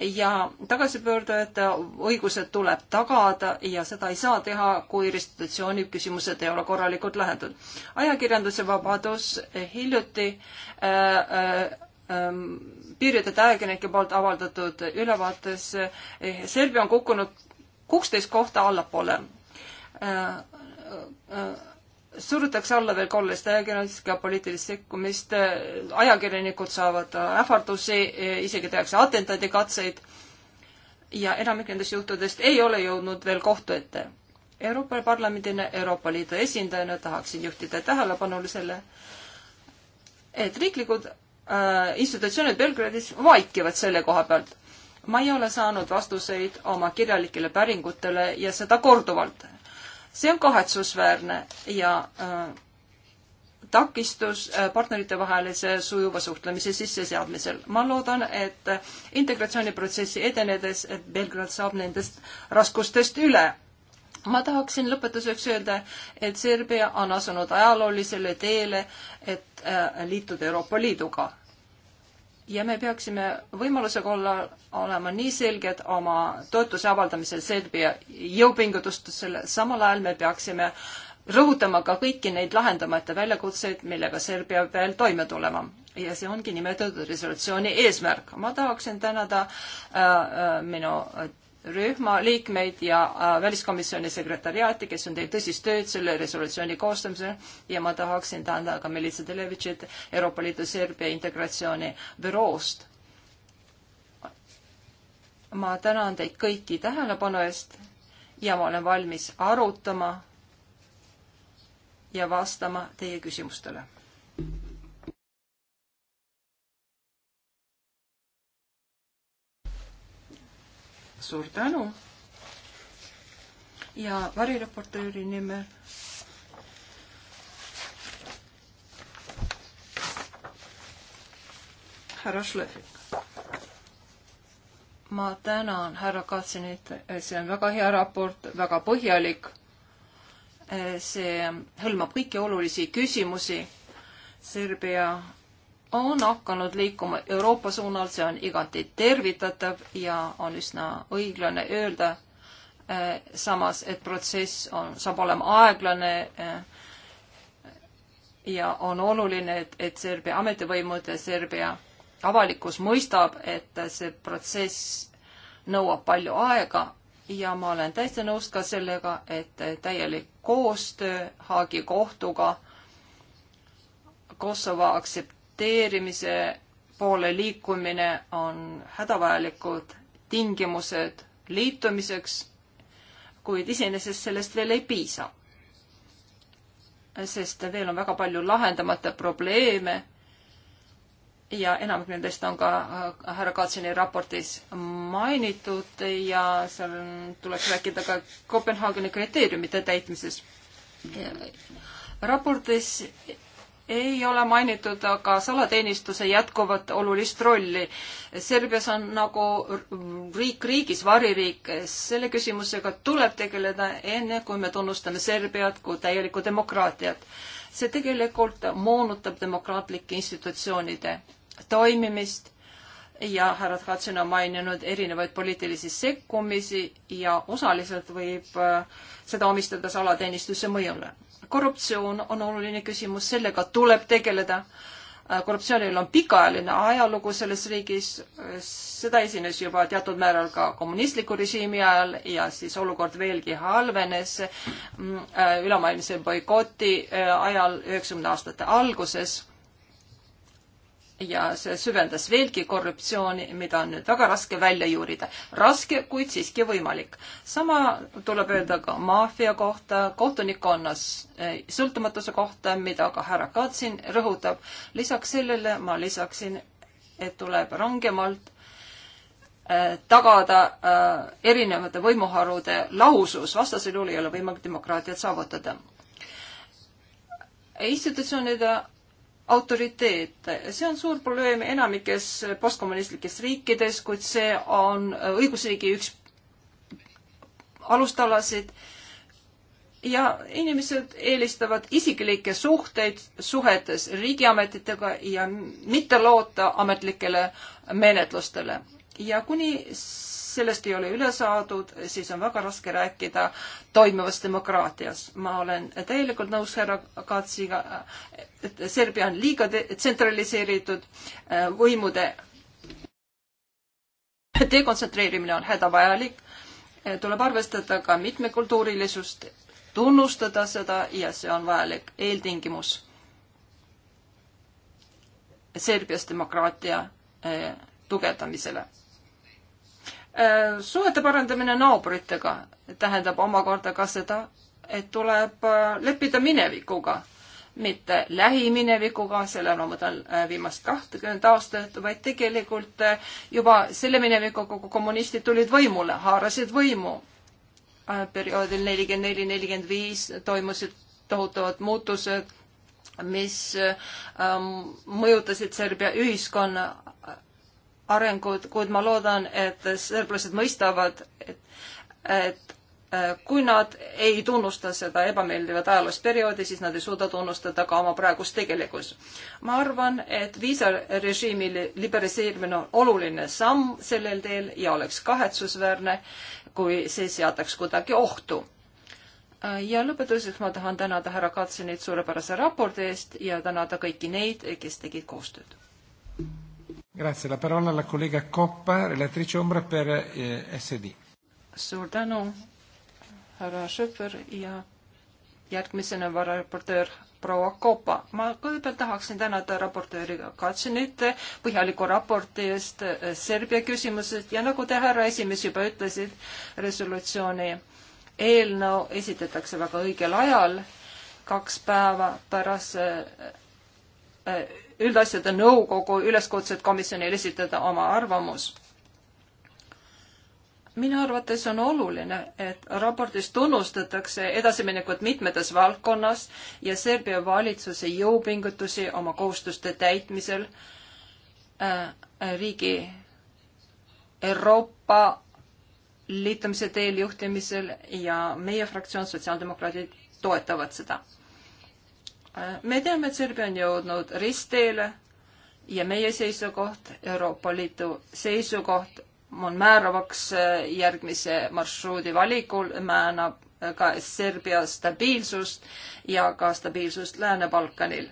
ja tagasipöördujate õigused tuleb tagada ja seda ei saa teha, kui restitutsiooni küsimused ei ole korralikult lahendatud. ajakirjanduse vabadus hiljuti äh, äh, ähm, piiritud ajakirjanike poolt avaldatud ülevaates eh, Serbia on kukkunud kuusteist kohta allapoole äh,. Äh, surutakse alla veel kollest ajakirjandust, ka poliitilist sekkumist, ajakirjanikud saavad ähvardusi, isegi tehakse atentaadikatseid ja enamik nendest juhtudest ei ole jõudnud veel kohtu ette. Euroopa Parlamendina, Euroopa Liidu esindajana tahaksin juhtida tähelepanu selle, et riiklikud äh, institutsioonid Belgradis vaikivad selle koha pealt. ma ei ole saanud vastuseid oma kirjalikele päringutele ja seda korduvalt see on kahetsusväärne ja äh, takistus äh, partnerite vahelise sujuva suhtlemise sisseseadmisel. ma loodan, et äh, integratsiooniprotsessi edenedes, et Belgrad saab nendest raskustest üle ma tahaksin lõpetuseks öelda, et Serbia on asunud ajaloolisele teele, et liituda Euroopa Liiduga ja me peaksime võimalusega olla, olema nii selged oma toetuse avaldamisel Serbia jõupingutustele, samal ajal me peaksime rõhutama ka kõiki neid lahendamata väljakutseid, millega Serbia veel toime tulema. ja see ongi nimetatud resolutsiooni eesmärk. ma tahaksin tänada äh, äh minu rühma liikmeid ja äh, väliskomisjoni sekretariaati, kes on teinud tõsist tööd selle resolutsiooni koostamisel ja ma tahaksin tänada ka Melissa Delevitšit Euroopa Liidu Serbia integratsiooni büroost. ma tänan teid kõiki tähelepanu eest ja ma olen valmis arutama ja vastama teie küsimustele. suur tänu. ja varireportööri nimel. härra Šlefik. ma tänan härra Katsinit, see on väga hea raport, väga põhjalik. see hõlmab kõiki olulisi küsimusi Serbia on hakanud liikuma Euroopa suunal, see on igati tervitatav ja on üsna õiglane öelda äh, samas, et protsess on, saab olema aeglane äh, ja on oluline, et, et Serbia ametivõimud ja Serbia avalikkus mõistab, et see protsess nõuab palju aega ja ma olen täiesti nõus ka sellega, et täielik koostöö Haagi kohtuga Kosovo aktsepteerib implementeerimise poole liikumine on hädavajalikud tingimused liitumiseks, kuid iseenesest sellest veel ei piisa. sest veel on väga palju lahendamata probleeme ja enamik nendest on ka äh, härra Katsini raportis mainitud ja seal tuleks rääkida ka Kopenhaageni kriteeriumite täitmisest. raportis ei ole mainitud aga salateenistuse jätkuvat olulist rolli. Serbias on nagu riik riigis, variriik. selle küsimusega tuleb tegeleda enne, kui me tunnustame Serbiat kui täielikku demokraatiat. see tegelikult moonutab demokraatlike institutsioonide toimimist ja härra Tkatsin on maininud erinevaid poliitilisi sekkumisi ja osaliselt võib äh, seda omistada salateenistuse mõjule. korruptsioon on oluline küsimus, sellega tuleb tegeleda. Äh, korruptsioonil on pikaajaline ajalugu selles riigis, äh, seda esines juba teatud määral ka kommunistliku režiimi ajal ja siis olukord veelgi halvenes mm, ülemaailmse boikoti ajal üheksakümne aastate alguses ja see süvendas veelgi korruptsiooni, mida on nüüd väga raske välja juurida. raske, kuid siiski võimalik. sama tuleb öelda ka maffia kohta, kohtunikkonnas eh, sõltumatuse kohta, mida ka härra Katsin rõhutab. lisaks sellele ma lisaksin, et tuleb rangemalt eh, tagada eh, erinevate võimuharude lahusus, vastasel juhul ei ole võimalik demokraatiat saavutada. institutsioonide autoriteet, see on suur probleem enamikes postkommunistlikes riikides, kuid see on õigusriigi üks alustalasid ja inimesed eelistavad isiklikke suhteid suhetes riigiametitega ja mitte loota ametlikele menetlustele ja kuni sellest ei ole üle saadud, siis on väga raske rääkida toimivast demokraatias. ma olen täielikult nõus härra Katsiga, et Serbia on liiga tsentraliseeritud äh, võimude dekontsentreerimine on hädavajalik, äh, tuleb arvestada ka mitmekultuurilisust, tunnustada seda ja see on vajalik eeltingimus Serbias demokraatia äh, tugevdamisele Äh, suhete parandamine naabritega tähendab omakorda ka seda, et tuleb äh, leppida minevikuga, mitte lähiminevikuga, sellel ma äh, mõtlen viimast kahtekümmet aastat, vaid tegelikult juba selle minevikuga, kui kommunistid tulid võimule, haarasid võimu. perioodil nelikümmend neli, nelikümmend viis toimusid tohutavad muutused, mis ähm, mõjutasid Serbia ühiskonna arengud, kuid ma loodan, et serblased mõistavad, et, et äh, kui nad ei tunnusta seda ebameeldivat ajaloost perioodi, siis nad ei suuda tunnustada ka oma praegust tegelikkust. ma arvan, et viisarežiimi liberaliseerimine on oluline samm sellel teel ja oleks kahetsusväärne, kui see seataks kuidagi ohtu. Äh, ja lõpetuseks ma tahan tänada härra Katsenit suurepärase raporti eest ja tänada kõiki neid, kes tegid koostööd. Grazie, la parola alla kolleeg Koppa, relatrice Ombra per eh, SD. suur tänu, härra Schöpfer ja järgmisena vararaportöör proua Kopa. ma kõigepealt tahaksin tänada raportööri Katsinit põhjaliku raporti eest eh, Serbia küsimusest ja nagu te, härra esimees, juba ütlesid, resolutsiooni eelnõu esitatakse väga õigel ajal, kaks päeva pärast eh, eh, üldasjade nõukogu üleskutset komisjonile esitada oma arvamus. minu arvates on oluline, et raportis tunnustatakse edasiminekut mitmetes valdkonnas ja Serbia valitsuse jõupingutusi oma kohustuste täitmisel äh, riigi Euroopa liitumise teel juhtimisel ja meie fraktsioon, sotsiaaldemokraadid, toetavad seda me teame, et Serbia on jõudnud ristteele ja meie seisukoht, Euroopa Liidu seisukoht on määravaks äh, järgmise marsruudi valikul, määrab äh, ka Serbia stabiilsust ja ka stabiilsust Lääne-Balkanil.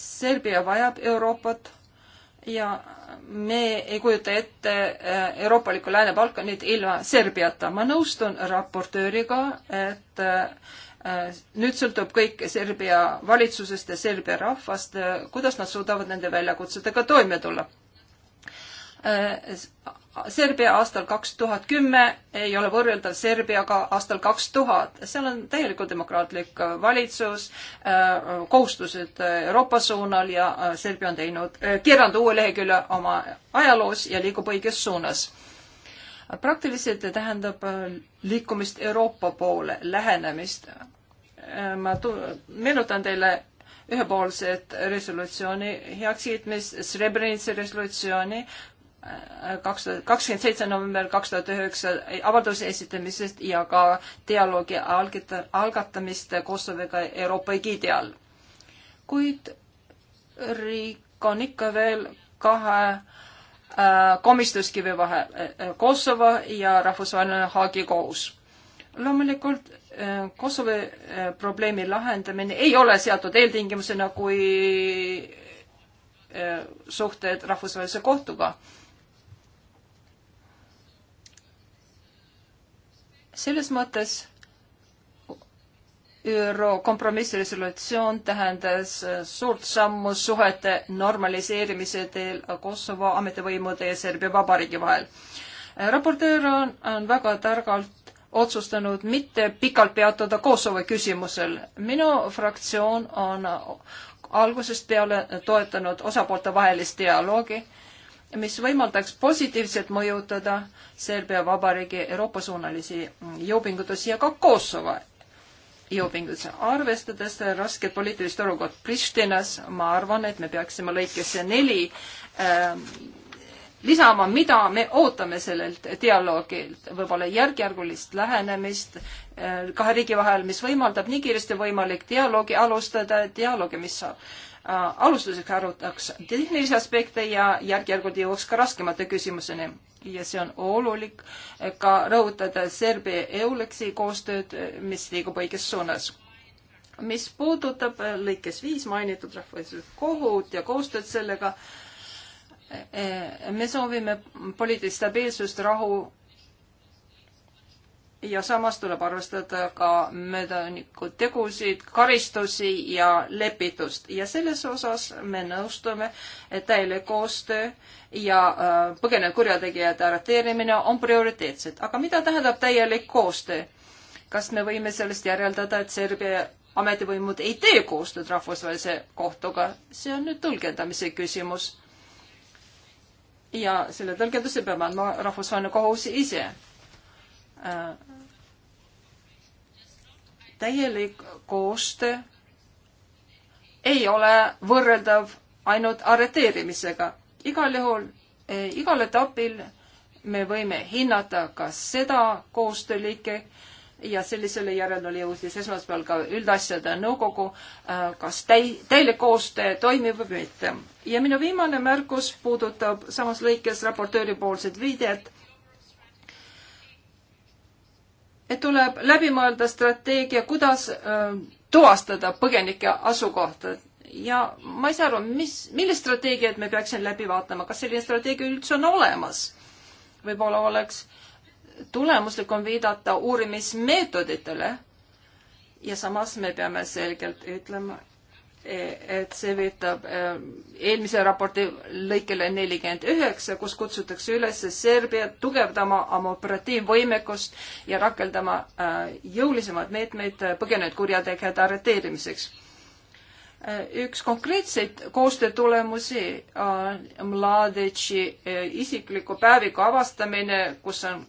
Serbia vajab Euroopat ja me ei kujuta ette äh, euroopalikku Lääne-Balkanit ilma Serbiata. ma nõustun raportööriga, et Äh, nüüd sõltub kõik Serbia valitsusest ja Serbia rahvast, äh, kuidas nad suudavad nende väljakutsetega toime tulla. Äh, Serbia aastal kaks tuhat kümme ei ole võrreldav Serbiaga aastal kaks tuhat. seal on täielikult demokraatlik valitsus, kohustused Euroopa suunal ja Serbia on teinud, keeranud uue lehekülje oma ajaloos ja liigub õiges suunas praktiliselt tähendab liikumist Euroopa poole, lähenemist ma meenutan teile ühepoolset resolutsiooni heakskiitmist, Srebrenitsa resolutsiooni äh, kaks tuhat, kakskümmend seitse november kaks tuhat üheksa avalduse esitamisest ja ka dialoogi algita-, algatamist Kosovoga Euroopa egiidi all. kuid riik on ikka veel kahe äh, komistuskivi vahel, äh, Kosovo ja rahvusvaheline Haagi kohus loomulikult äh, Kosovo äh, probleemi lahendamine ei ole seatud eeltingimusena kui äh, suhted rahvusvahelise kohtuga. selles mõttes ÜRO kompromissresolutsioon tähendas suurt sammu suhete normaliseerimise teel Kosovo ametivõimude ja Serbia Vabariigi vahel. raportöör on, on väga targalt otsustanud mitte pikalt peatuda Kosovo küsimusel. minu fraktsioon on algusest peale toetanud osapoolte vahelist dialoogi, mis võimaldaks positiivselt mõjutada Serbia Vabariigi Euroopa-suunalisi jõupingutusi ja ka Kosovo jõupingutusi. arvestades rasket poliitilist olukorda Pristinas, ma arvan, et me peaksime lõikesse neli äh, lisama, mida me ootame sellelt dialoogilt, võib-olla järk-järgulist lähenemist äh, kahe riigi vahel, mis võimaldab nii kiiresti võimalik dialoogi alustada, dialoogi, mis äh, alustuseks arutaks tehnilisi aspekte ja järk-järgult jõuaks ka raskemate küsimuseni. ja see on olulik äh, ka rõhutada Serbia EULEX-i koostööd, mis liigub õiges suunas mis puudutab lõikes viis mainitud rahvusvahelist kohut ja koostööd sellega äh,, Eh, me soovime poliitilist stabiilsust, rahu ja samas tuleb arvestada ka möödaniku tegusid, karistusi ja lepitust ja selles osas me nõustume, et täielik koostöö ja äh, põgenenud kurjategijate arreteerimine on prioriteetsed. aga mida tähendab täielik koostöö? kas me võime sellest järeldada, et Serbia ametivõimud ei tee koostööd rahvusvahelise kohtuga? see on nüüd tõlgendamise küsimus ja selle tõlgenduse peab andma rahvusvaheline kohus ise äh,. täielik koostöö ei ole võrreldav ainult arreteerimisega. igal juhul äh,, igal etapil me võime hinnata ka seda koostööliike äh,, ja sellisele järeldule jõudis esmaspäeval ka üldasjade nõukogu, äh, kas täi-, täielik koostöö toimib või mitte. ja minu viimane märkus puudutab samas lõikes raportööri poolset viidet, et tuleb läbi mõelda strateegia, kuidas äh, tuvastada põgenike asukohta ja ma ei saa aru, mis, millist strateegiat me peaksime läbi vaatama, kas selline strateegia üldse on olemas? võib-olla oleks äh, tulemuslik on viidata uurimismeetoditele ja samas me peame selgelt ütlema, e, et see viitab e, eelmise raporti lõikele nelikümmend üheksa, kus kutsutakse üles Serbiat tugevdama oma operatiivvõimekust ja rakendama e, jõulisemaid meetmeid põgenenud kurjategijate arreteerimiseks. üks konkreetseid koostöö tulemusi on Mladeci isikliku päeviku avastamine, kus on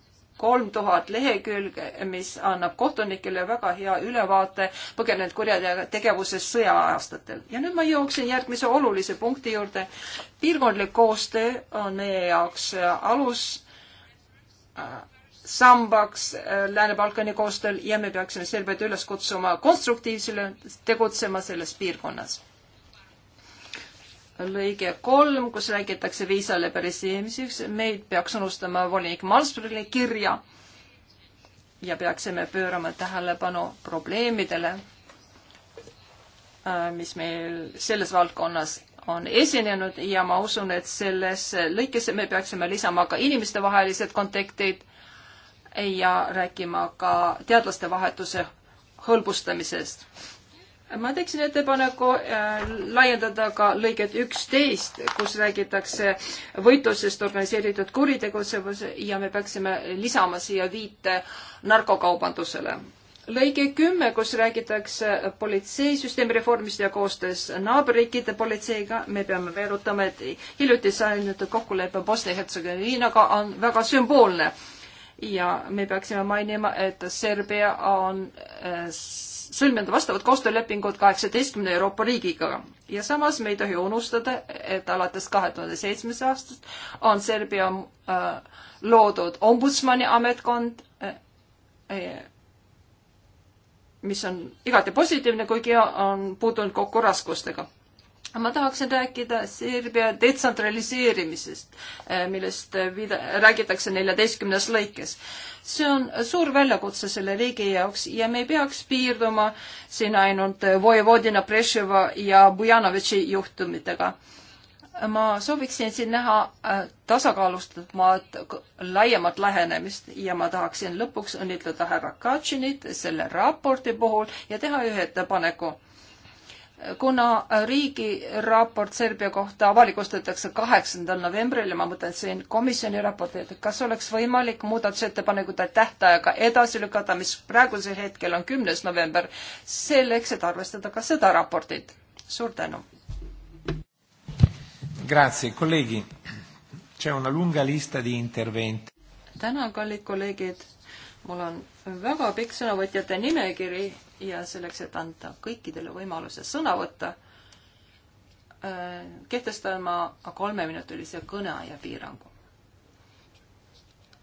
kolm tuhat lehekülge, mis annab kohtunikele väga hea ülevaate põgenenud kurjategevusest sõjaaastatel. ja nüüd ma jooksin järgmise olulise punkti juurde. piirkondlik koostöö on meie jaoks äh, alus äh, sambaks äh, Lääne-Balkani koostööl ja me peaksime selgelt üles kutsuma konstruktiivsele tegutsema selles piirkonnas lõige kolm, kus räägitakse viisale päris eelmiseks, me ei peaks unustama volinik Malmströmi kirja ja peaksime pöörama tähelepanu probleemidele, äh, mis meil selles valdkonnas on esinenud ja ma usun, et selles lõikes me peaksime lisama ka inimestevahelised kontaktid ja rääkima ka teadlaste vahetuse hõlbustamisest ma teeksin ettepaneku äh, laiendada ka lõiget üksteist, kus räägitakse võitlusest organiseeritud kuritegevuse ja me peaksime lisama siia viite narkokaubandusele. lõige kümme, kus räägitakse politseisüsteemi reformist ja koostöös naaberriikide politseiga, me peame meenutama, et hiljuti sõlmitud kokkulepe Bosnia-Hertsegoviinaga on väga sümboolne ja me peaksime mainima, et Serbia on äh, sõlminud vastavad koostöölepingud kaheksateistkümne Euroopa riigiga ja samas me ei tohi unustada, et alates kahe tuhande seitsmes aastast on Serbia äh, loodud ombudsmani ametkond äh,, äh, mis on igati positiivne, kuigi on puutunud kokku raskustega ma tahaksin rääkida Serbia detsentraliseerimisest, eh, millest eh, viida-, räägitakse neljateistkümnes lõikes. see on suur väljakutse selle riigi jaoks ja me ei peaks piirduma siin ainult eh, Vojvodina, Brežneva ja Bujanovitši juhtumitega. ma sooviksin siin näha tasakaalustatumat, laiemat lähenemist ja ma tahaksin lõpuks õnnitleda härra Katšinit selle raporti puhul ja teha ühe ettepaneku kuna riigiraport Serbia kohta avalikustatakse kaheksandal novembril ja ma mõtlen siin komisjoni raportit, kas oleks võimalik muudatusettepanekute tähtaega edasi lükata, mis praegusel hetkel on kümnes november, selleks, et arvestada ka seda raportit. suur tänu. Grazie, kolleegi. C'è una lunga lista di interventi. tänan, kallid kolleegid. mul on väga pikk sõnavõtjate nimekiri ja selleks, et anda kõikidele võimaluse sõna võtta, äh, kehtestan ma kolmeminutilise kõneaja piirangu.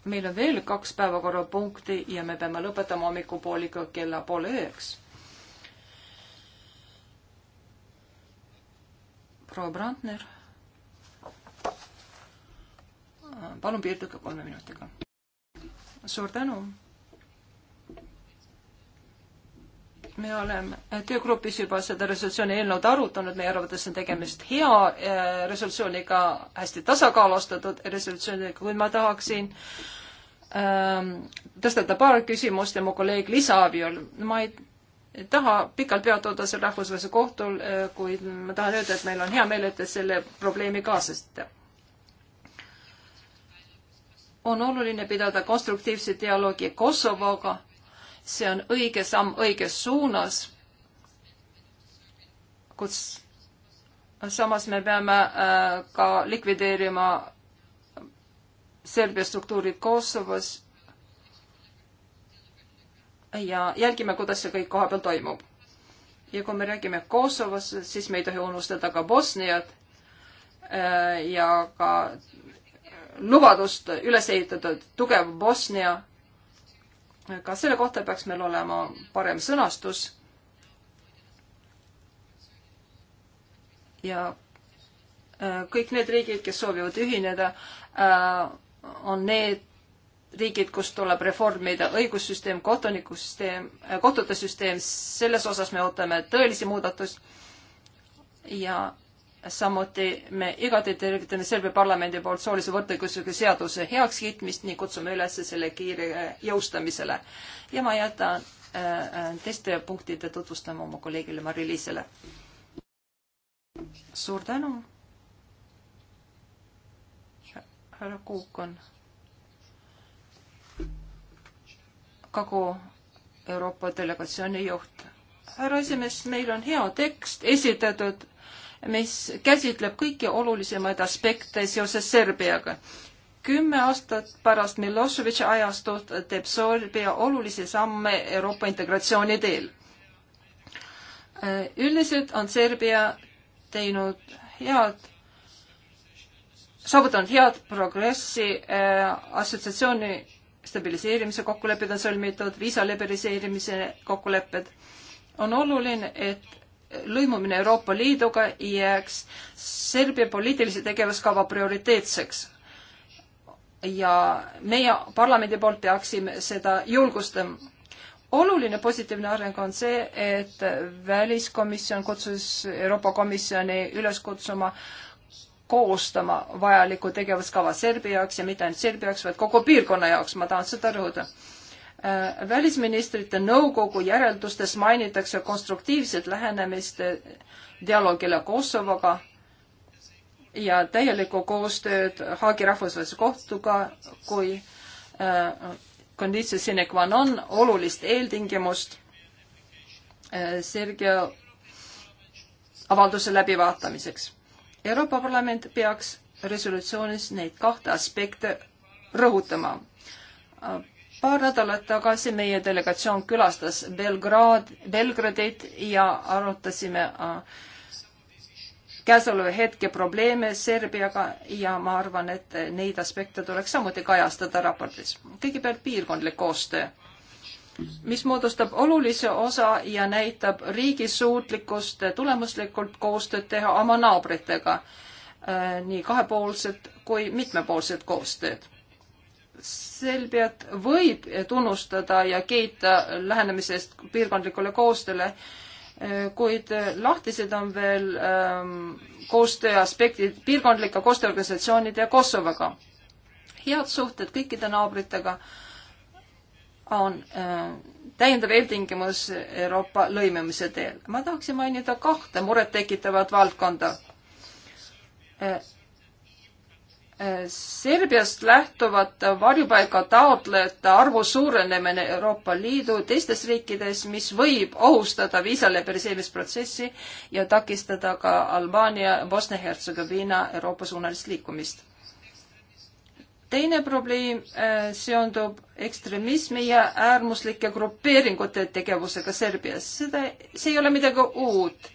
meil on veel kaks päevakorrapunkti ja me peame lõpetama hommikupooliga kella poole üheks. proua Brandner, palun piirduge kolme minutiga. suur tänu me oleme töögrupis juba seda resolutsiooni eelnõud arutanud, meie arvates on tegemist hea äh, resolutsiooniga, hästi tasakaalustatud resolutsiooniga, kuid ma tahaksin ähm, tõstata paar küsimust ja mu kolleeg Liisa Abiol, ma ei taha pikalt peatuda seal rahvusvahelisel kohtul, äh, kuid ma tahan öelda, et meil on hea meel, et te selle probleemi kaasasite. on oluline pidada konstruktiivset dialoogi Kosovoga see on õige samm õiges suunas, kus samas me peame äh, ka likvideerima Serbia struktuurid Kosovos ja jälgime, kuidas see kõik kohapeal toimub. ja kui me räägime Kosovost, siis me ei tohi unustada ka Bosniat äh, ja ka lubadust üles ehitada tugev Bosnia kas selle kohta peaks meil olema parem sõnastus? ja äh, kõik need riigid, kes soovivad ühineda, äh, on need riigid, kus tuleb reformida õigussüsteem, kohtunikusüsteem, äh, kohtute süsteem, selles osas me ootame tõelisi muudatusi ja samuti me igati tervitame Serbia parlamendi poolt soolise võrdõiguslikkuse seaduse heakskiitmist ning kutsume üles selle kiire jõustamisele. ja ma jätan äh, äh, teiste punktide tutvustama oma kolleegile Mari-Liisele. suur tänu. härra Kuuk on Kagu-Euroopa delegatsiooni juht. härra esimees, meil on hea tekst esitatud mis käsitleb kõiki olulisemaid aspekte seoses Serbiaga. kümme aastat pärast Miloševitši ajastut teeb Serbia olulisi samme Euroopa integratsiooni teel. üldiselt on Serbia teinud head, saavutanud head progressi äh, assotsiatsiooni stabiliseerimise kokkulepped on sõlmitud, viisa liberaliseerimise kokkulepped. on oluline, et lõimumine Euroopa Liiduga jääks Serbia poliitilise tegevuskava prioriteetseks. ja meie parlamendi poolt peaksime seda julgustama. oluline positiivne areng on see, et väliskomisjon kutsus Euroopa Komisjoni üles kutsuma koostama vajaliku tegevuskava Serbia jaoks ja mitte ainult Serbia jaoks, vaid kogu piirkonna jaoks, ma tahan seda rõhuda Äh, välisministrite nõukogu järeldustes mainitakse konstruktiivset lähenemist äh, dialoogile Kosovoga ja täielikku koostööd Haagi rahvusvahelise kohtuga kui conditio äh, sine qua non olulist eeltingimust Sergei avalduse läbivaatamiseks. Euroopa Parlament peaks resolutsioonis neid kahte aspekte rõhutama paar nädalat tagasi meie delegatsioon külastas Belgrad, Belgradit ja arutasime äh, käesoleva hetke probleeme Serbiaga ja ma arvan, et neid aspekte tuleks samuti kajastada raportis. kõigepealt piirkondlik koostöö, mis moodustab olulise osa ja näitab riigi suutlikkust tulemuslikult koostööd teha oma naabritega, äh, nii kahepoolset kui mitmepoolset koostööd Serbiat võib tunnustada ja kiita lähenemisest piirkondlikule koostööle, eh, kuid eh, lahtised on veel ehm, koostöö aspektid piirkondlike koostööorganisatsioonide ja Kosovoga. head suhted kõikide naabritega on eh, täiendav eeltingimus Euroopa lõimimise teel. ma tahaksin mainida kahte murettekitavat valdkonda Serbiast lähtuvate varjupaigataotlejate arvu suurenemine Euroopa Liidu teistes riikides, mis võib ohustada viisa liberaliseerimisprotsessi ja takistada ka Albaania, Bosnia-Hertsegoviina Euroopa suunalist liikumist. teine probleem äh, seondub ekstremismi ja äärmuslike grupeeringute tegevusega Serbias. seda, see ei ole midagi uut.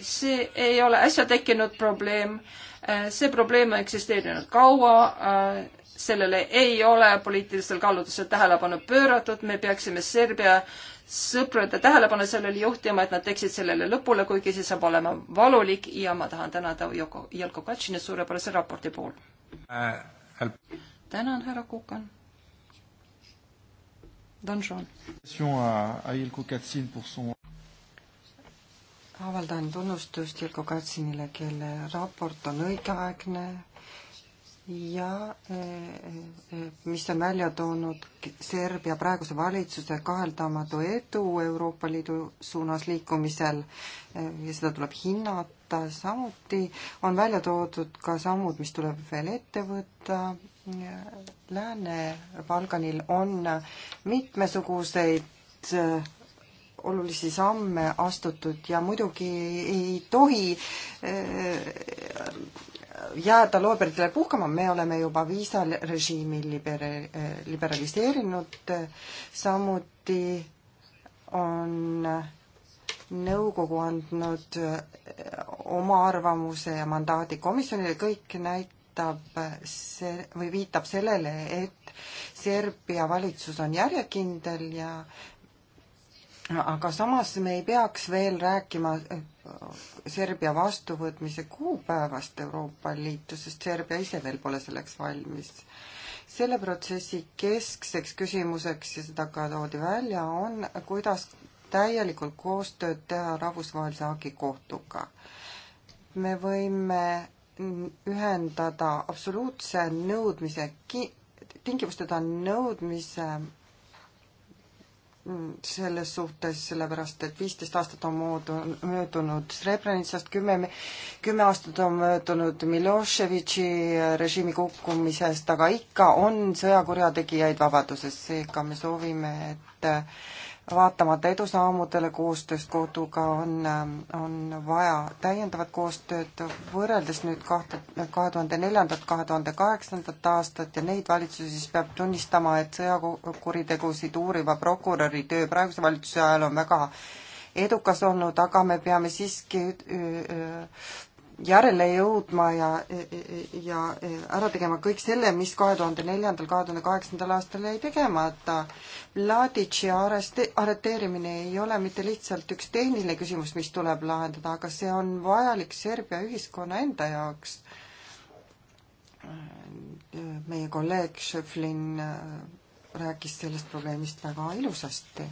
see ei ole äsja tekkinud probleem Äh, see probleem on eksisteerinud kaua, äh, sellele ei ole poliitilistel kaalutlusel tähelepanu pööratud, me peaksime Serbia sõprade tähelepanu sellele juhtima, et nad teeksid sellele lõpule, kuigi see saab olema valulik ja ma tahan tänada Joko, Jelko Katšinit suurepärase raporti puhul äh,. tänan, härra Kukan. Don Juan avaldan tunnustust Jelko Katsinile, kelle raport on õigeaegne ja eh, eh, mis on välja toonud Serbia praeguse valitsuse kaheldamatu edu Euroopa Liidu suunas liikumisel eh, ja seda tuleb hinnata, samuti on välja toodud ka sammud, mis tuleb veel ette võtta. Lääne-Balkanil on mitmesuguseid olulisi samme astutud ja muidugi ei tohi eh, jääda looberitele puhkama, me oleme juba viisarežiimi liber-, eh, liberaliseerinud, samuti on nõukogu andnud eh, oma arvamuse ja mandaadi komisjonile, kõik näitab see või viitab sellele, et Serbia valitsus on järjekindel ja aga samas me ei peaks veel rääkima eh, Serbia vastuvõtmise kuupäevast Euroopa Liitu, sest Serbia ise veel pole selleks valmis. selle protsessi keskseks küsimuseks ja seda ka toodi välja, on kuidas täielikult koostööd teha rahvusvahelise hagikohtuga. me võime ühendada absoluutse nõudmise, tingimusteta nõudmise selles suhtes, sellepärast et viisteist aastat on moodu-, möödunud Srebrenitsast, kümme, kümme aastat on möödunud Miloševitši režiimi kukkumisest, aga ikka on sõjakurjategijaid vabaduses, seega me soovime, et vaatamata edusammudele koostööst koduga on, on vaja täiendavat koostööd, võrreldes nüüd kahte, kahe tuhande neljandat, kahe tuhande kaheksandat aastat ja neid valitsusi, siis peab tunnistama, et sõjakuritegusid uuriva prokuröri töö praeguse valitsuse ajal on väga edukas olnud, aga me peame siiski järele jõudma ja, ja ära tegema kõik selle, mis kahe tuhande neljandal, kahe tuhande kaheksandal aastal jäi tegemata. Mladici areste-, arreteerimine ei ole mitte lihtsalt üks tehniline küsimus, mis tuleb lahendada, aga see on vajalik Serbia ühiskonna enda jaoks. meie kolleeg Šeflin äh, rääkis sellest probleemist väga ilusasti.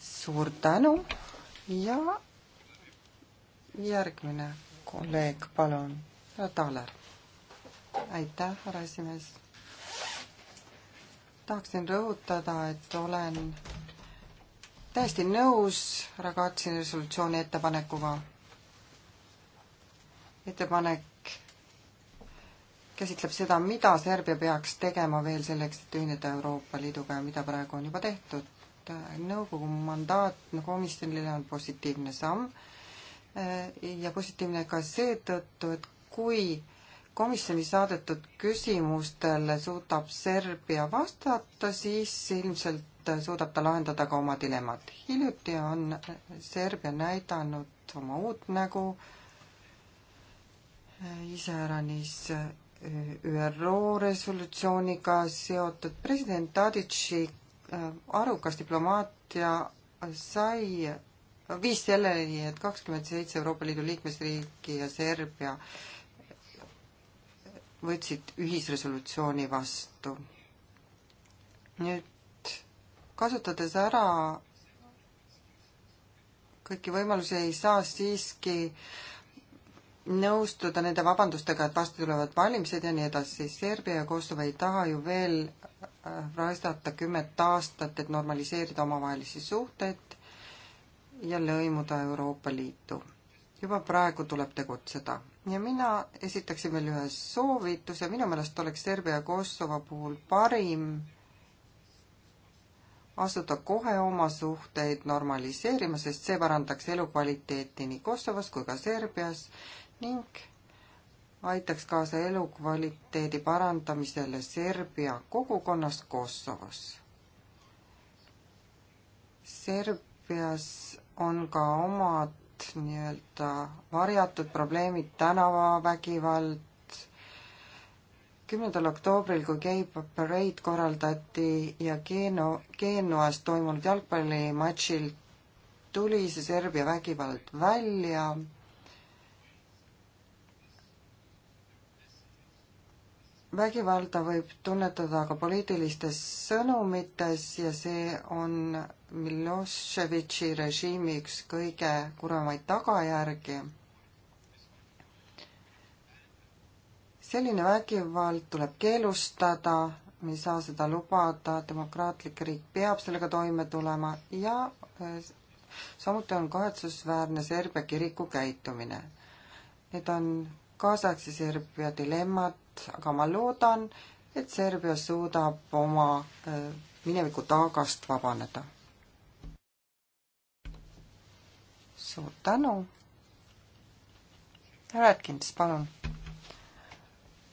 suur tänu ja järgmine kolleeg, palun, härra Taaler. aitäh, härra esimees. tahaksin rõhutada, et olen täiesti nõus härra Katsini resolutsiooni ettepanekuga. ettepanek käsitleb seda, mida Serbia peaks tegema veel selleks, et ühineda Euroopa Liiduga ja mida praegu on juba tehtud. nõukogu mandaat komisjonile on positiivne samm Äh, ja positiivne ka seetõttu, et kui komisjoni saadetud küsimustele suudab Serbia vastata, siis ilmselt suudab ta lahendada ka oma dilemmat. hiljuti on Serbia näidanud oma uut nägu iseäranis äh, ÜRO resolutsiooniga seotud president Taditši äh, arukas diplomaatia sai viis selleni, et kakskümmend seitse Euroopa Liidu liikmesriiki ja Serbia võtsid ühisresolutsiooni vastu. nüüd kasutades ära kõiki võimalusi, ei saa siiski nõustuda nende vabandustega, et vastu tulevad valimised ja nii edasi. Serbia ja Kosovo ei taha ju veel äh, raisata kümmet aastat, et normaliseerida omavahelisi suhteid ja lõimuda Euroopa Liitu. juba praegu tuleb tegutseda ja mina esitaksin veel ühe soovituse, minu meelest oleks Serbia ja Kosovo puhul parim asuda kohe oma suhteid normaliseerima, sest see parandaks elukvaliteeti nii Kosovos kui ka Serbias ning aitaks kaasa elukvaliteedi parandamisele Serbia kogukonnas Kosovos. Serbias on ka omad nii-öelda varjatud probleemid, tänavavägivald. kümnendal oktoobril, kui gei parade korraldati ja Geeno, Genoas toimunud jalgpallimatšil tuli see Serbia vägivald välja vägivalda võib tunnetada ka poliitilistes sõnumites ja see on Miloševitši režiimi üks kõige kurvemaid tagajärgi. selline vägivald tuleb keelustada, me ei saa seda lubada, demokraatlik riik peab sellega toime tulema ja äh, samuti on kahetsusväärne Serbia kiriku käitumine. Need on kaasaegse Serbia dilemmad, aga ma loodan, et Serbia suudab oma äh, mineviku taagast vabaneda suur tänu. härra Atkins, palun.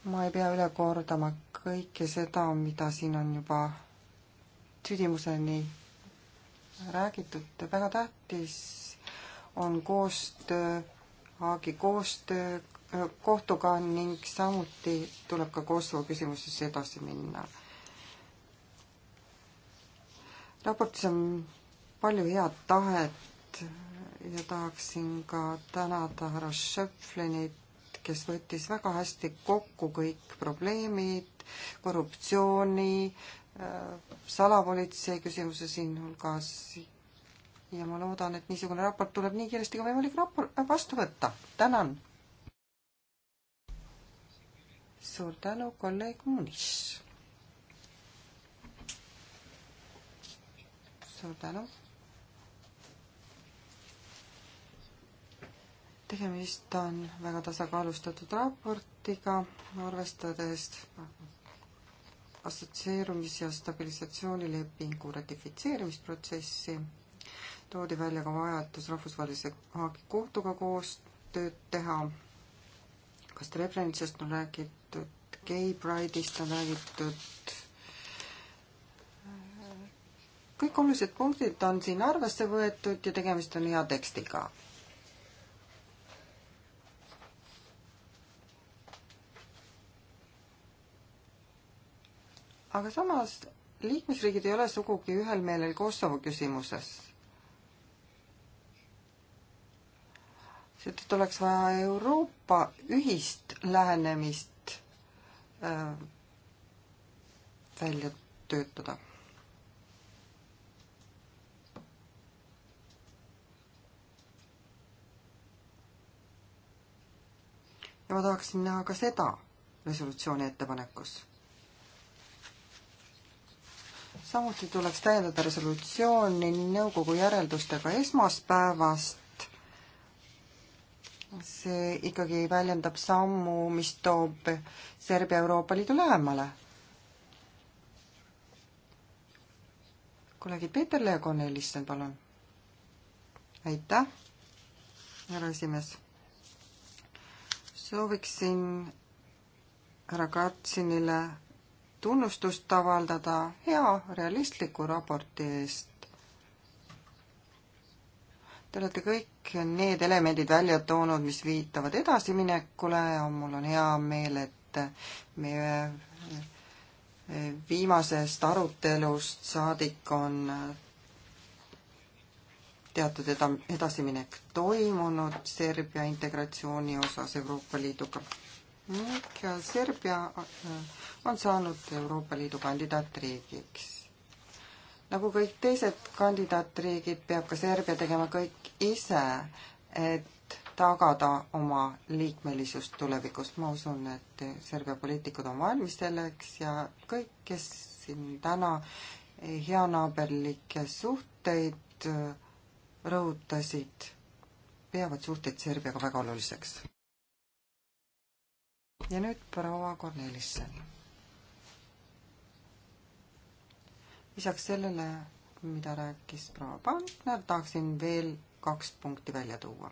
ma ei pea üle kordama kõike seda, mida siin on juba tüdimuseni räägitud, väga tähtis on koostöö, Haagi koostöö kohtuga ning samuti tuleb ka Kosovo küsimuses edasi minna. raportis on palju head tahet ja tahaksin ka tänada härra Schöpflinit, kes võttis väga hästi kokku kõik probleemid, korruptsiooni, äh, salapolitsei küsimuse siinhulgas ja ma loodan, et niisugune raport tuleb nii kiiresti kui võimalik rapor-, äh, vastu võtta. tänan! suur tänu, kolleeg Munis! suur tänu! tegemist on väga tasakaalustatud raportiga, arvestades assotsieerumis- ja stabilisatsioonilepingu ratifitseerimisprotsessi. toodi välja ka vajadus rahvusvahelise Haagi kohtuga koostööd teha. ka Srebrenitsast on räägitud, Gay Pride'ist on räägitud. kõik olulised punktid on siin arvesse võetud ja tegemist on hea tekstiga aga samas liikmesriigid ei ole sugugi ühel meelel Kosovo küsimuses. seetõttu oleks vaja Euroopa ühist lähenemist äh, välja töötada. ja ma tahaksin näha ka seda resolutsiooni ettepanekus samuti tuleks täiendada resolutsiooni nõukogu järeldustega esmaspäevast. see ikkagi väljendab sammu, mis toob Serbia Euroopa Liidu lähemale. kolleegid Peeterle ja Kornelissen, palun. aitäh, härra esimees. sooviksin härra Katsinile tunnustust avaldada hea realistliku raporti eest. Te olete kõik need elemendid välja toonud, mis viitavad edasiminekule ja mul on hea meel, et meie viimasest arutelust saadik on teatud eda-, edasiminek toimunud Serbia integratsiooni osas Euroopa Liiduga ning Serbia äh, on saanud Euroopa Liidu kandidaatriigiks. nagu kõik teised kandidaatriigid, peab ka Serbia tegema kõik ise, et tagada oma liikmelisust tulevikus. ma usun, et Serbia poliitikud on valmis selleks ja kõik, kes siin täna heanaaberlikke suhteid äh, rõhutasid, peavad suhteid Serbiaga väga oluliseks ja nüüd proua Kornelissen. lisaks sellele, mida rääkis proua Pantner, tahaksin veel kaks punkti välja tuua.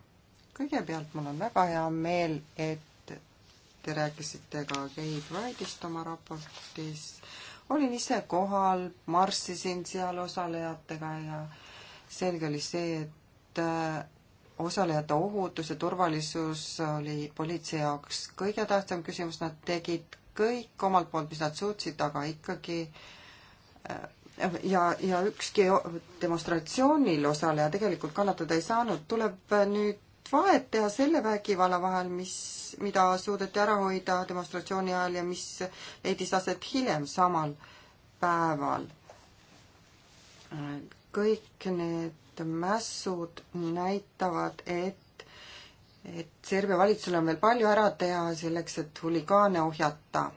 kõigepealt mul on väga hea meel, et te rääkisite ka Gay Pride'ist oma raportis. olin ise kohal, marssisin seal osalejatega ja selge oli see, et äh, osalejate ohutus ja turvalisus oli politsei jaoks kõige tähtsam küsimus, nad tegid kõik omalt poolt, mis nad suutsid, aga ikkagi äh, ja, ja ükski demonstratsioonil osaleja tegelikult kannatada ei saanud, tuleb nüüd vahet teha selle vägivalla vahel, mis, mida suudeti ära hoida demonstratsiooni ajal ja mis leidis aset hiljem samal päeval. kõik need et mässud näitavad, et, et Serbia valitsusel on veel palju ära teha selleks, et huligaane ohjata.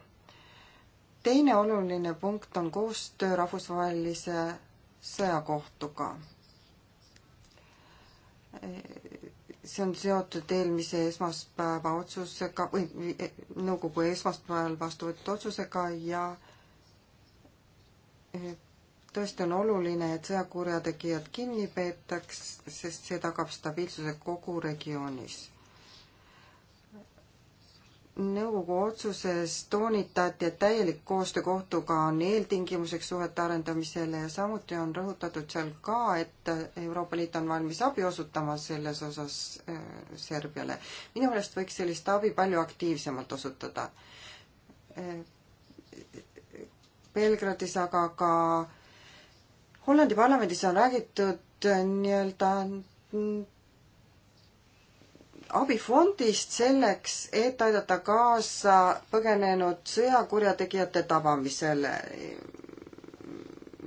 teine oluline punkt on koostöö rahvusvahelise sõjakohtuga. see on seotud eelmise esmaspäeva otsusega või nõukogu esmaspäeval vastu võetud otsusega ja tõesti on oluline, et sõjakurjategijad kinni peetaks, sest see tagab stabiilsuse kogu regioonis nõukogu otsuses toonitati, et täielik koostöö kohtuga on eeltingimuseks suhete arendamisele ja samuti on rõhutatud seal ka, et Euroopa Liit on valmis abi osutama selles osas äh, Serbiale. minu meelest võiks sellist abi palju aktiivsemalt osutada. Äh, Belgradis aga ka Hollandi parlamendis on räägitud äh, nii-öelda mm, abifondist selleks, et aidata kaasa põgenenud sõjakurjategijate tabamisele,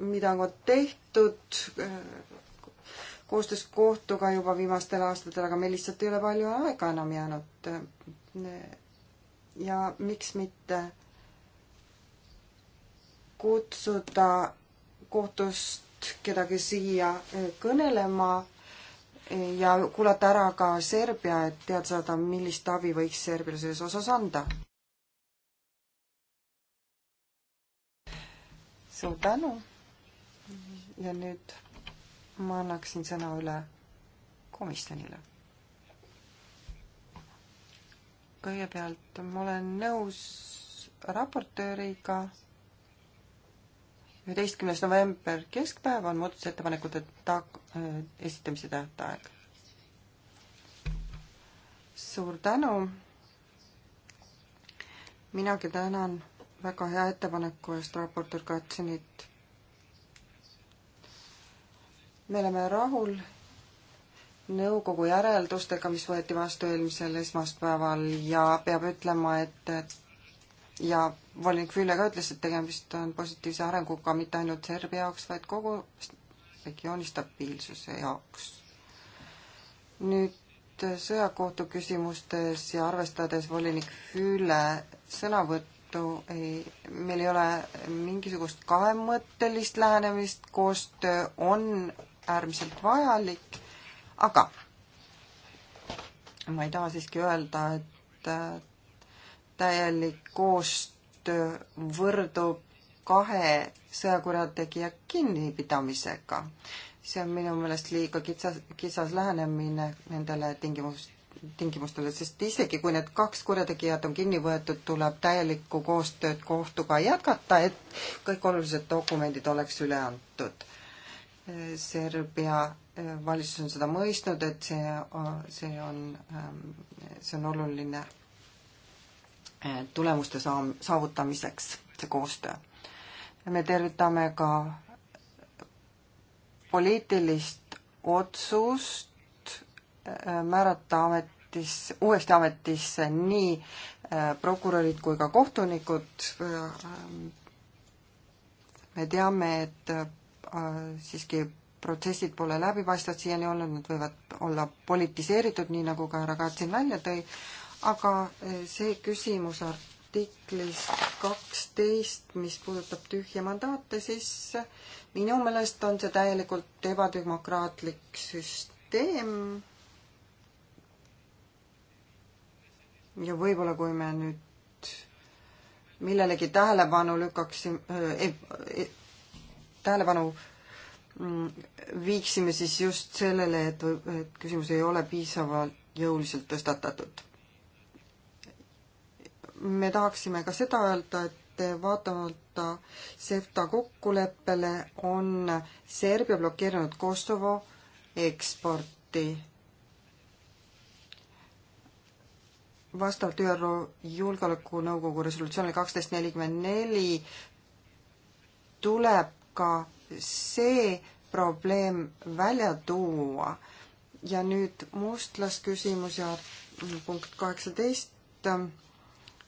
mida on tehtud äh, koostöös kohtuga juba viimastel aastatel, aga meil lihtsalt ei ole palju aega enam jäänud. Äh, ja miks mitte kutsuda kohtust kedagi siia eh, kõnelema eh, ja kuulata ära ka Serbia, et teada saada, millist abi võiks Serbiale selles osas anda. suur tänu. ja nüüd ma annaksin sõna üle komisjonile. kõigepealt ma olen nõus raportööriga üheteistkümnes november keskpäev on muudatusettepanekute ta-, äh, esitamise tähtaeg. suur tänu! minagi tänan väga hea ettepaneku eest, raportöör Katsenit. me oleme rahul nõukogu järeldustega, mis võeti vastu eelmisel esmaspäeval ja peab ütlema, et ja volinik Fülle ka ütles, et tegemist on positiivse arenguga mitte ainult Serbia jaoks, vaid kogu regiooni stabiilsuse jaoks. nüüd äh, sõjakohtu küsimustes ja arvestades volinik Fülle sõnavõttu, ei, meil ei ole mingisugust kahemõttelist lähenemist, koostöö on äärmiselt vajalik, aga ma ei taha siiski öelda, et äh, täielik koostöö koostöö võrdub kahe sõjakurjategija kinnipidamisega. see on minu meelest liiga kitsas, kitsas lähenemine nendele tingimus, tingimustele, sest isegi kui need kaks kurjategijat on kinni võetud, tuleb täielikku koostööd kohtuga jätkata, et kõik olulised dokumendid oleks üle antud. Serbia eh, valitsus on seda mõistnud, et see, see on, ehm, see on oluline Eh, tulemuste saam-, saavutamiseks, see koostöö. me tervitame ka poliitilist otsust eh, määrata ametis, uuesti ametisse nii eh, prokurörid kui ka kohtunikud. me teame, et siiski protsessid pole läbipaistvad siiani olnud, nad võivad olla politiseeritud, nii nagu ka härra Katsin välja tõi, aga eh, see küsimus artiklis kaksteist, mis puudutab tühje mandaate, siis eh, minu meelest on see täielikult ebademokraatlik süsteem. ja võib-olla, kui me nüüd millelegi tähelepanu lükkaksime eh,, eh, eh tähelepanu mm, viiksime siis just sellele, et, et küsimus ei ole piisavalt jõuliselt tõstatatud me tahaksime ka seda öelda, et vaatamata SEFTA kokkuleppele on Serbia blokeerinud Kosovo eksporti vastavalt ÜRO Julgeolekunõukogu resolutsioonile kaksteist nelikümmend neli tuleb ka see probleem välja tuua. ja nüüd mustlasküsimus ja punkt kaheksateist.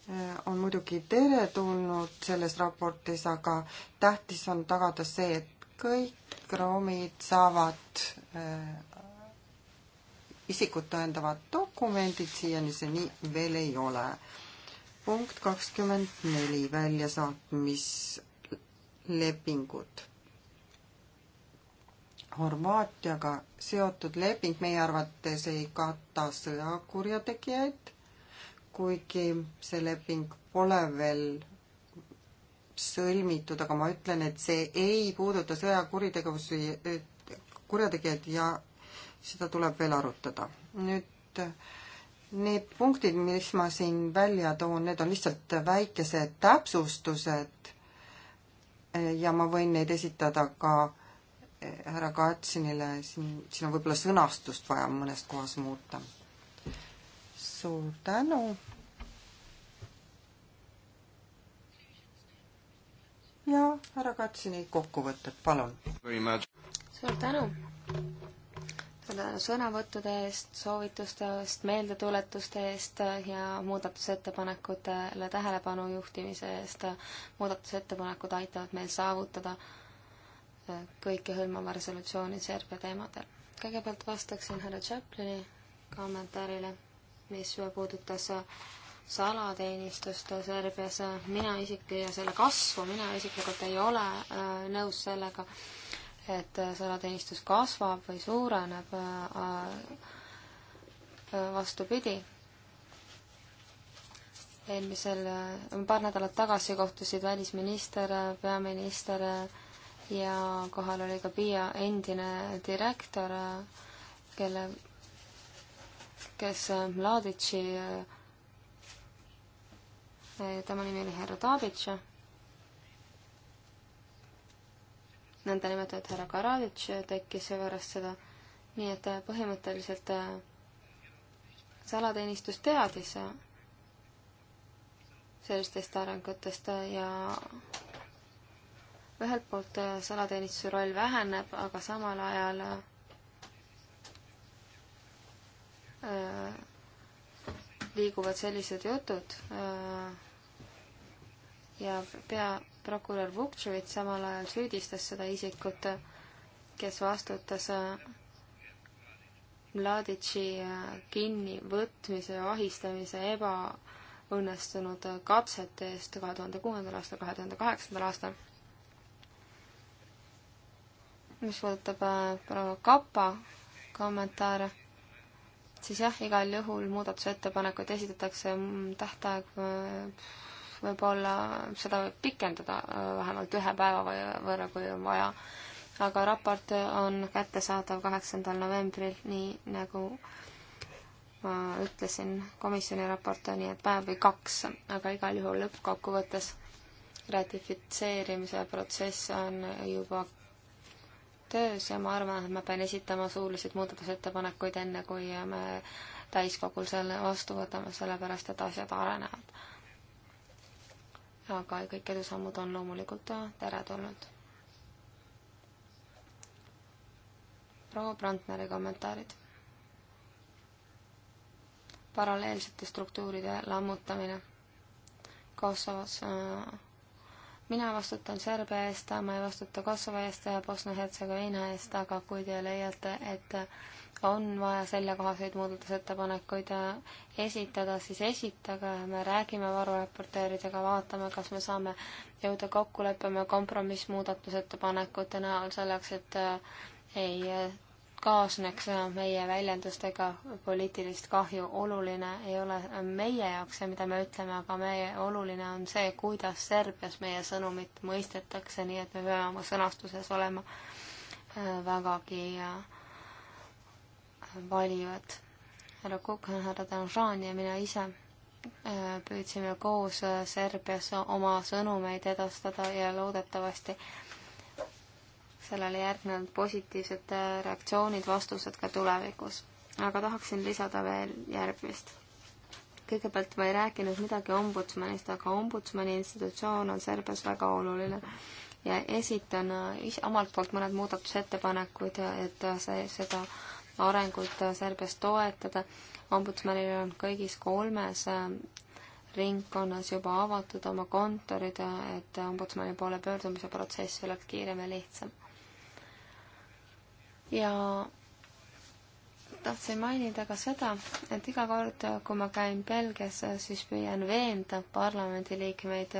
Äh, on muidugi teretulnud selles raportis, aga tähtis on tagada see, et kõik roomid saavad äh, isikut tõendavad dokumendid, siiani see nii veel ei ole. punkt kakskümmend neli, väljasaatmislepingud. Horvaatiaga seotud leping meie arvates ei kata sõjakurjategijaid kuigi see leping pole veel sõlmitud, aga ma ütlen, et see ei puuduta sõjakuritegevusi, kurjategijaid ja seda tuleb veel arutada. nüüd need punktid, mis ma siin välja toon, need on lihtsalt väikesed täpsustused ja ma võin neid esitada ka härra Katsinile, siin, siin on võib-olla sõnastust vaja mõnes kohas muuta suur tänu. ja härra Katsini kokkuvõtted, palun. suur tänu selle sõnavõttude eest, soovituste eest, meeldetuletuste eest ja muudatusettepanekutele tähelepanu juhtimise eest. muudatusettepanekud aitavad meil saavutada kõikehõlmava resolutsiooni Serbia teemadel. kõigepealt vastaksin härra Chaplini kommentaarile mis puudutas salateenistust Serbias. mina isik- ja selle kasvu, mina isiklikult ei ole äh, nõus sellega, et salateenistus kasvab või suureneb. Äh, äh, vastupidi, eelmisel, paar nädalat tagasi kohtusid välisminister, peaminister ja kohal oli ka PIA endine direktor, kelle kes äh, Mladici, äh, äh, tema nimi oli härra Tadic, nõndanimetatud härra Karaditš tekkis pärast seda, nii et põhimõtteliselt salateenistus teadis sellistest arengutest ja ühelt poolt salateenistuse roll väheneb, aga samal ajal Äh, liiguvad sellised jutud äh, ja peaprokurör Vuktšovitš samal ajal süüdistas seda isikut, kes vastutas äh, Mladitši kinnivõtmise ja vahistamise ebaõnnestunud kapsete eest kahe tuhande kuuendal aastal, kahe tuhande kaheksandal aastal. mis puudutab proua Kapa kommentaare siis jah, igal juhul muudatusettepanekuid esitatakse, mm, tähtaeg äh, võib olla, seda võib pikendada äh, vähemalt ühe päeva või võrra, kui on vaja. aga raport on kättesaadav kaheksandal novembril, nii nagu ma ütlesin, komisjoni raport on nii, et päev või kaks, aga igal juhul lõppkokkuvõttes ratifitseerimise protsess on juba töös ja ma arvan, et ma pean esitama suulised muudatusettepanekuid, enne kui me täiskogul selle vastu võtame, sellepärast et asjad arenevad. aga kõik edusammud on loomulikult teretulnud. proua Brandneri kommentaarid. paralleelsete struktuuride lammutamine Kosovos äh, mina vastutan Serbia eest, ma ei vastuta Kosovo eest ja Bosnia-Hertsegoviina eest, aga kui te leiate, et on vaja sellekohaseid muudatusettepanekuid esitada, siis esitage, me räägime varuraportööridega, vaatame, kas me saame jõuda kokkuleppele kompromissmuudatusettepanekute näol selleks, et ei kaasneks meie väljendustega poliitilist kahju, oluline ei ole meie jaoks see, mida me ütleme, aga meie, oluline on see, kuidas Serbias meie sõnumit mõistetakse, nii et me peame oma sõnastuses olema äh, vägagi äh, valivad. härra Kukan, härra Danžan ja mina ise äh, püüdsime koos Serbias oma sõnumeid edastada ja loodetavasti sellele järgnenud positiivsed reaktsioonid, vastused ka tulevikus. aga tahaksin lisada veel järgmist. kõigepealt ma ei rääkinud midagi ombudsmanist, aga ombudsmani institutsioon on Serbias väga oluline ja esitan ise omalt poolt mõned muudatusettepanekud, et see, seda arengut Serbias toetada. ombudsmanil on kõigis kolmes ähm, ringkonnas juba avatud oma kontorid, et ombudsmani poole pöördumise protsess oleks kiirem ja lihtsam ja tahtsin mainida ka seda, et iga kord, kui ma käin Belgias, siis püüan veenda parlamendiliikmeid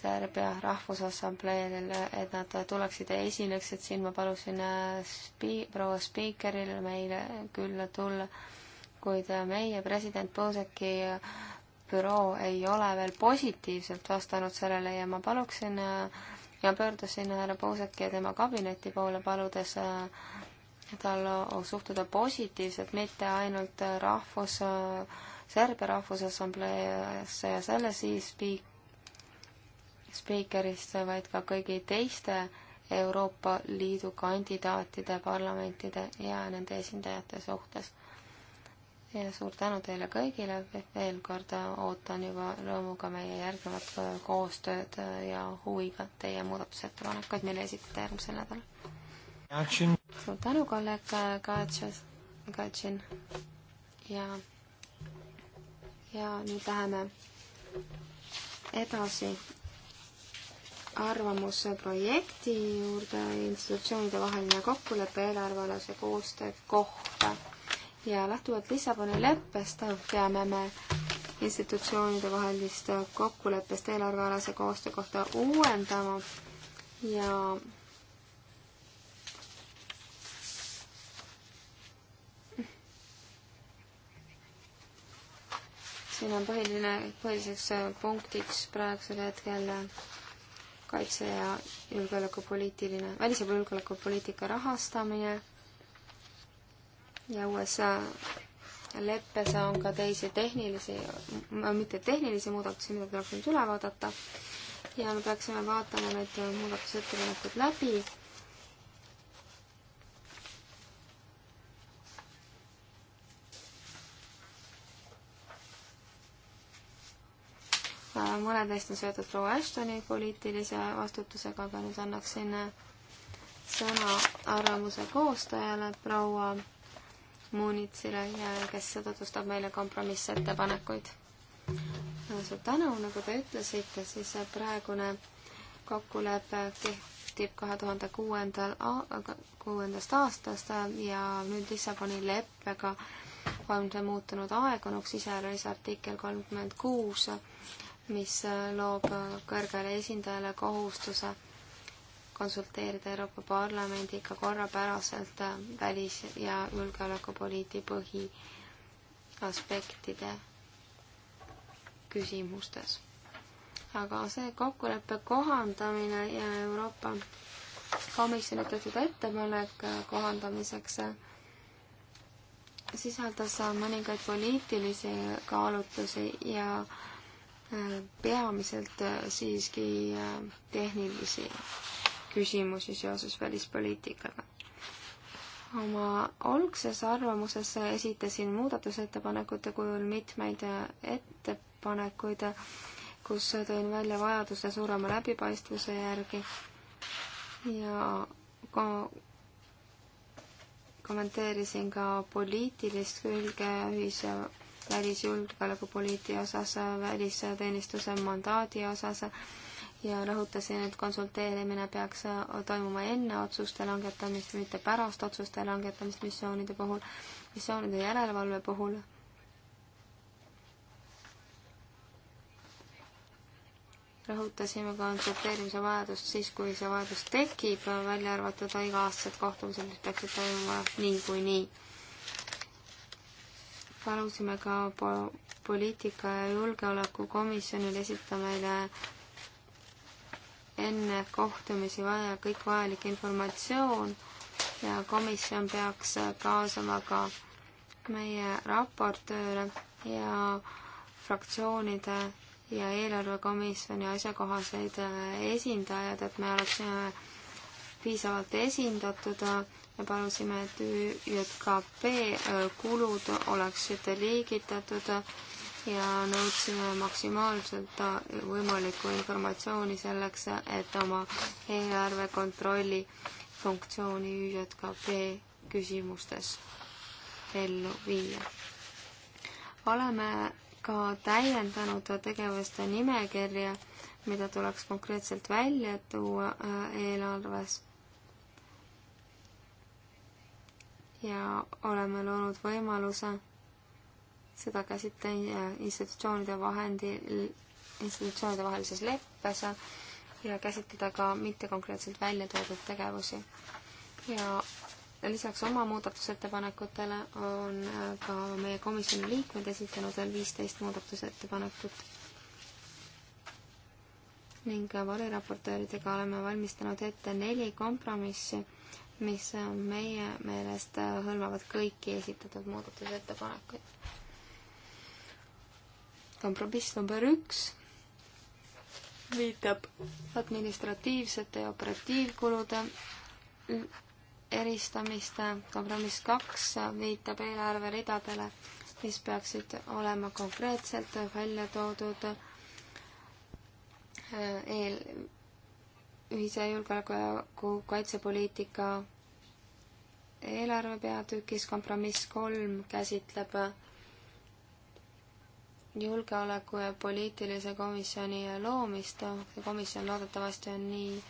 Serbia Rahvusassambleel, et nad tuleksid ja esineksid siin, ma palusin äh, spii-, proua spiikeril meile külla tulla, kuid äh, meie president Buzeki äh, büroo ei ole veel positiivselt vastanud sellele ja ma paluksin äh, ja pöördusin härra Puusaki ja tema kabineti poole, paludes äh, tal suhtuda positiivselt, mitte ainult äh, rahvus, äh, Serbia Rahvusassambleesse ja selle siis spiik-, spiikerisse, vaid ka kõigi teiste Euroopa Liidu kandidaatide, parlamentide ja nende esindajate suhtes ja suur tänu teile kõigile, veel kord ootan juba rõõmuga meie järgnevat äh, koostööd äh, ja huviga teie muudatusettepanekuid, mille esitate järgmisel nädalal. suur tänu, kolleeg äh, Katšas, Katšin ja, ja nüüd läheme edasi arvamusprojekti juurde, institutsioonide vaheline kokkulepe eelarvealase koostöö kohta ja lähtuvalt Lissaboni leppest peame me institutsioonide vahelist kokkuleppest eelarvealase koostöö kohta uuendama ja siin on põhiline, põhiliseks punktiks praegusel hetkel kaitse- ja julgeolekupoliitiline, välis- ja julgeolekupoliitika rahastamine ja USA leppes on ka teisi tehnilisi, mitte tehnilisi muudatusi, mida tuleb nüüd üle vaadata ja me peaksime vaatama need muudatusettepanekud läbi mõned neist on seotud proua Ashtoni poliitilise vastutusega, aga nüüd annaksin sõna arvamuse koostajale, proua Muunitsile ja kes tutvustab meile kompromissettepanekuid. suur tänu, nagu te ütlesite, siis praegune kokkulepe kehtib kahe tuhande kuuendal, kuuendast aastast ja nüüd Lissaboni leppega on see muutunud aegunuks, iseäranis artikkel kolmkümmend kuus, mis loob kõrgele esindajale kohustuse konsulteerida Euroopa Parlamendiga korrapäraselt äh, välis- ja julgeolekupoliiti põhiaspektide küsimustes. aga see kokkuleppe kohandamine ja Euroopa Komisjoni tehtud ettepanek äh, kohandamiseks äh, sisaldas mõningaid poliitilisi kaalutlusi ja peamiselt siiski tehnilisi küsimusi seoses välispoliitikaga. oma algses arvamuses esitasin muudatusettepanekute kujul mitmeid ettepanekuid, kus tõin välja vajaduse suurema läbipaistvuse järgi ja ka kommenteerisin ka poliitilist külge ühise välisjulgeolekupoliiti osas, välisteenistuse mandaadi osas ja rõhutasin, et konsulteerimine peaks toimuma enne otsuste langetamist, mitte pärast otsuste langetamist missioonide puhul, missioonide järelevalve puhul. rõhutasime konsulteerimise vajadust siis, kui see vajadus tekib, välja arvatud iga-aastased kohtumised, mis peaksid toimuma niikuinii. palusime ka po poliitika ja julgeolekukomisjonil esita meile enne kohtumisi vaja, kõik vajalik informatsioon ja komisjon peaks kaasama ka meie raportööre ja fraktsioonide ja eelarvekomisjoni asjakohaseid äh, esindajad, et me oleksime piisavalt esindatud äh, ja palusime, et ÜJKP äh, kulud oleksid liigitatud ja nõudsime maksimaalselt võimalikku informatsiooni selleks, et oma eelarve kontrolli funktsiooni ÜJKP küsimustes ellu viia. oleme ka täiendanud tegevuste nimekirja, mida tuleks konkreetselt välja tuua äh, eelarves. ja oleme loonud võimaluse seda käsitleti institutsioonide vahendi, institutsioonide vahelises leppes ja käsitleda ka mitte konkreetselt välja toodud tegevusi. ja lisaks oma muudatusettepanekutele on ka meie komisjoni liikmed esitanud veel viisteist muudatusettepanekut. ning variraportööridega oleme valmistanud ette neli kompromissi, mis meie meelest hõlmavad kõiki esitatud muudatusettepanekuid kompromiss number üks viitab administratiivsete ja operatiivkulude eristamist, kompromiss kaks viitab eelarveridadele, mis peaksid olema konkreetselt välja toodud eh, eel, ühise julgeoleku ja kaitsepoliitika eelarve peatükis, kompromiss kolm käsitleb julgeoleku ja poliitilise komisjoni loomist. see komisjon loodetavasti on nii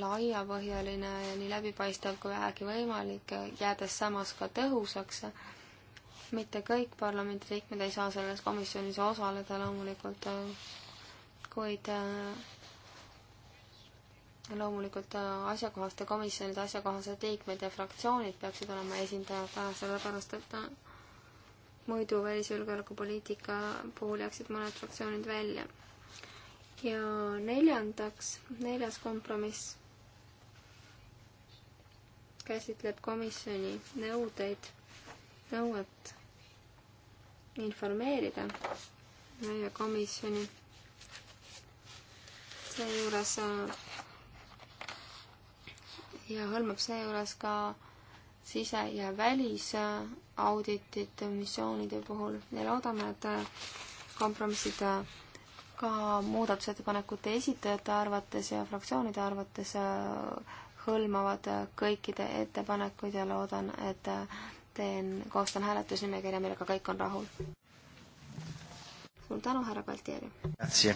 laiapõhjaline ja nii läbipaistev kui vähegi võimalik, jäädes samas ka tõhusaks. mitte kõik parlamendiliikmed ei saa selles komisjonis osaleda loomulikult, kuid loomulikult asjakohaste komisjonide asjakohased liikmed ja fraktsioonid peaksid olema esindajad, sellepärast et muidu välisjulgeolekupoliitika puhul jääksid mõned fraktsioonid välja. ja neljandaks, neljas kompromiss käsitleb komisjoni nõudeid, nõuet informeerida meie komisjoni. seejuures ja hõlmab seejuures ka sise- ja välis- auditit missioonide puhul ja loodame, et äh, kompromissid äh, ka muudatusettepanekute esitajate arvates ja fraktsioonide arvates äh, hõlmavad kõikide ettepanekuid ja loodan, et teen, koostan hääletusnimekirja, millega kõik on rahul. suur tänu, härra Baltieri! E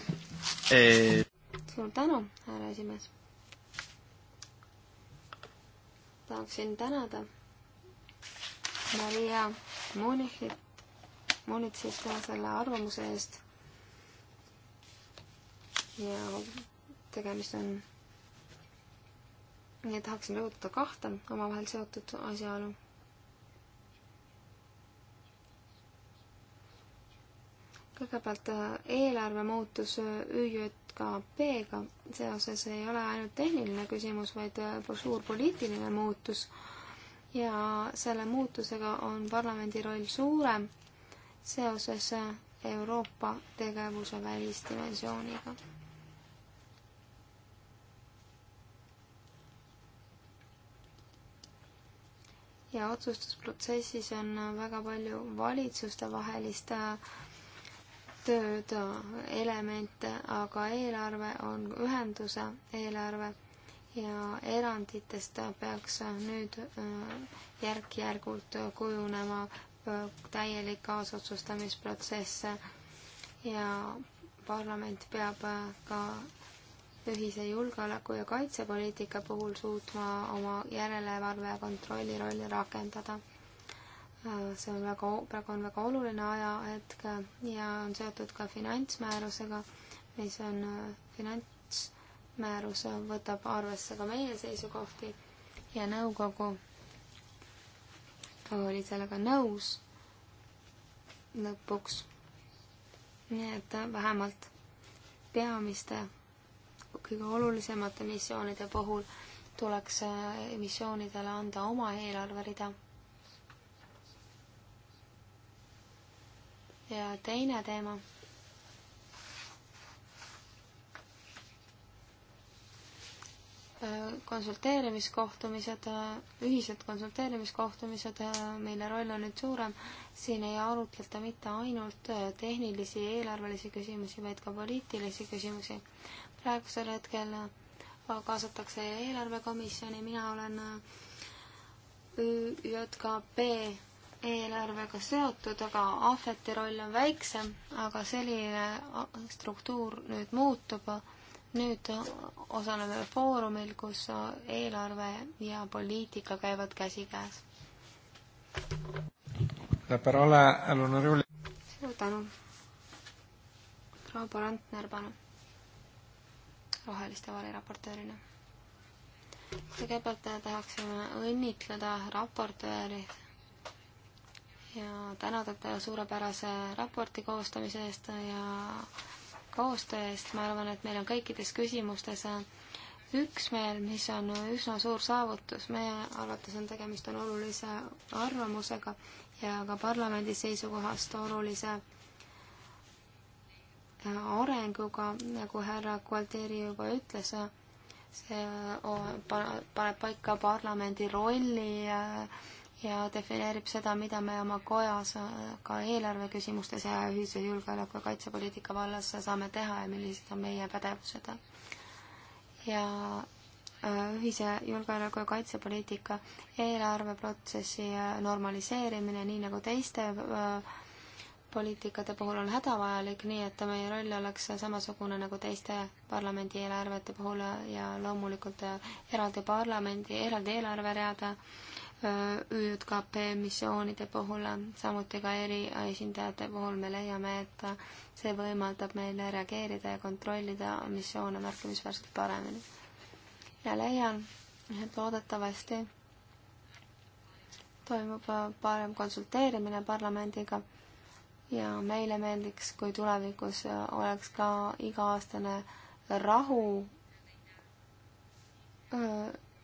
eh. suur tänu, härra esimees! tahaksin tänada Maria Munichit, Munitsit selle arvamuse eest. ja tegemist on, nii et tahaksin rõhutada kahte omavahel seotud asjaolu. kõigepealt äh, eelarve muutus äh, ÜJKP-ga seoses ei ole ainult tehniline küsimus, vaid äh, suur poliitiline muutus ja selle muutusega on parlamendi roll suurem seoses Euroopa tegevuse välisdimensiooniga. ja otsustusprotsessis on väga palju valitsustevahelist äh, tööd, äh, elemente, aga eelarve on ühenduse eelarve ja eranditest peaks nüüd äh, järk-järgult kujunema äh, täielik kaasotsustamisprotsess ja parlament peab äh, ka ühise julgeoleku- ja kaitsepoliitika puhul suutma oma järelevalve ja kontrolli rolli rakendada. see on väga, praegu on väga oluline ajahetk ja on seotud ka finantsmäärusega, mis on finants, määrus võtab arvesse ka meie seisukohti ja nõukogu oli sellega nõus lõpuks. nii et vähemalt peamiste, kõige olulisemate missioonide puhul tuleks äh, missioonidele anda oma eelarverida. ja teine teema Äh, konsulteerimiskohtumised, äh, ühised konsulteerimiskohtumised, äh, mille roll on nüüd suurem, siin ei arutleta mitte ainult tehnilisi eelarvelisi küsimusi, vaid ka poliitilisi küsimusi. praegusel hetkel kaasatakse eelarvekomisjoni, mina olen ÜJKP eelarvega seotud, aga ahveti roll on väiksem, aga selline struktuur nüüd muutub nüüd osaleme foorumil, kus eelarve ja poliitika käivad käsikäes. suur tänu. Raubo Randner, palun. roheliste variraportöörina. kõigepealt tahaksime õnnitleda raportööri ja tänada teda suurepärase raporti koostamise eest ja koostöö eest, ma arvan, et meil on kõikides küsimustes äh, üksmeel, mis on üsna suur saavutus, meie arvates on tegemist on olulise arvamusega ja ka parlamendi seisukohast olulise äh, arenguga, nagu härra Gualteri juba ütles, äh, see paneb paika parlamendi rolli ja ja defineerib seda, mida me oma kojas ka eelarve küsimustes ja ühise julgeoleku ja kaitsepoliitika vallas saame teha ja millised on meie pädevused. ja äh, ühise julgeoleku ja kaitsepoliitika eelarveprotsessi äh, normaliseerimine, nii nagu teiste äh, poliitikate puhul on hädavajalik, nii et meie roll oleks samasugune nagu teiste parlamendi eelarvete puhul ja loomulikult eraldi parlamendi, eraldi eelarvereade Äh, ÜJKP missioonide puhul, samuti ka eriesindajate puhul me leiame, et see võimaldab meile reageerida ja kontrollida missioone märkimisväärselt paremini. ja leian, et loodetavasti toimub parem konsulteerimine parlamendiga ja meile meeldiks, kui tulevikus oleks ka iga-aastane rahu öö, äh,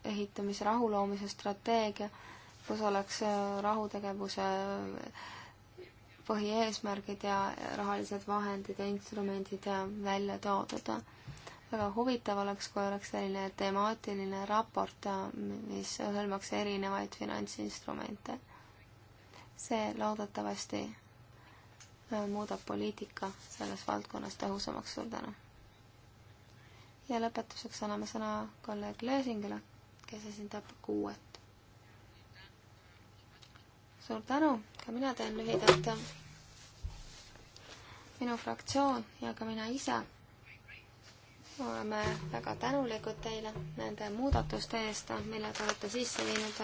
ehitamise rahuloomise strateegia, kus oleks äh, rahutegevuse äh, põhieesmärgid ja rahalised vahendid ja instrumendid äh, välja toodud. väga huvitav oleks, kui oleks selline temaatiline raport, mis hõlmaks erinevaid finantsinstrumente. see loodetavasti muudab poliitika selles valdkonnas tõhusamaks. suur tänu! ja lõpetuseks anname sõna kolleeg Lösingile kes esindab kuuet. suur tänu, ka mina teen lühidalt. minu fraktsioon ja ka mina ise oleme väga tänulikud teile nende muudatuste eest, millega olete sisse viinud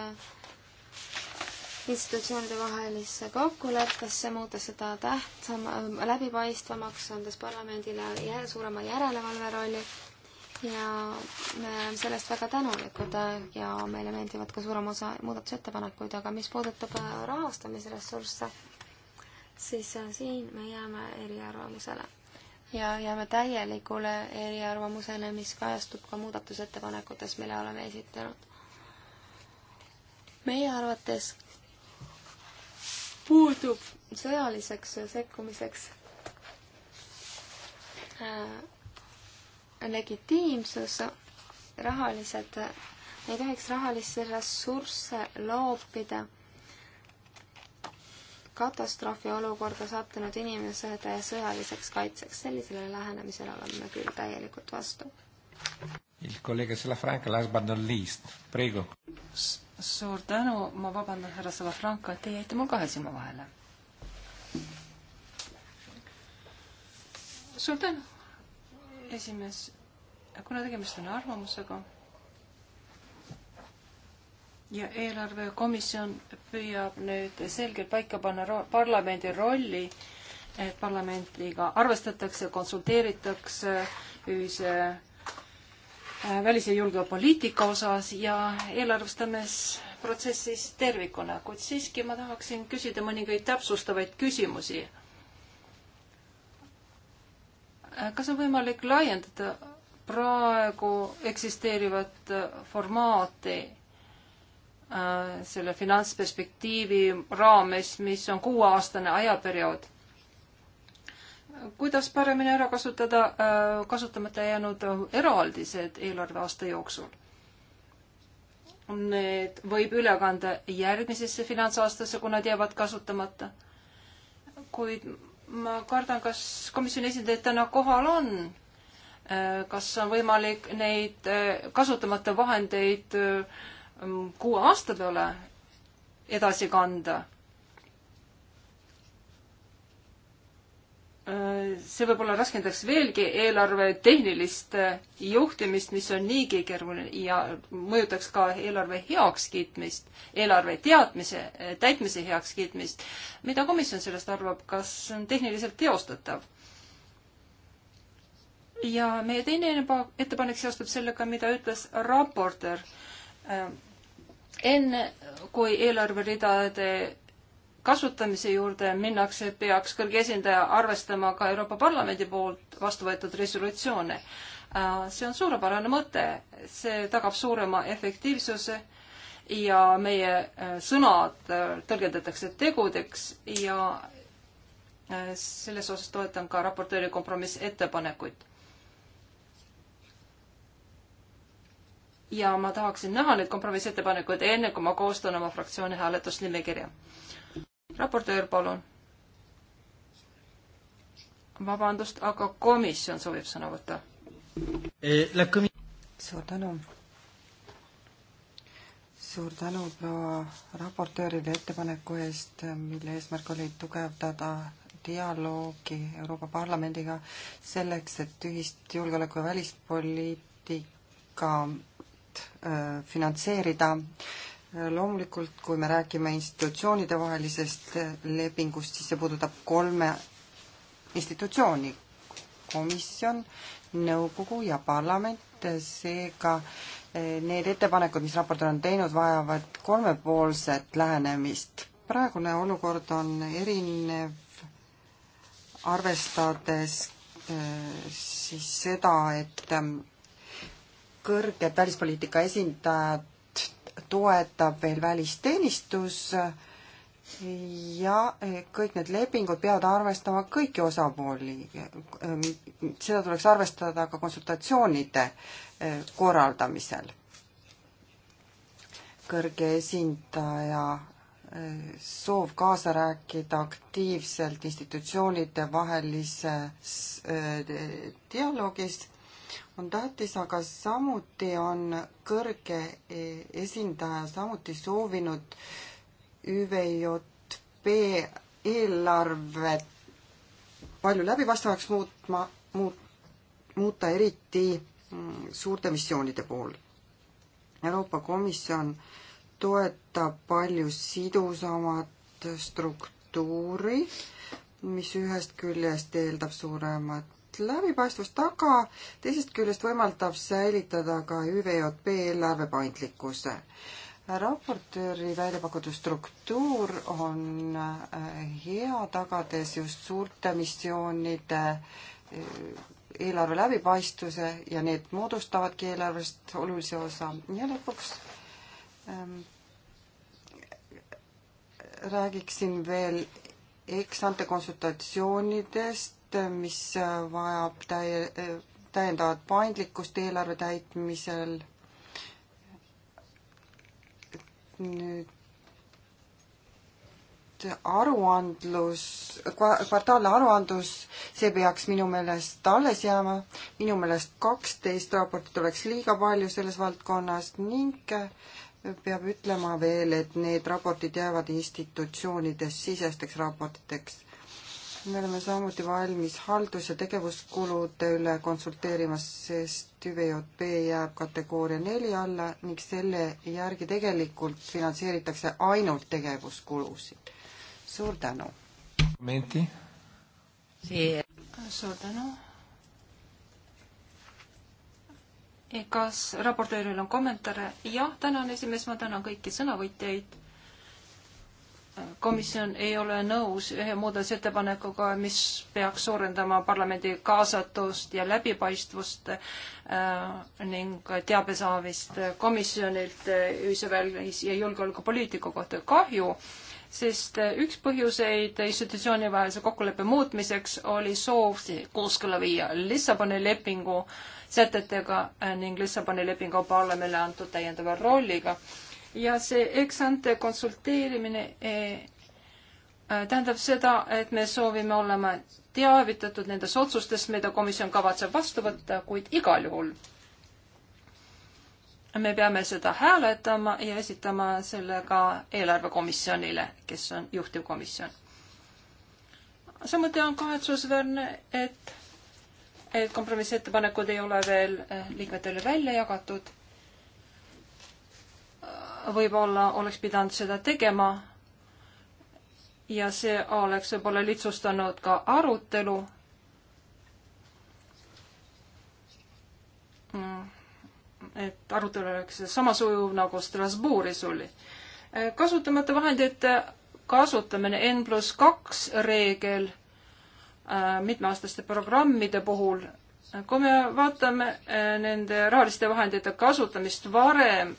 institutsioonide vahelisse kokkuleppesse, muuta seda tähtsama, läbipaistvamaks, andes parlamendile jär, suurema järelevalve rolli ja me oleme sellest väga tänulikud äh, ja meile meeldivad ka suurem osa muudatusettepanekuid, aga mis puudutab äh, rahastamisressursse, siis äh, siin me jääme eriarvamusele. ja jääme täielikule eriarvamusele, mis kajastub ka muudatusettepanekutes, mille oleme esitanud. meie arvates puudub sõjaliseks sekkumiseks äh, legitiimsus, rahalised, ei tohiks rahalisi ressursse loopida katastroofiolukorda sattunud inimesed sõjaliseks kaitseks. sellisele lähenemisele oleme küll täielikult vastu. suur tänu, ma vabandan, härra Salafranca, teie jäite mul kahe silma vahele. suur tänu esimees, kuna tegemist on arvamusega ja eelarvekomisjon püüab nüüd selgelt paika panna ro parlamendi rolli, et parlamendiga arvestatakse, konsulteeritakse ühise äh, välis- ja julgeolepoliitika osas ja eelarvestamisprotsessis tervikuna, kuid siiski ma tahaksin küsida mõningaid täpsustavaid küsimusi Äh, kas on võimalik laiendada praegu eksisteerivat äh, formaati äh, selle finantsperspektiivi raames, mis on kuueaastane ajaperiood. kuidas paremini ära kasutada kasutamata jäänud eraldised eelarveaasta jooksul? Need võib üle kanda järgmisesse finantsaastasse, kui nad jäävad kasutamata. kuid ma kardan, kas komisjoni esindajad täna kohal on? Äh, kas on võimalik neid äh, kasutamata vahendeid äh, kuue aasta peale edasi kanda? see võib-olla raskendaks veelgi eelarve tehnilist äh, juhtimist, mis on niigi keeruline ja mõjutaks ka eelarve heakskiitmist, eelarve teadmise, äh, täitmise heakskiitmist. mida komisjon sellest arvab, kas see on tehniliselt teostatav? ja meie teine ettepanek seostub sellega, mida ütles raportöör. Äh, enne kui eelarveridade kasutamise juurde minnakse, peaks kõrge esindaja arvestama ka Euroopa Parlamendi poolt vastu võetud resolutsioone. Äh, see on suurepärane mõte, see tagab suurema efektiivsuse ja meie äh, sõnad äh, tõlgendatakse tegudeks ja selles osas toetan ka raportööri kompromissettepanekuid. ja ma tahaksin näha neid kompromissettepanekuid enne, kui ma koostan oma fraktsiooni hääletusnimekirja raportöör, palun. vabandust, aga komisjon soovib sõna võtta. Eh, suur tänu. suur tänu proua raportöörile ettepaneku eest, mille eesmärk oli tugevdada dialoogi Euroopa Parlamendiga selleks, et ühist julgeoleku- ja välispoliitikat äh, finantseerida äh, loomulikult, kui me räägime institutsioonide vahelisest lepingust, siis see puudutab kolme institutsiooni, komisjon, nõukogu ja parlament, seega eh, need ettepanekud, mis raportöör on teinud, vajavad kolmepoolset lähenemist. praegune olukord on erinev, arvestades eh, siis seda, et ehm, kõrged välispoliitika esindajad toetab veel välisteenistus ja kõik need lepingud peavad arvestama kõiki osapooli. seda tuleks arvestada ka konsultatsioonide korraldamisel. kõrge esindaja soov kaasa rääkida aktiivselt institutsioonide vahelises dialoogis on tähtis, aga samuti on kõrge e-, esindaja samuti soovinud ÜVJP eelarvet palju läbipaistvamaks muutma, muut-, muuta eriti mm, suurte missioonide puhul. Euroopa Komisjon toetab palju sidusamat struktuuri, mis ühest küljest eeldab suuremat läbipaistvus taga, teisest küljest võimaldab säilitada ka ÜVJP eelarve paindlikkuse. raportööri välja pakutud struktuur on äh, hea, tagades just suurte missioonide äh, eelarve läbipaistvuse ja need moodustavadki eelarvest olulise osa ja lõpuks ähm, räägiksin veel eksante konsultatsioonidest mis äh, vajab täie, äh, täiendavat paindlikkust eelarve täitmisel. nüüd aruandlus, kvartaalne aruandlus, see peaks minu meelest alles jääma. minu meelest kaksteist raportit oleks liiga palju selles valdkonnas ning äh, peab ütlema veel, et need raportid jäävad institutsioonide sisesteks raportiteks me oleme samuti valmis haldus- ja tegevuskulude üle konsulteerima, sest ÜVJP jääb kategooria neli alla ning selle järgi tegelikult finantseeritakse ainult tegevuskulusid. suur tänu! Menti? suur tänu! kas raportööril on kommentaare? jah, tänan esimees, ma tänan kõiki sõnavõtjaid komisjon ei ole nõus ühe muudatusettepanekuga, mis peaks suurendama parlamendi kaasatust ja läbipaistvust äh, ning teabe saamist komisjonilt äh, ühise välis- ja julgeolekupoliitika kohta. kahju, sest äh, üks põhjuseid institutsioonivahelise kokkuleppe muutmiseks oli soov kooskõla viia Lissaboni lepingu sätetega ning Lissaboni lepingu parlamendile antud täiendava rolliga ja see eksante konsulteerimine eh, äh, tähendab seda, et me soovime olema teavitatud nendest otsustest, mida komisjon kavatseb vastu võtta, kuid igal juhul me peame seda hääletama ja esitama selle ka eelarvekomisjonile, kes on juhtivkomisjon. samuti on kahetsusväärne, et, et kompromissettepanekud ei ole veel eh, liikmetele välja jagatud võib-olla oleks pidanud seda tegema ja see oleks võib-olla lihtsustanud ka arutelu et arutelu oleks sama sujuv nagu Strasbourgis oli. kasutamata vahendite kasutamine N pluss kaks reegel äh, mitmeaastaste programmide puhul kui me vaatame eh, nende rahaliste vahendite kasutamist varem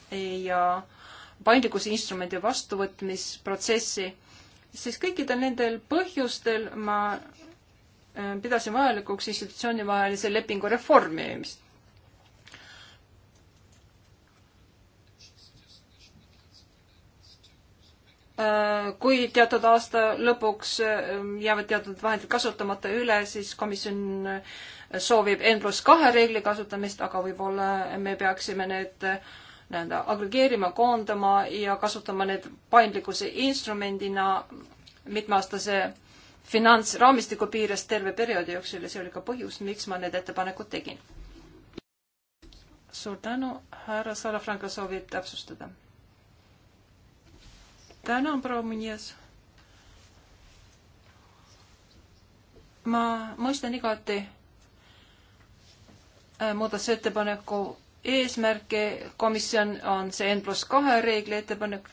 ja paindlikkuse instrumendi vastuvõtmisprotsessi, siis kõikidel nendel põhjustel ma eh, pidasin vajalikuks institutsioonivahelise lepingu reformimist. Äh, kui teatud aasta lõpuks ähm, jäävad teatud vahendid kasutamata üle, siis komisjon äh, soovib N pluss kahe reegli kasutamist, aga võib-olla me peaksime need äh, nii-öelda agregeerima, koondama ja kasutama need paindlikkuse instrumendina mitmeaastase finantsraamistiku piires terve perioodi jooksul ja see oli ka põhjus, miks ma need ettepanekud tegin. suur tänu, härra Salafranco soovib täpsustada tänan, proua Munias. ma mõistan igati äh, muudatusettepaneku eesmärke, komisjon on see N pluss kahe reegli ettepanek äh,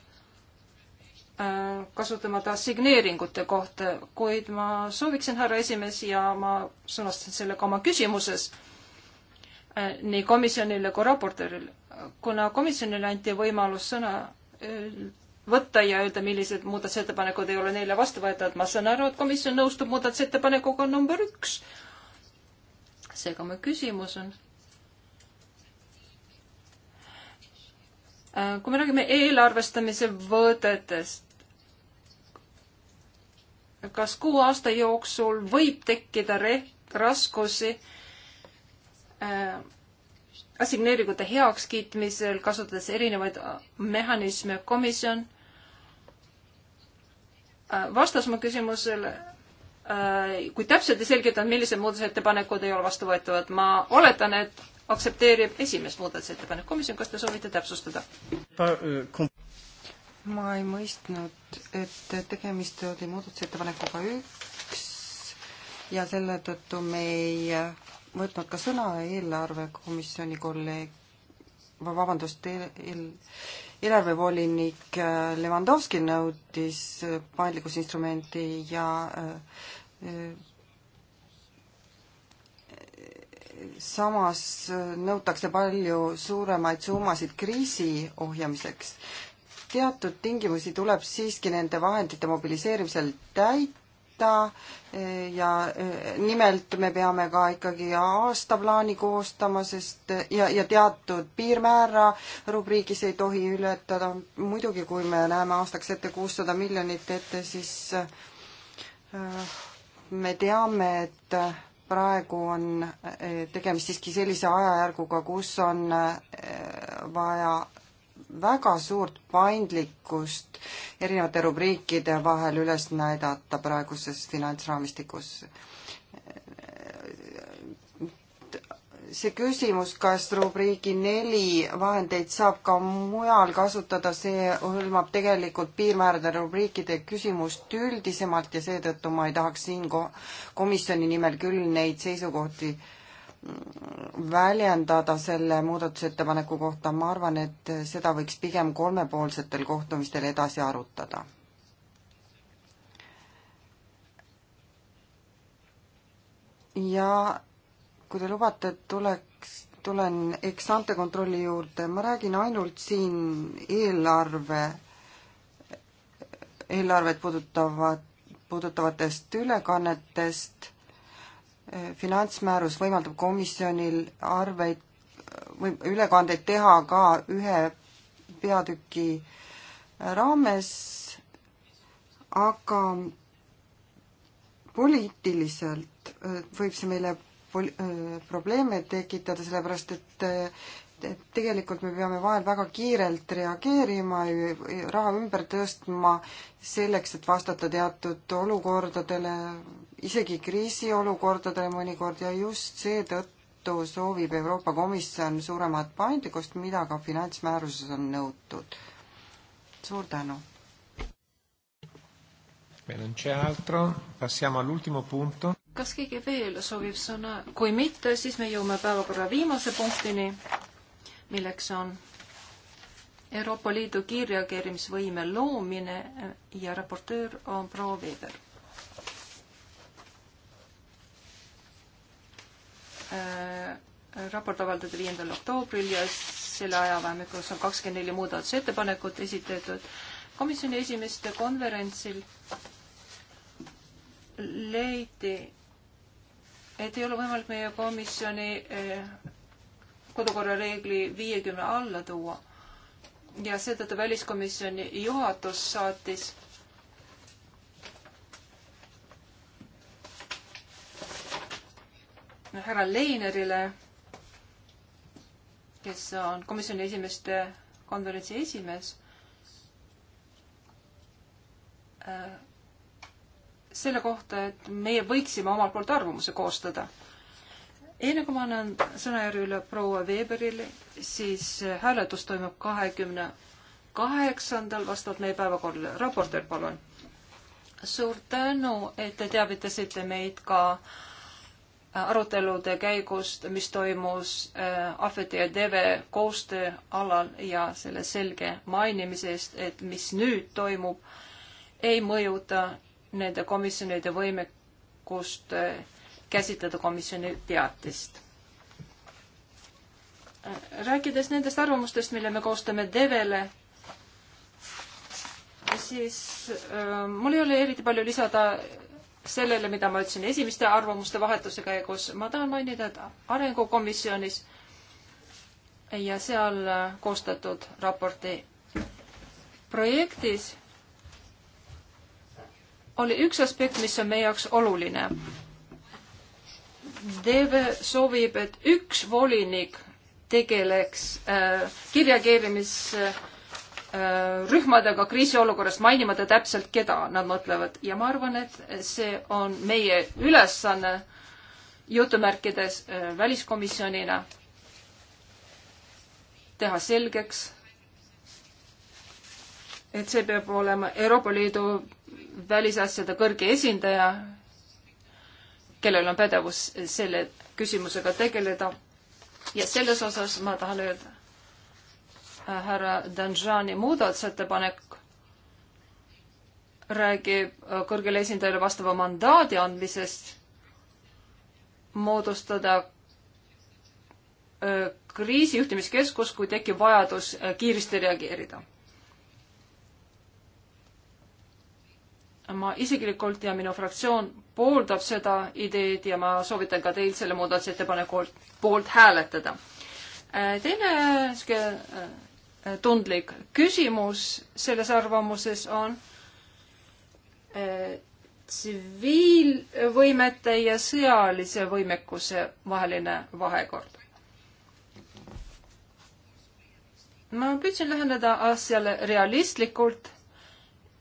kasutamata signeeringute kohta, kuid ma sooviksin, härra esimees, ja ma sõnastasin selle ka oma küsimuses äh, nii komisjonile kui raportööril. kuna komisjonile anti võimalus sõna võtta ja öelda, millised muudatusettepanekud ei ole neile vastuvõetavad. ma saan aru, et komisjon nõustub muudatusettepanekuga number üks. seega mu küsimus on. Äh, kui me räägime eelarvestamise võõdetest, kas kuue aasta jooksul võib tekkida raskusi äh, assigneeringute heakskiitmisel, kasutades erinevaid mehhanisme, komisjon Äh, vastas mu küsimusele, äh, kui täpselt ei selgitanud, millised muudatusettepanekud ei ole vastuvõetavad. ma oletan, et aktsepteerib esimest muudatusettepanekut. komisjon, kas te soovite täpsustada? Euh, ma ei mõistnud, et tegemist oli muudatusettepanekuga üks ja selle tõttu me ei võtnud ka sõna eelarvekomisjoni kolleeg, vabandust, eel, eel, eelarvevolinik äh, Levandovski nõudis äh, paindlikkusinstrumenti ja äh, samas nõutakse palju suuremaid summasid kriisi ohjamiseks. teatud tingimusi tuleb siiski nende vahendite mobiliseerimisel täita, seda eh, ja eh, nimelt me peame ka ikkagi aastaplaani koostama, sest eh, ja, ja teatud piirmäära rubriigis ei tohi ületada. muidugi, kui me näeme aastaks ette kuussada miljonit ette, siis me teame, et praegu on tegemist siiski sellise ajajärguga, kus on vaja väga suurt paindlikkust erinevate rubriikide vahel üles näidata praeguses finantsraamistikus. see küsimus, kas rubriigi neli vahendeid saab ka mujal kasutada, see hõlmab tegelikult piirmäärade rubriikide küsimust üldisemalt ja seetõttu ma ei tahaks siin ko-, komisjoni nimel küll neid seisukohti äh, väljendada selle muudatusettepaneku kohta, ma arvan, et seda võiks pigem kolmepoolsetel kohtumistel edasi arutada. ja kui te lubate, et tuleks, tulen eksante kontrolli juurde, ma räägin ainult siin eelarve, eelarvet puudutavat, puudutavatest ülekannetest finantsmäärus võimaldab komisjonil arveid või ülekandeid teha ka ühe peatüki raames, aga poliitiliselt äh, võib see meile probleeme tekitada, sellepärast et et tegelikult me peame vahel väga kiirelt reageerima, raha ümber tõstma selleks, et vastata teatud olukordadele, isegi kriisiolukordadele mõnikord ja just seetõttu soovib Euroopa Komisjon suuremat paindlikkust, mida ka finantsmääruses on nõutud. suur tänu! Beh, non c'è altro. Passiamo all'ultimo punto kas keegi veel soovib sõna? kui mitte, siis me jõuame päevakorra viimase punktini, milleks on Euroopa Liidu kiirreageerimisvõime loomine ja raportöör on proua Weber. Äh, raport avaldati viiendal oktoobril ja selle ajavahemikus on kakskümmend neli muudatusettepanekut esitatud komisjoni esimeeste konverentsil leiti, et ei ole võimalik meie komisjoni eh, kodukorrareegli viiekümne alla tuua. ja seetõttu väliskomisjoni juhatus saatis härra Leinerile, kes on komisjoni esimeeste konverentsi esimees äh,, selle kohta, et meie võiksime omalt poolt arvamuse koostada. enne kui ma annan sõnajärjele proua Weberile, siis hääletus toimub kahekümne kaheksandal vastavalt meie päevakorrale. raportöör, palun. suur tänu, et te teavitasite meid ka äh, arutelude käigust, mis toimus äh, Ahveti ja Deve koostöö alal ja selle selge mainimise eest, et mis nüüd toimub, ei mõjuta nende komisjonide võimekust eh, käsitleda komisjoni teatist. rääkides nendest arvamustest, mille me koostame Devele, siis äh, mul ei ole eriti palju lisada sellele, mida ma ütlesin esimeste arvamuste vahetuse käigus. ma tahan mainida, et Arengukomisjonis ja seal koostatud raporti projektis oli üks aspekt, mis on meie jaoks oluline. Deve soovib, et üks volinik tegeleks äh, kirjakeerimisrühmadega äh, kriisiolukorras, mainimata täpselt, keda nad mõtlevad ja ma arvan, et see on meie ülesanne jutumärkides äh, väliskomisjonina teha selgeks, et see peab olema Euroopa Liidu välisasjade kõrge esindaja, kellel on pädevus selle küsimusega tegeleda. ja selles osas ma tahan öelda, äh, härra Danjani muudatusettepanek räägib äh, kõrgele esindajale vastava mandaadi andmisest moodustada äh, kriisijuhtimiskeskus, kui tekib vajadus kiiresti reageerida ma isiklikult ja minu fraktsioon pooldab seda ideed ja ma soovitan ka teil selle muudatusettepaneku poolt hääletada. Äh, teine sihuke äh, äh, tundlik küsimus selles arvamuses on tsiviilvõimete ja sõjalise võimekuse vaheline vahekord. ma püüdsin läheneda asjale realistlikult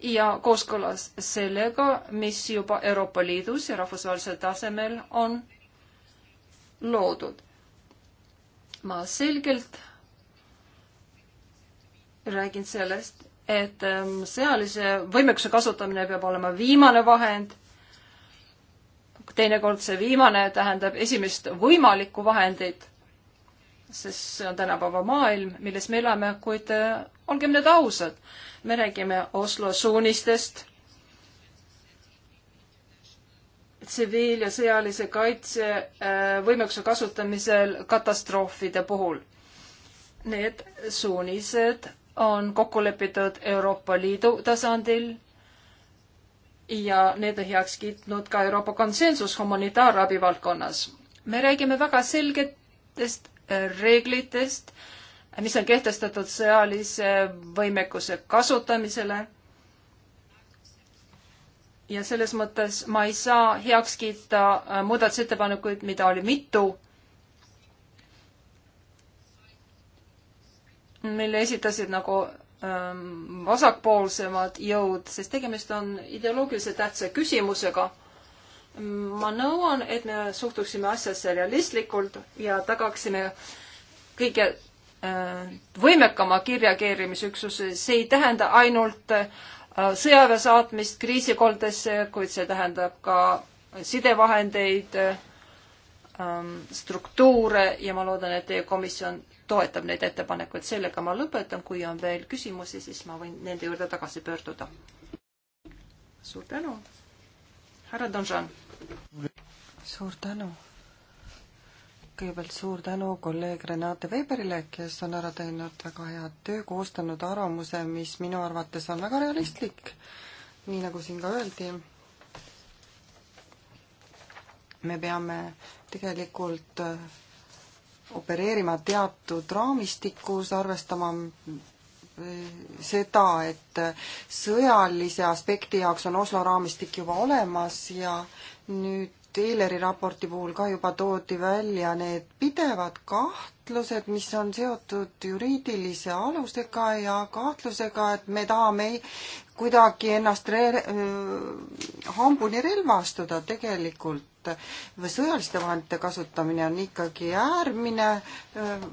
ja kooskõlas sellega, mis juba Euroopa Liidus ja rahvusvahelisel tasemel on loodud. ma selgelt räägin sellest, et ähm, sõjalise võimekuse kasutamine peab olema viimane vahend, teinekord see viimane tähendab esimest võimalikku vahendit, sest see on tänapäeva maailm, milles me elame, kuid äh, olgem nüüd ausad me räägime Oslo suunistest, tsiviil- ja sõjalise kaitse äh, võimekuse kasutamisel katastroofide puhul. Need suunised on kokku lepitud Euroopa Liidu tasandil ja need on heaks kiitnud ka Euroopa konsensus humanitaarabi valdkonnas. me räägime väga selgetest äh, reeglitest, mis on kehtestatud sõjalise võimekuse kasutamisele. ja selles mõttes ma ei saa heaks kiita äh, muudatusettepanekuid, mida oli mitu, mille esitasid nagu ähm, vasakpoolsemad jõud, sest tegemist on ideoloogiliselt tähtsa küsimusega. ma nõuan, et me suhtuksime asjasse realistlikult ja tagaksime kõige Äh, võimekama kiirreageerimisüksuse, see ei tähenda ainult äh, sõjaväe saatmist kriisikoldesse, kuid see tähendab ka sidevahendeid, äh, ähm, struktuure ja ma loodan, et teie komisjon toetab neid ettepanekuid. sellega ma lõpetan, kui on veel küsimusi, siis ma võin nende juurde tagasi pöörduda. suur tänu, härra Donžan. suur tänu kõigepealt suur tänu kolleeg Renate Veberile, kes on ära teinud väga head töö, koostanud arvamuse, mis minu arvates on väga realistlik, nii nagu siin ka öeldi. me peame tegelikult äh, opereerima teatud raamistikus, arvestama äh, seda, et äh, sõjalise aspekti jaoks on Oslo raamistik juba olemas ja nüüd Tehleri raporti puhul ka juba toodi välja need pidevad kahtlused, mis on seotud juriidilise alusega ja kahtlusega, et me tahame kuidagi ennast re-, äh, hambuni relvastuda tegelikult. sõjaliste vahendite kasutamine on ikkagi äärmine äh,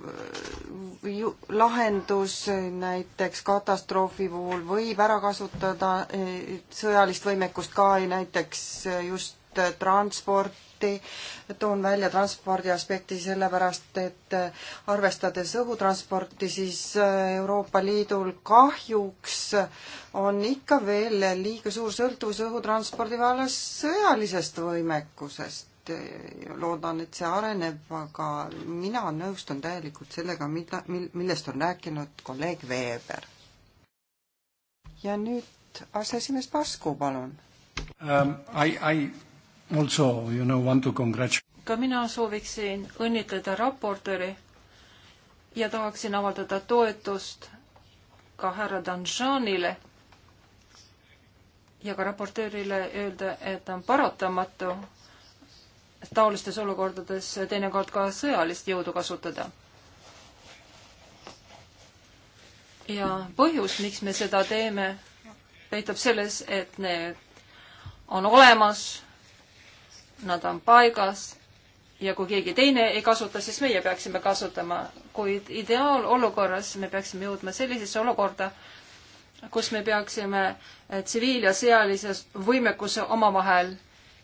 lahendus, näiteks katastroofi puhul võib ära kasutada äh, sõjalist võimekust ka näiteks just transporti, toon välja transpordi aspekti sellepärast, et arvestades õhutransporti, siis äh, Euroopa Liidul kahjuks on ikka veel liiga suur sõltuvus õhutranspordi vallas sõjalisest võimekusest. loodan, et see areneb, aga mina nõustun täielikult sellega, mida, mil-, millest on rääkinud kolleeg Veeber. ja nüüd aseesimees Pasku, palun um,. I, I Also, you know, want to congratulate. ka mina sooviksin õnnitleda raportööri ja tahaksin avaldada toetust ka härra Danjanile ja ka raportöörile öelda, et on paratamatu taolistes olukordades teinekord ka sõjalist jõudu kasutada. ja põhjus, miks me seda teeme, peitub selles, et need on olemas nad on paigas ja kui keegi teine ei kasuta, siis meie peaksime kasutama, kuid ideaalolukorras me peaksime jõudma sellisesse olukorda, kus me peaksime eh, tsiviil- ja sõjalise võimekuse omavahel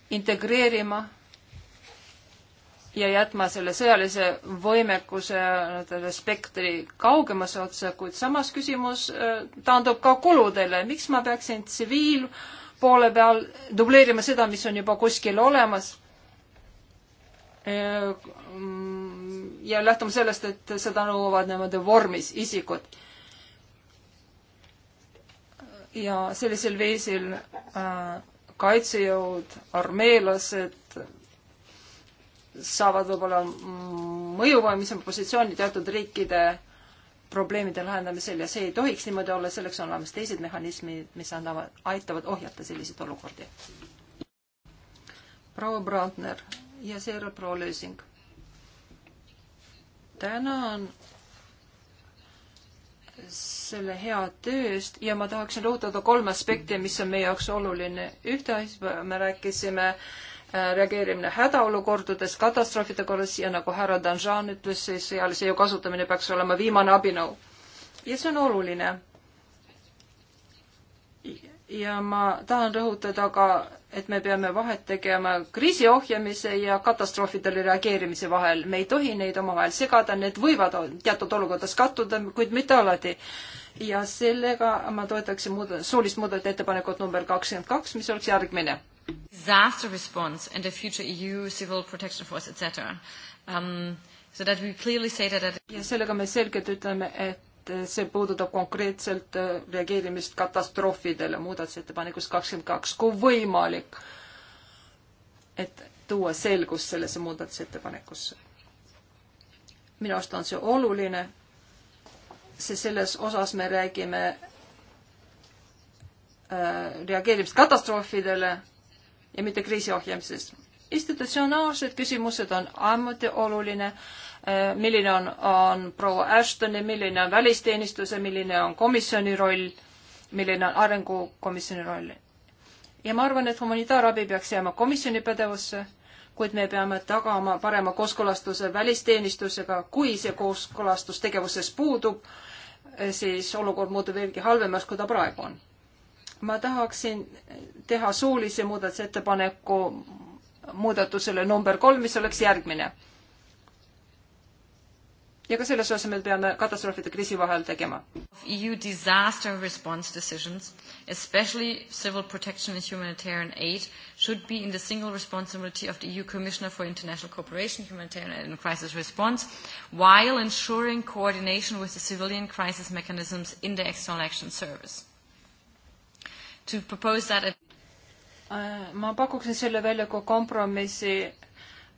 integreerima ja jätma selle sõjalise võimekuse spektri kaugemasse otsa, kuid samas küsimus eh, taandub ka kuludele. miks ma peaksin tsiviil- poole peal dubleerima seda, mis on juba kuskil olemas. ja lähtuma sellest, et seda nõuavad niimoodi vormis isikud. ja sellisel viisil äh, kaitsejõud, armeelased saavad võib-olla mõjuvõimsema positsiooni teatud riikide probleemide lahendamisel ja see ei tohiks niimoodi olla, selleks on olemas teised mehhanismid, mis annavad, aitavad ohjata selliseid olukordi. proua Brandner ja seejärel proua Lösing. tänan selle hea töö eest ja ma tahaksin rõhutada kolme aspekti, mis on meie jaoks oluline. ühte asja me rääkisime äh, Äh, reageerimine hädaolukordades, katastroofide korras ja nagu härra Danjan ütles, siis sõjalise jõu kasutamine peaks olema viimane abinõu. ja see on oluline. ja ma tahan rõhutada ka, et me peame vahet tegema kriisi ohjamise ja katastroofidele reageerimise vahel. me ei tohi neid omavahel segada, need võivad teatud olukordades kattuda, kuid mitte alati ja sellega ma toetaksin muud-, suulist muudatusettepanekut number kakskümmend kaks, mis oleks järgmine disaster response and the future EU civil protection force, etc. Um, so that we clearly say that, that ja sellega me selgelt ütleme, et see puudutab konkreetselt äh, reageerimist katastroofidele muudatusettepanekus kakskümmend kaks, kui võimalik, et tuua selgus sellesse muudatusettepanekusse. minu arust on see oluline, sest selles osas me räägime äh, reageerimist katastroofidele ja mitte kriisi ohjamises. institutsionaalsed küsimused on ammuti oluline, äh, milline on, on proua Ashtoni, milline on välisteenistuse, milline on komisjoni roll, milline on arengukomisjoni roll. ja ma arvan, et humanitaarabi peaks jääma komisjoni pädevusse kuid me peame tagama parema kooskõlastuse välisteenistusega. kui see kooskõlastus tegevuses puudub, äh, siis olukord muutub veelgi halvemaks, kui ta praegu on ma tahaksin teha suulise muudatusettepaneku muudatusele number kolm, mis oleks järgmine. ja ka selles osas me peame katastroofide kriisi vahel tegema. EU disaster response decisions, especially civil protection and humanitarian aid, should be in the single responsibility of the EU Commissioner for International Cooperation, Humanitarian and Crisis Response, while ensuring coordination with the civilian crisis mechanisms in the External Action Service to propose that it... Äh, ma pakuksin selle välja kui kompromissi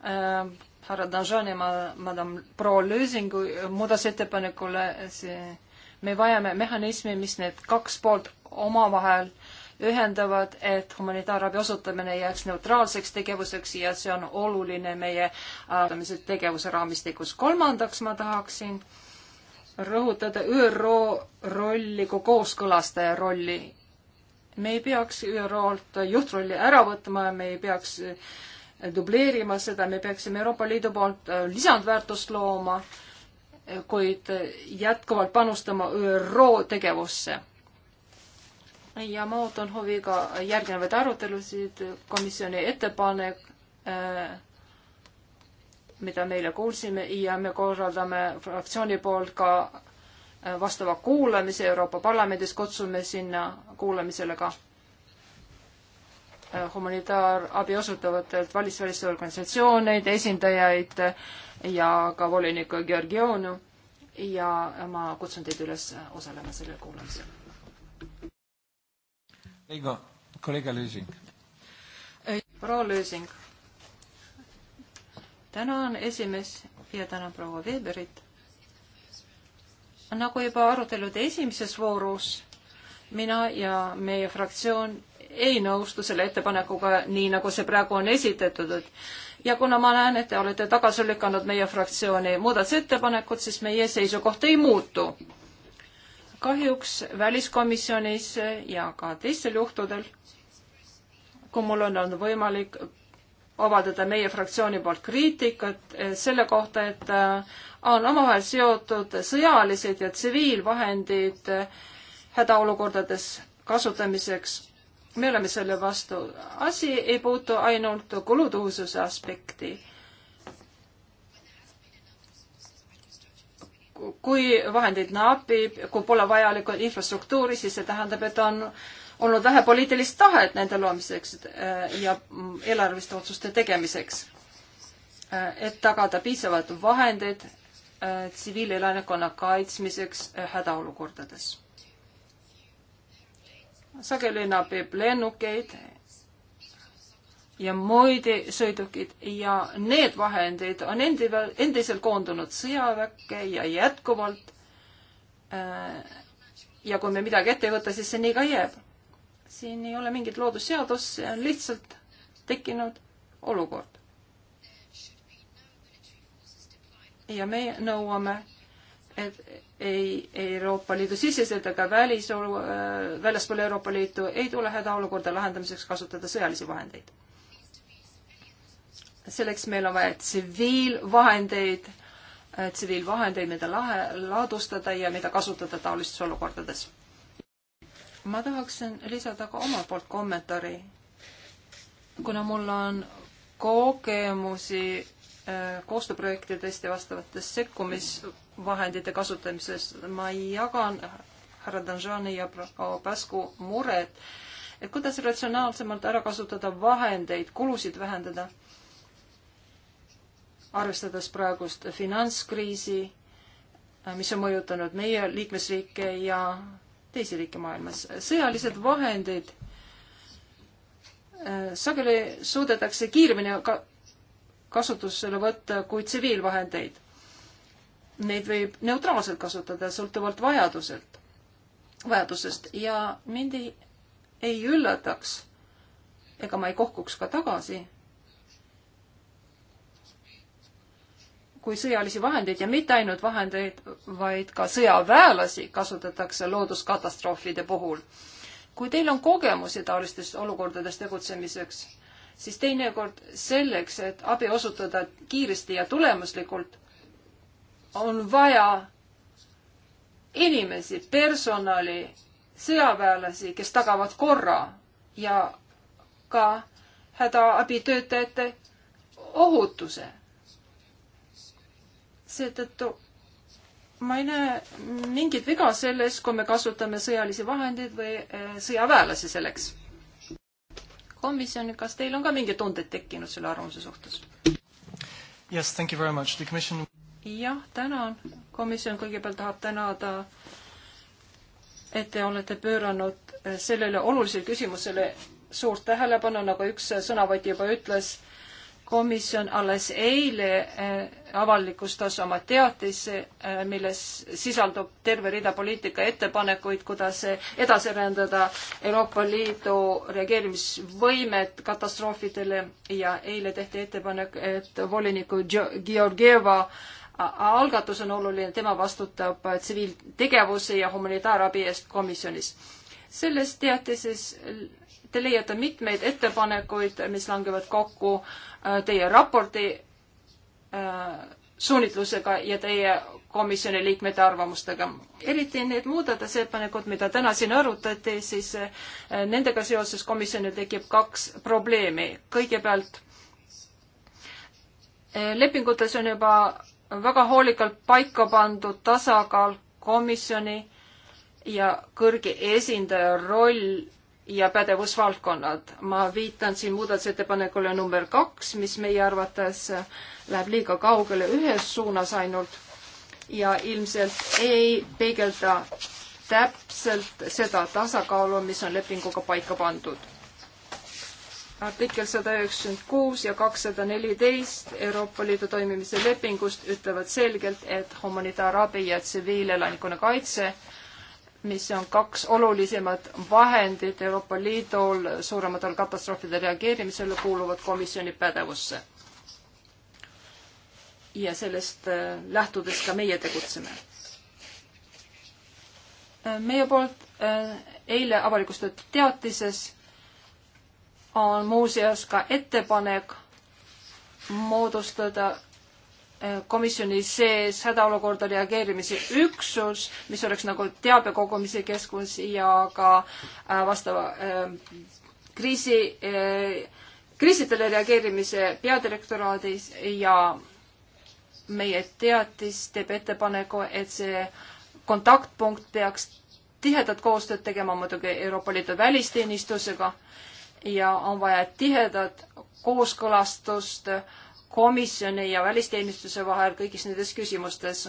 äh, härra Danjani, madam proua Lösingu muudatusettepanekule, see, me vajame mehhanismi, mis need kaks poolt omavahel ühendavad, et humanitaarabi osutamine jääks neutraalseks tegevuseks ja see on oluline meie äh, tegevuse raamistikus. kolmandaks ma tahaksin rõhutada ÜRO rolli kui kooskõlastaja rolli me ei peaks ÜRO-lt juhtrolli ära võtma, me ei peaks eh, dubleerima seda, me peaksime Euroopa Liidu poolt eh, lisandväärtust looma, eh, kuid jätkuvalt panustama ÜRO tegevusse. ja ma ootan huviga järgnevaid arutelusid, komisjoni ettepanek, mida meile kuulsime ja me korraldame fraktsiooni poolt ka vastava kuulamise Euroopa Parlamendis, kutsume sinna kuulamisele ka äh, humanitaarabi osutavatelt valitsusväliste organisatsioonid, esindajaid äh, ja ka volinik Georgionu ja ma kutsun teid üles osalema sellel kuulamisel. Leigo, kolleeg Lüüsing. proua Lüüsing. tänan esimees ja tänan proua Veberit nagu juba arutelude esimeses voorus, mina ja meie fraktsioon ei nõustu selle ettepanekuga, nii nagu see praegu on esitatud. ja kuna ma näen, et te olete tagasi lükanud meie fraktsiooni muudatusettepanekud, siis meie seisukoht ei muutu. kahjuks väliskomisjonis ja ka teistel juhtudel, kui mul on olnud võimalik avaldada meie fraktsiooni poolt kriitikat selle kohta, et on omavahel seotud sõjalised ja tsiviilvahendid hädaolukordades kasutamiseks. me oleme selle vastu. asi ei puutu ainult kulutõhususe aspekti. kui vahendeid napib, kui pole vajalikku infrastruktuuri, siis see tähendab, et on olnud vähe poliitilist tahet nende loomiseks äh, ja mm, eelarveliste otsuste tegemiseks äh, et tagada piisavad vahendid Äh, tsiviilelanikkonna kaitsmiseks äh, hädaolukordades. sageli napib lennukeid ja muid sõidukeid ja need vahendid on endi, endiselt koondunud sõjaväkke ja jätkuvalt. Äh, ja kui me midagi ette ei võta, siis see nii ka jääb. siin ei ole mingit loodusseadust, see on lihtsalt tekkinud olukord. ja meie nõuame, et ei Euroopa Liidu siseselt ega välisolu, äh, väljaspool Euroopa Liitu ei tule hädaolukorda lahendamiseks kasutada sõjalisi vahendeid. selleks meil on vaja tsiviilvahendeid, äh, tsiviilvahendeid, mida lahe, laadustada ja mida kasutada taolistes olukordades. ma tahaksin lisada ka omalt poolt kommentaari, kuna mul on kogemusi Äh, koostööprojektidest ja vastavatest sekkumisvahendite kasutamisest. ma jagan härra Danjani ja Pasku muret, et kuidas ratsionaalsemalt ära kasutada vahendeid, kulusid vähendada, arvestades praegust finantskriisi, äh, mis on mõjutanud meie liikmesriike ja teisi riike maailmas. sõjalised vahendid äh, sageli suudetakse kiiremini kasutusele võtta kui tsiviilvahendeid. Neid võib neutraalselt kasutada sõltuvalt vajaduselt, vajadusest ja mind ei, ei üllataks ega ma ei kohkuks ka tagasi, kui sõjalisi vahendeid ja mitte ainult vahendeid, vaid ka sõjaväelasi kasutatakse looduskatastroofide puhul. kui teil on kogemusi taolistest olukordadest tegutsemiseks siis teinekord selleks, et abi osutada kiiresti ja tulemuslikult, on vaja inimesi, personali, sõjaväelasi, kes tagavad korra ja ka hädaabitöötajate ohutuse. seetõttu ma ei näe mingit viga selles, kui me kasutame sõjalisi vahendeid või eh, sõjaväelasi selleks komisjoni, kas teil on ka mingeid tundeid tekkinud selle arvamuse suhtes? Yes, thank you very much, the commission jah, tänan. komisjon kõigepealt tahab tänada, et te olete pööranud sellele olulisele küsimusele suurt tähelepanu, nagu üks sõnavõtja juba ütles, komisjon alles eile eh, avalikustas oma teatise, eh, milles sisaldub terve rida poliitika ettepanekuid, kuidas edasi arendada Euroopa Liidu reageerimisvõimet katastroofidele ja eile tehti ettepanek, et voliniku Georgieva algatus on oluline, tema vastutab tsiviiltegevuse ja humanitaarabi eest komisjonis. selles teatises te leiate mitmeid ettepanekuid, mis langevad kokku Äh, teie raporti äh, suunitlusega ja teie komisjoni liikmete arvamustega. eriti need muudatusettepanekud, mida täna siin arutati, siis äh, nendega seoses komisjonil tekib kaks probleemi. kõigepealt lepingutes on juba väga hoolikalt paika pandud tasakaal komisjoni ja kõrge esindaja roll ja pädevusvaldkonnad. ma viitan siin muudatusettepanekule number kaks, mis meie arvates läheb liiga kaugele ühes suunas ainult ja ilmselt ei peegelda täpselt seda tasakaalu, mis on lepinguga paika pandud. artikkel sada üheksakümmend kuus ja kakssada neliteist Euroopa Liidu toimimise lepingust ütlevad selgelt, et humanitaarabi ja tsiviilelanikkonna kaitse mis on kaks olulisemat vahendit Euroopa Liidul suurematel katastroofide reageerimisele, kuuluvad komisjoni pädevusse. ja sellest äh, lähtudes ka meie tegutseme. Äh, meie poolt äh, eile avalikustatud teatises on muuseas ka ettepanek moodustada komisjoni sees hädaolukorda reageerimise üksus, mis oleks nagu teabe kogumise keskus ja ka äh, vastava äh, kriisi, äh, kriisidele reageerimise peadirektoraadis ja meie teatis teeb ettepaneku, et see kontaktpunkt peaks tihedat koostööd tegema muidugi Euroopa Liidu välisteenistusega ja on vaja tihedat kooskõlastust äh, komisjoni ja välisteenistuse vahel kõigis nendes küsimustes.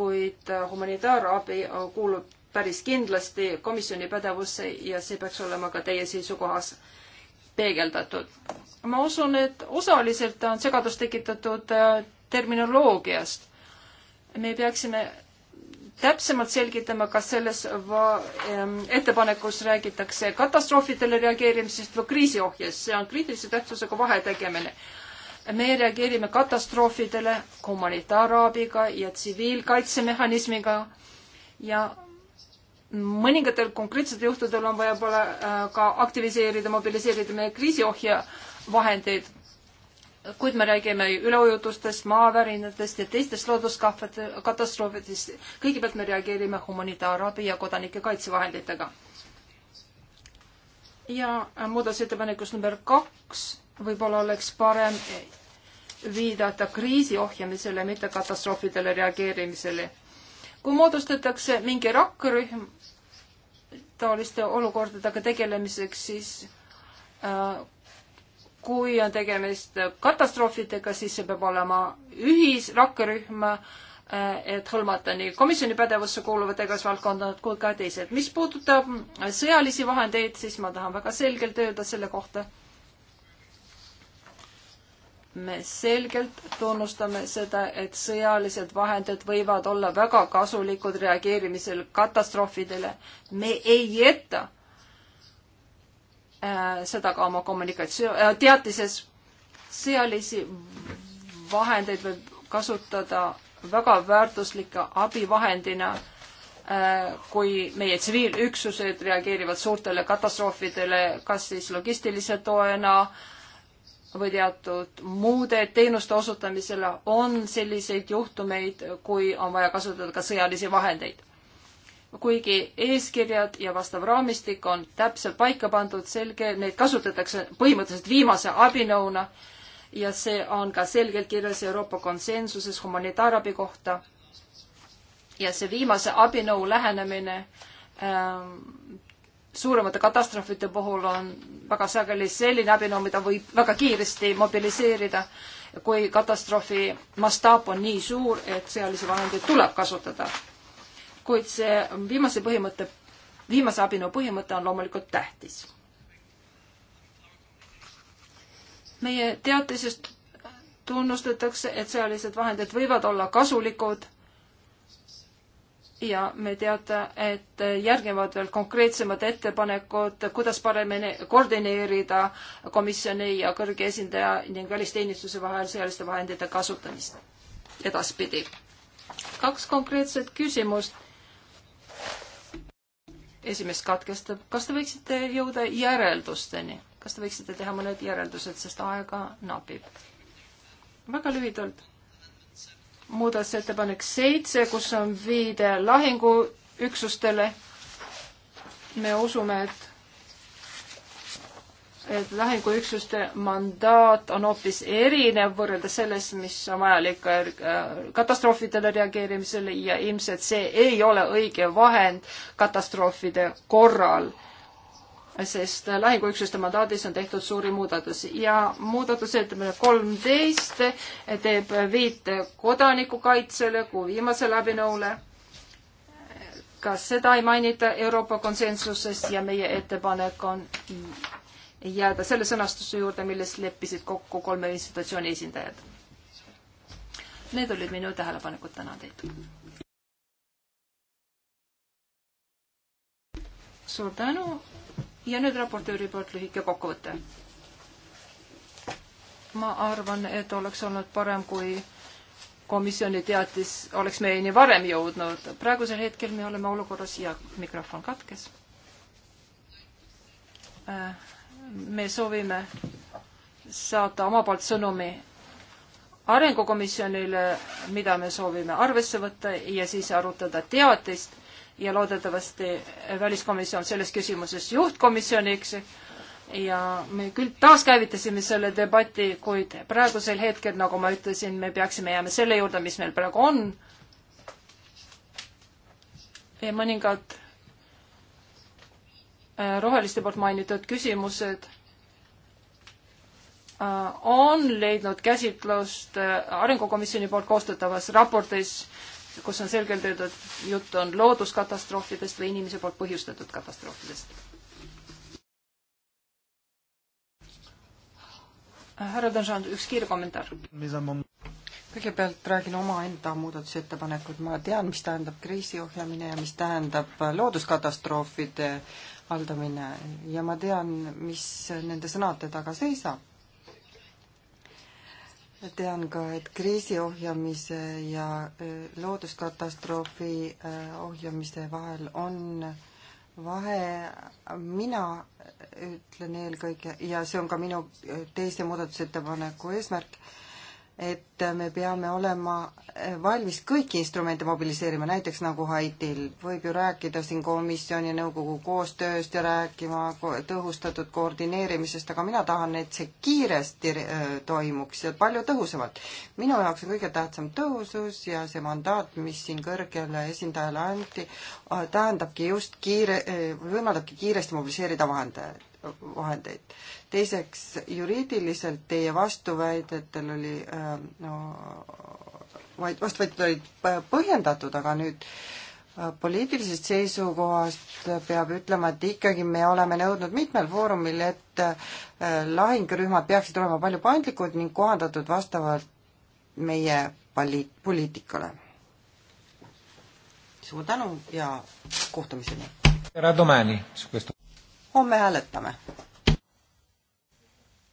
kuid äh, humanitaarabi äh, kuulub päris kindlasti komisjoni pädevusse ja see peaks olema ka teie seisukohas peegeldatud. ma usun, et osaliselt on segadus tekitatud äh, terminoloogiast. me peaksime täpsemalt selgitama, kas selles ettepanekus räägitakse katastroofidele reageerimisest või kriisiohjest, see on kriitilise tähtsusega vahetegemine. me reageerime katastroofidele humanitaarabiga ja tsiviilkaitsemehhanismiga ja mõningatel konkreetsetel juhtudel on võib-olla äh, ka aktiviseerida, mobiliseerida meie kriisiohja vahendeid kuid me räägime üleujutustest, maavärinatest ja teistest looduskatastroofidest. kõigepealt me reageerime humanitaarabi ja kodanike kaitsevahenditega. ja muudatusettepanekus number kaks võib-olla oleks parem viidata kriisi ohjamisele, mitte katastroofidele reageerimisele. kui moodustatakse mingi rakkerühm taoliste olukordadega tegelemiseks, siis äh, kui on tegemist katastroofidega, siis see peab olema ühisrakkerühm, eh, et hõlmata nii komisjoni pädevusse kuuluvad tegevusvaldkondad kui ka teised. mis puudutab sõjalisi vahendeid, siis ma tahan väga selgelt öelda selle kohta. me selgelt tunnustame seda, et sõjalised vahendid võivad olla väga kasulikud reageerimisel katastroofidele. me ei jäta Äh, seda ka oma kommunikatsioon, äh, teatises sõjalisi vahendeid võib kasutada väga väärtuslike abivahendina, äh, kui meie tsiviilüksused reageerivad suurtele katastroofidele, kas siis logistilise toena või teatud muude teenuste osutamisele, on selliseid juhtumeid, kui on vaja kasutada ka sõjalisi vahendeid kuigi eeskirjad ja vastav raamistik on täpselt paika pandud, selge, neid kasutatakse põhimõtteliselt viimase abinõuna ja see on ka selgelt kirjas Euroopa konsensuses humanitaarabi kohta. ja see viimase abinõu lähenemine ähm, suuremate katastroofide puhul on väga sageli selline abinõu, mida võib väga kiiresti mobiliseerida, kui katastroofi mastaap on nii suur, et sõjalisi vahendeid tuleb kasutada kuid see viimase põhimõtte, viimase abinõu põhimõte on loomulikult tähtis. meie teatisest tunnustatakse, et sõjalised vahendid võivad olla kasulikud ja me teada, et järgnevad veel konkreetsemad ettepanekud, kuidas paremini koordineerida komisjoni ja kõrge esindaja ning välisteenistuse vahel sõjaliste vahendite kasutamist edaspidi. kaks konkreetset küsimust esimees katkestab, kas te võiksite jõuda järeldusteni? kas te võiksite teha mõned järeldused, sest aega napib? väga lühidalt. muudatusettepanek seitse, kus on viide lahinguüksustele. me usume, et et lahinguüksuste mandaat on hoopis erinev võrreldes selles, mis on vajalik äh, katastroofidele reageerimisele ja ilmselt see ei ole õige vahend katastroofide korral, sest lahinguüksuste mandaadis on tehtud suuri muudatusi ja muudatusettepanek kolmteist teeb viite kodanikukaitsele kui viimasele abinõule ka seda ei mainita Euroopa konsensusest ja meie ettepanek on jääda selle sõnastuse juurde, milles leppisid kokku kolme institutsiooni esindajad. Need olid minu tähelepanekud, tänan teid. suur tänu ja nüüd raportööri poolt lühike kokkuvõte. ma arvan, et oleks olnud parem, kui komisjoni teatis oleks meieni varem jõudnud. praegusel hetkel me oleme olukorras ja mikrofon katkes äh, me soovime saata oma poolt sõnumi arengukomisjonile, mida me soovime arvesse võtta ja siis arutada teatist ja loodetavasti väliskomisjon selles küsimuses juhtkomisjoniks ja me küll taaskäivitasime selle debati, kuid praegusel hetkel, nagu ma ütlesin, me peaksime jääma selle juurde, mis meil praegu on. ja mõningad Äh, roheliste poolt mainitud küsimused äh, on leidnud käsitlust äh, Arengukomisjoni poolt koostatavas raportis, kus on selgelt öeldud, jutt on looduskatastroofidest või inimese poolt põhjustatud katastroofidest. härra Danšan, üks kiire kommentaar. kõigepealt räägin omaenda muudatusettepanekut, ma tean, mis tähendab kriisi ohjamine ja mis tähendab looduskatastroofide haldamine ja ma tean, mis nende sõnade taga seisab. tean ka, et kriisi ohjamise ja e, looduskatastroofi e, ohjamise vahel on vahe, mina ütlen eelkõige ja see on ka minu teise muudatusettepaneku eesmärk et me peame olema valmis kõiki instrumente mobiliseerima, näiteks nagu Haitil. võib ju rääkida siin komisjoni ja nõukogu koostööst ja rääkima tõhustatud koordineerimisest, aga mina tahan, et see kiiresti äh, toimuks ja palju tõhusamalt. minu jaoks on kõige tähtsam tõhusus ja see mandaat, mis siin kõrgele esindajale anti, äh, tähendabki just kiire, võimaldabki kiiresti mobiliseerida vahendajaid vahendeid. teiseks, juriidiliselt teie vastuväidetel oli äh, no vaid vastuväited olid põhjendatud, aga nüüd äh, poliitilisest seisukohast peab ütlema, et ikkagi me oleme nõudnud mitmel foorumil, et äh, lahingurühmad peaksid olema palju paindlikud ning kohandatud vastavalt meie poli-, poliitikale. suur tänu ja kohtumiseni! homme hääletame.